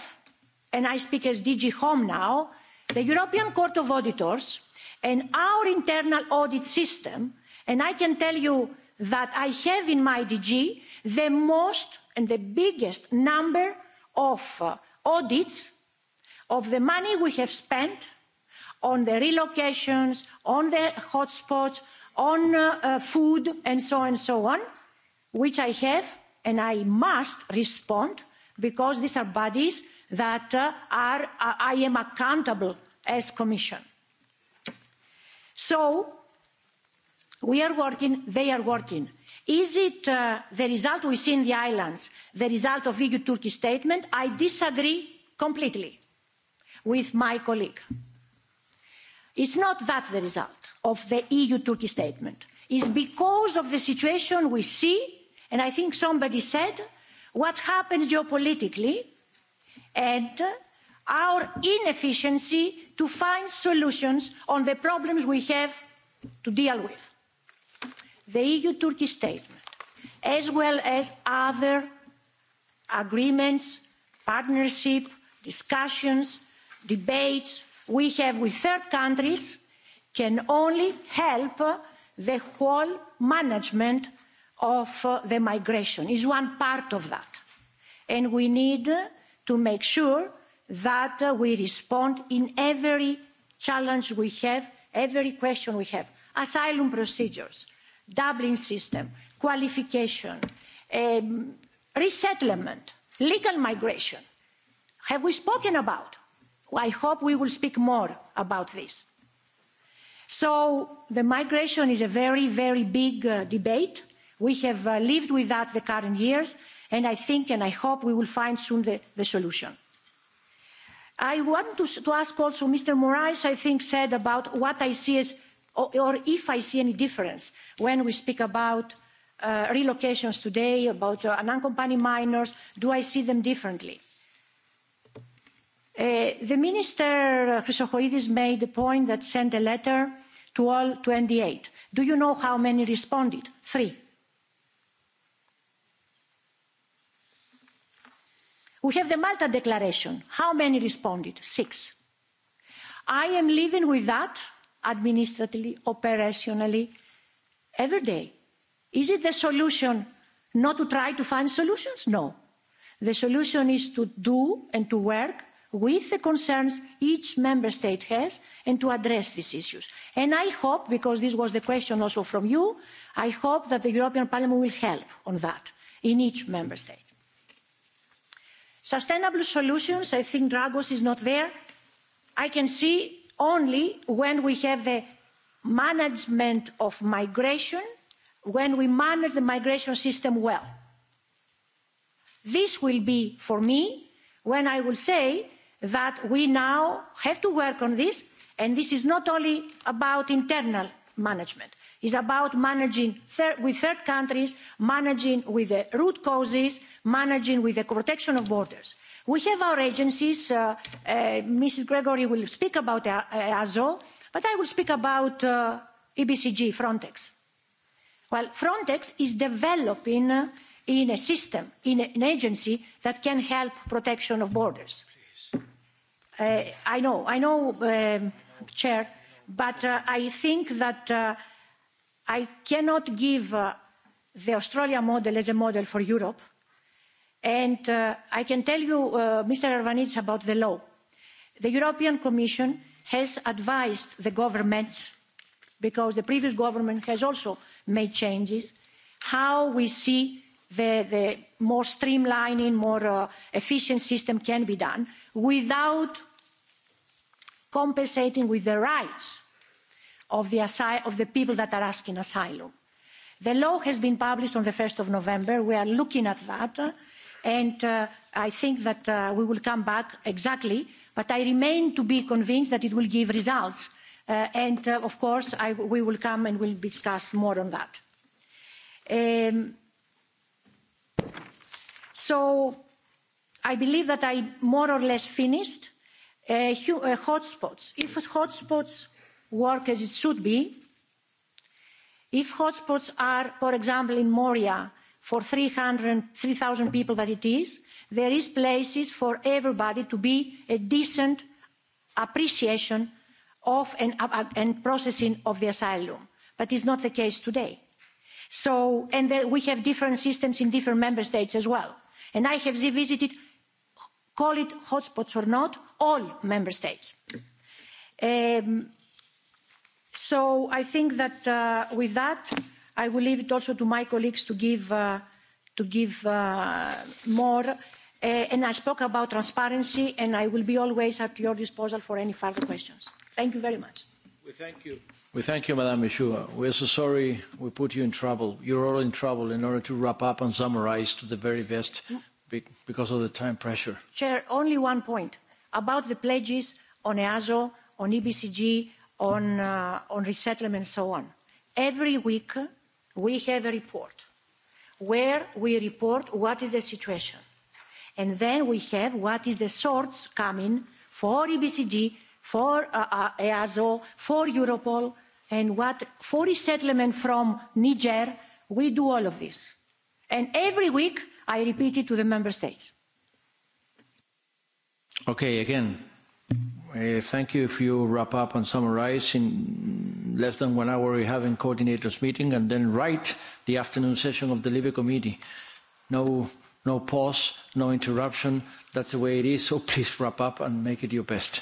and I speak as DG Home now, the European Court of Auditors and our internal audit system, and I can tell you that I have in my DG the most and the biggest number of uh, audits of the money we have spent on the relocations, on the hotspots, on uh, uh, food, and so on and so on, which I have and I must respond because these are bodies that uh, are, uh, I am accountable as Commission. So we are working, they are working. Is it uh, the result we see in the islands, the result of EU-Turkey statement? I disagree completely with my colleague. It's not that the result of the EU-Turkey statement. It's because of the situation we see, and I think somebody said, what happens geopolitically, and our inefficiency to find solutions on the problems we have to deal with. The EU-Turkey statement, as well as other agreements, partnership, discussions, debates, we have with third countries can only help the whole management of uh, the migration is one part of that and we need to make sure that uh, we respond in every challenge we have every question we have asylum procedures dublin system qualification um, resettlement legal migration have we spoken about? i hope we will speak more about this. so the migration is a very very big uh, debate. we have uh, lived with that the current years and i think and i hope we will find soon the, the solution. i want to, to ask also mr moraes i think said about what i see as or, or if i see any difference when we speak about uh, relocations today about uh, unaccompanied minors do i see them differently? Uh, the Minister uh, Chrysochoidis made the point that sent a letter to all 28. Do you know how many responded? Three. We have the Malta Declaration. How many responded? Six. I am living with that administratively, operationally, every day. Is it the solution not to try to find solutions? No. The solution is to do and to work with the concerns each member state has and to address these issues. And i hope because this was the question also from you i hope that the european parliament will help on that in each member state. sustainable solutions i think dragos is not there i can see only when we have the management of migration when we manage the migration system well. this will be for me when i will say that we now have to work on this and this is not only about internal management it's about managing with third countries managing with the root causes managing with the protection of borders. we have our agencies uh, uh, mrs gregory will speak about easo but i will speak about uh, ebcg frontex. well frontex is developing in a system in an agency that can help protection of borders Uh, I know, I know, um, Chair, but uh, I think that uh, I cannot give uh, the Australia model as a model for Europe. And uh, I can tell you, uh, Mr. Arvanits, about the law. The European Commission has advised the governments, because the previous government has also made changes, how we see the, the more streamlining, more uh, efficient system can be done without compensating with the rights of the, of the people that are asking asylum. The law has been published on the 1st of November. We are looking at that. And uh, I think that uh, we will come back exactly. But I remain to be convinced that it will give results. Uh, and uh, of course, I, we will come and we'll discuss more on that. Um, so I believe that I more or less finished Uh, uh, hotspots. If hotspots work as it should be, if hotspots are, for example, in Moria, for 3,000 people that it is, there is places for everybody to be a decent appreciation of and, uh, processing of the asylum. But it's not the case today. So, and we have different systems in different member states as well. And I have visited call it hotspots or not all member states. Um, so i think that uh, with that i will leave it also to my colleagues to give, uh, to give uh, more uh, and i spoke about transparency and i will be always at your disposal for any further questions. thank you very much. we thank you. We thank you, Madam We are so sorry we put you in trouble. You're all in trouble in order to wrap up and summarize to the very best because of the time pressure. Chair, only one point about the pledges on EASO, on EBCG, on, uh, on resettlement and so on. Every week we have a report where we report what is the situation. And then we have what is the source coming for EBCG, for uh, uh, EASO, for Europol, and what for resettlement from Niger. We do all of this. And every week i repeat it to the member states. Okay, again, uh, thank you if you wrap up and summarize. In less than one hour, we have in coordinators meeting and then write the afternoon session of the LIBE committee. No, no pause, no interruption. That's the way it is. So (laughs) please wrap up and make it your best.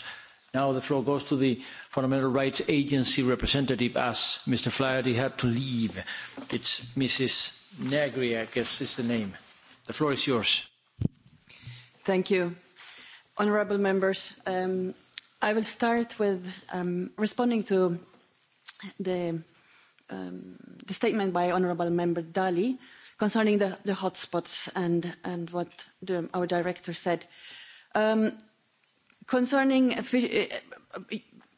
Now the floor goes to the Fundamental Rights Agency representative as Mr. Flaherty had to leave. It's Mrs. Negri, I guess is the name. The floor is yours. Thank you. Honourable members, um, I will start with um, responding to the, um, statement by Honourable Member dalli concerning the, hotspots and, and what our director said. concerning uh, uh,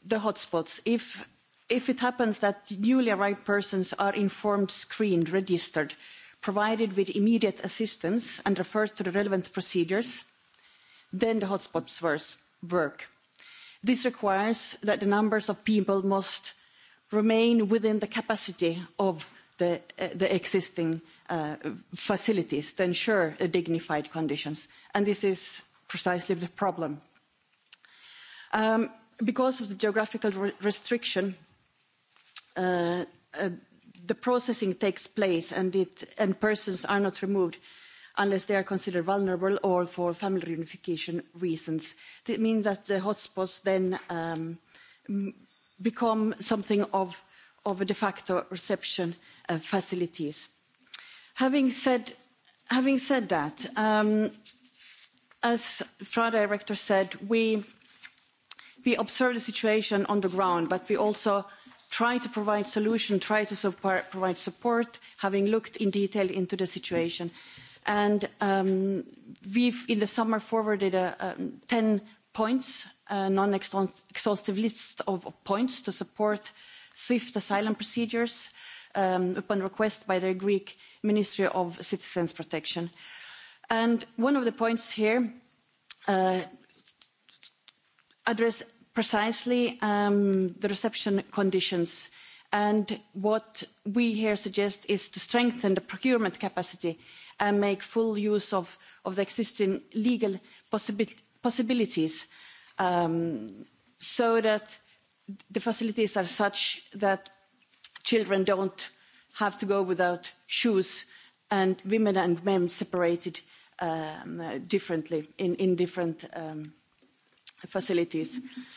the hotspots, if, if it happens that newly arrived persons are informed, screened, registered, provided with immediate assistance and referred to the relevant procedures then the hotspots work. this requires that the numbers of people must remain within the capacity of the, uh, the existing uh, facilities to ensure dignified conditions and this is precisely the problem. Um, because of the geographical re restriction uh, uh the processing takes place and, persons are not removed unless they are considered vulnerable or for family reunification reasons. This means that the hotspots then um, become something of, a de facto reception uh, facilities. Having said, that, um, as FRA director said, we observe the situation on the ground, but we also try to provide solutions, try to provide support, having looked in detail into the situation. And um, we've, in the summer, forwarded a, a um, 10 points, a non-exhaustive list of points to support swift asylum procedures um, upon request by the Greek Ministry of Citizens Protection. And one of the points here uh, address precisely um, the reception conditions. And what we here suggest is to strengthen the procurement capacity and make full use of, of the existing legal possibi possibilities um, so that the facilities are such that children don't have to go without shoes and women and men separated um, differently in, in different um, facilities. Mm -hmm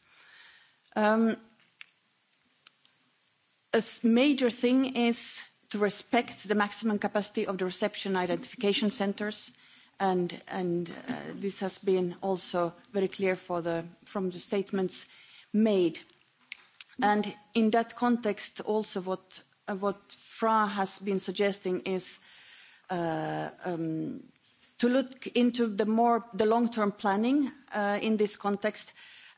Um, a major thing is to respect the maximum capacity of the reception identification centres and, and uh, this has been also very clear the, from the statements made. And in that context also what, uh, what fra has been suggesting is uh, um, to look into the more the long term planning uh, in this context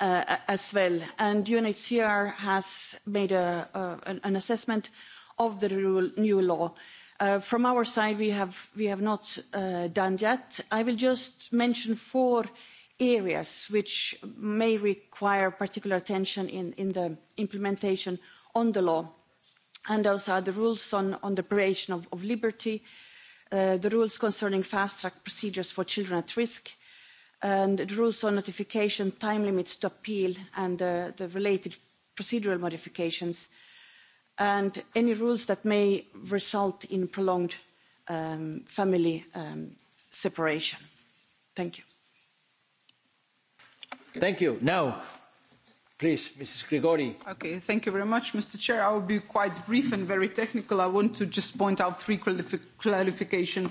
uh, as well. And UNHCR has made a, uh, an assessment of the new law. Uh, from our side, we have, we have not uh, done yet. I will just mention four areas which may require particular attention in, in the implementation on the law. And those are the rules on, on the privation of, of liberty, uh, the rules concerning fast-track procedures for children at risk, and it rules on notification, time limits to appeal and the related procedural modifications and any rules that may result in prolonged um, family um, separation. Thank you. Thank you. Now, Please, ms Grigori. Okay, thank you very much, Mr. Chair. I will be quite brief and very technical. I want to just point out three clarifications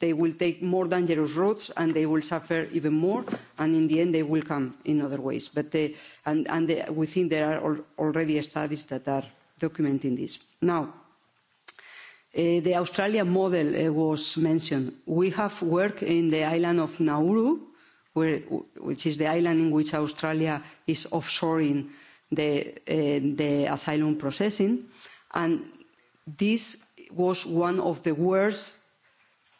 they, will take more dangerous roads and they will suffer even more and in the end they will come in other ways. But uh, and, we think there are already studies that are documenting this. Now, uh, the Australian model uh, was mentioned. We have work in the island of Nauru, which is the island in which Australia is offshoring the, the asylum processing. And this was one of the worst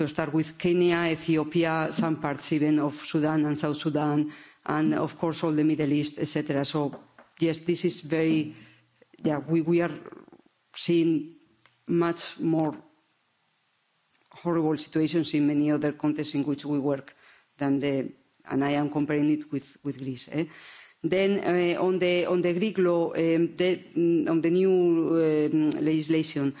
to start with Kenya, Ethiopia, some parts even of Sudan and South Sudan, and of course all the Middle East, etc. So yes, this is very, yeah, we, we are seeing much more horrible situations in many other contexts in which we work than the, and I am comparing it with, with Greece. Eh? Then uh, on, the, on the Greek law, um, the, mm, on the new um, legislation, uh,